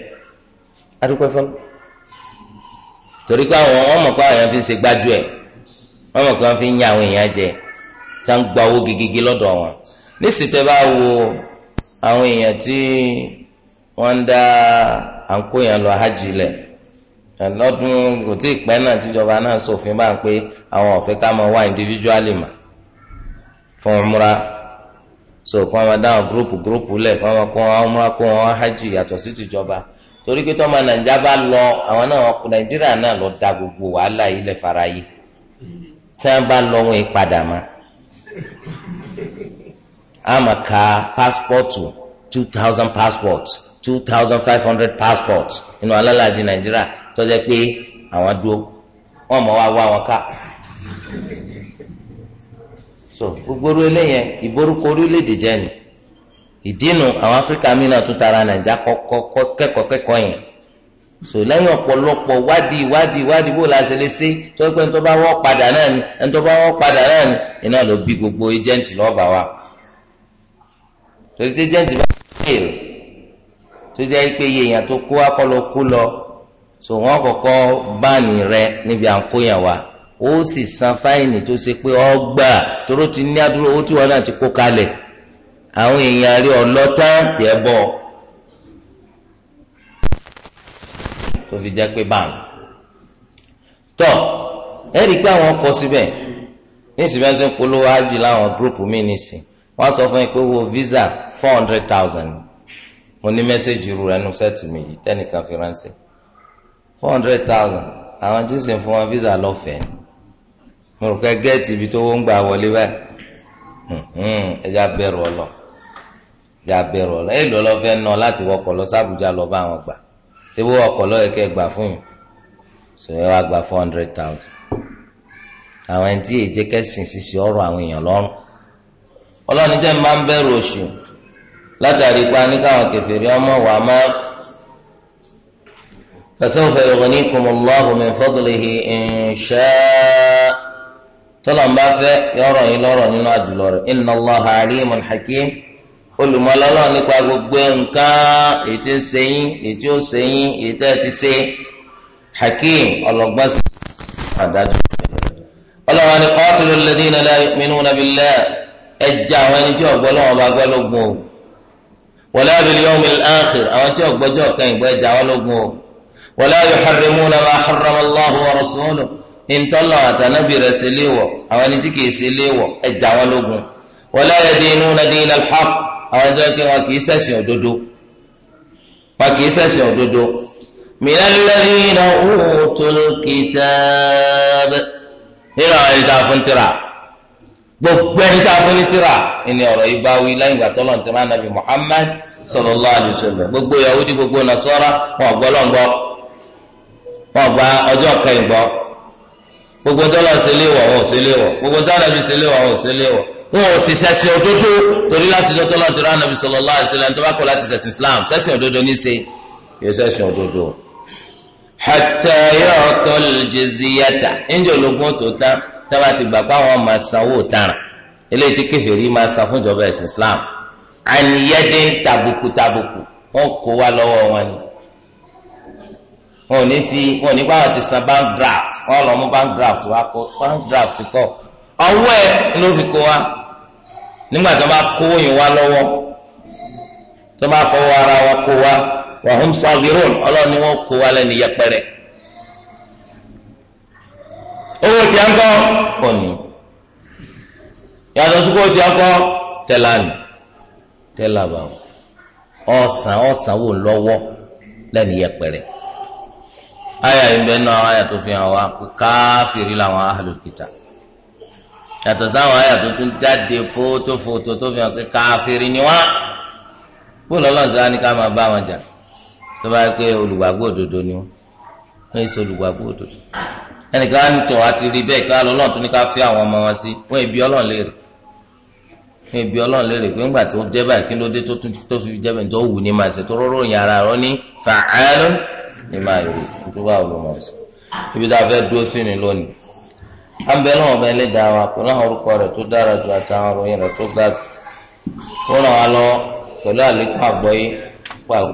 Speaker 1: adúpẹ́ fọlọ́ torí pé àwọn ọmọ kan àwọn èèyàn fi ń ṣe gbájú ẹ̀ wọ́n mọ̀ pé fi ń yan àwọn èèyàn jẹ tá ń gba owó gidigidi lọ́dọ̀ wọn nísìtẹ́ bá wo. àwọn èèyàn tí wọ́n ń dá àǹkóyàn lọ hajj lẹ̀ lọ́dún kò tí ì náà tíjọba náà ṣòfin bá ń pé àwọn ọ̀fẹ́ ká máa wá individually mà fún so wọn dá àwọn lẹ̀ kó hajj yàtọ̀ sí tìjọba torí pé tọ́mọ bá lọ àwọn náà da gbogbo wàhálà yìí yìí tí wọ́n bá àmàkà pásítọ̀tù two thousand passports two thousand five hundred passports inú alálàájì nàìjíríà tó jẹ́ pé àwọn dúró wọ́n mọ̀ wá wá wọn ká so gbogbo orí eléyẹn ìborúkọ orílẹ̀-èdè jẹ́ ni ìdínú àwọn áfíríkà mìíràn tún tara nàìjà kọ́kọ́ kẹ́kọ̀ọ́ kẹ́kọ̀ọ́ yẹn so lẹ́yìn ọ̀pọ̀lọpọ̀ wádìí wádìí wádìí bó la ṣe lè ṣe tó pé nítorí bá wọ́ padà náà ni nítorí bá wọ́ padà náà ni iná ló bí gbogbo ẹjẹ́ǹtì lọ́ọ̀bà wa torí tí agent bá fail tó jẹ́ pé iye èèyàn tó kó akọ́lọ kó lọ so wọ́n kọ́kọ́ báàmì rẹ níbi à ń kó yàn wá ó sì san fáìnì tó ṣe pé ọgbà toró ti ní adúró owó tí wọn náà ti kó kalẹ̀ àwọn èèyàn rí ọlọ́tá tiẹ̀ bọ̀ tó fi jẹ́ pé báàmì tọ́ ẹ rí i pé àwọn kọ síbẹ̀ ní ìsìnkú polówó ájì láwọn gúrúùpù míì nìsín wọ́n sọ fún yín pé wo visa four hundred thousand mo ní mẹ́sẹ̀gì irú rẹ̀ nù sẹ́ẹ̀tì mi yìí tẹ́nìkan fi ránṣẹ́ four hundred thousand àwọn tí ń sìn fún wọn visa lọ́fẹ̀ẹ́ mo rò pé gẹ́ẹ̀tì ibi tó wọ́n gbà wọlé báyìí hmm, hmm, ẹja bẹ̀rù ọlọ ẹja bẹ̀rù ọlọ èlò ọlọ́fẹ́ náà láti wọkọ̀ lọ sábùjá lọ bá àwọn gbà ṣé wọ́n ọkọ̀ lọ́yẹ̀ kẹ́ gbà fún yìí sọ ẹ wá gba four hundred thousand àwọn ẹni tí èjẹkẹ́sìn ṣiṣẹ́ ọrọ̀ àwọn èèyàn lọ́rùn ọlọ́ni tẹ́ ń bá ń bẹ̀rù oṣù látàrí pa ní káwọn kẹfìrí ọmọ wà má fasawfa yughnikumullahu min fadlihi in shaa tọ́lọ̀mbá fẹ́ yọ̀rọ̀ yín lọ́rọ̀ nínú àjùlọ rẹ̀ innallaha alimun hakim olùmọ̀lọ́lọ́ nípa gbogbo nǹkan èyí tí ń ṣe yín ó ṣe yín èyí ti ṣe hakim ọlọ́gbọ́n sí i àdájọ́ ọlọ́wọ́n ni qatilu alladhina la yu'minuna billah ẹja àwọn ẹni tí ọgbọ lọ́wọ́ bá gbọ́ lógun o wala bil yawmil akhir àwọn tí ọgbọ jọ kan ìgbọ ẹja àwọn lógun o wala yuharrimuna ma harrama Allahu wa rasuluhu ntọ́lọ̀ àtànábì rẹ̀ sí léwọ̀ àwọn ẹni tí kì í sí léwọ̀ ẹja àwọn lógun wala yadinuna dinal haqq àwọn ẹjọ́ kí wọn kì í ṣẹ̀sìn òdodo wọn kì í ṣẹ̀sìn òdodo minal ladina utul kitab nínú gbogbo ẹni tá a fún ní tírà ẹni ọ̀rọ̀ yìí bá wí lẹ́yìn ìgbà tó lọ́n ti máa nàbì Muhammad sallallahu alaihi wasallam gbogbo Yahudi gbogbo Nasara wọn gbọ́ lọ́n gbọ́ wọn gba ọjọ́ kẹyìn gbọ́ gbogbo dọ́là ṣe léwọ̀ wọn ò ṣe léwọ̀ gbogbo dánàbì ṣe léwọ̀ wọn ò ṣe léwọ̀ wọn ò sì ṣẹ̀sìn òdodo torí láti jọ́ tó lọ́n tí ti gbà pé àwọn máa sanwó tààrà eléyìí tí kèfèrí máa san fún ìjọba ẹ̀sìn Islam àníyẹ́dé tàbùkù tàbùkù wọ́n kó wa lọ́wọ́ wọn ni wọn ò ní fi wọn ò ti san bank draft wọn lọ mú bank draft wa kó bank draft kọ ọwọ́ ẹ̀ ló fi kó wa nígbà tó bá kó lọ́wọ́ tó ara wa kó wa wàhùn sọ́gìrún ọlọ́ni wọn kó wa owó tiẹ̀ ń kọ́ pọ̀ ní yàtọ̀ sí kó tiẹ̀ ń kọ́ tẹ̀lá ni tẹ́lá bá ọ̀sán ọ̀sán wò lọ́wọ́ lẹ́nu yẹpẹrẹ. Aya ìbẹ́ náà aya tó fi hàn wá káfíìrì làwọn Yàtọ̀ sáwọn tó tún jáde tó fi hàn pé káfíìrì ni wá. Bóòlù ọlọ́sẹ̀ ká máa bá wọn jà. Tó bá yẹ pé olùgbàgbọ́ òdodo ni wọ́n. ẹnìkan á ní tọ̀ àti rí bẹ́ẹ̀ ká lọ́lọ́run tún ní ká fi àwọn ọmọ wọn sí wọ́n èbi ọlọ́run léèrè wọ́n èbi ọlọ́run léèrè pé ńgbà tó jẹ́ báyìí kí ló dé tó tún tó fi jẹ́ bẹ́ẹ̀ tó wù ní màá ṣe tó rọ́rọ́ òyìn ara rọ ní fàánù ní màá yòó tó bá ibi tá a fẹ́ dúró sí ni lónìí. ń bẹ lọ́wọ́ wa orúkọ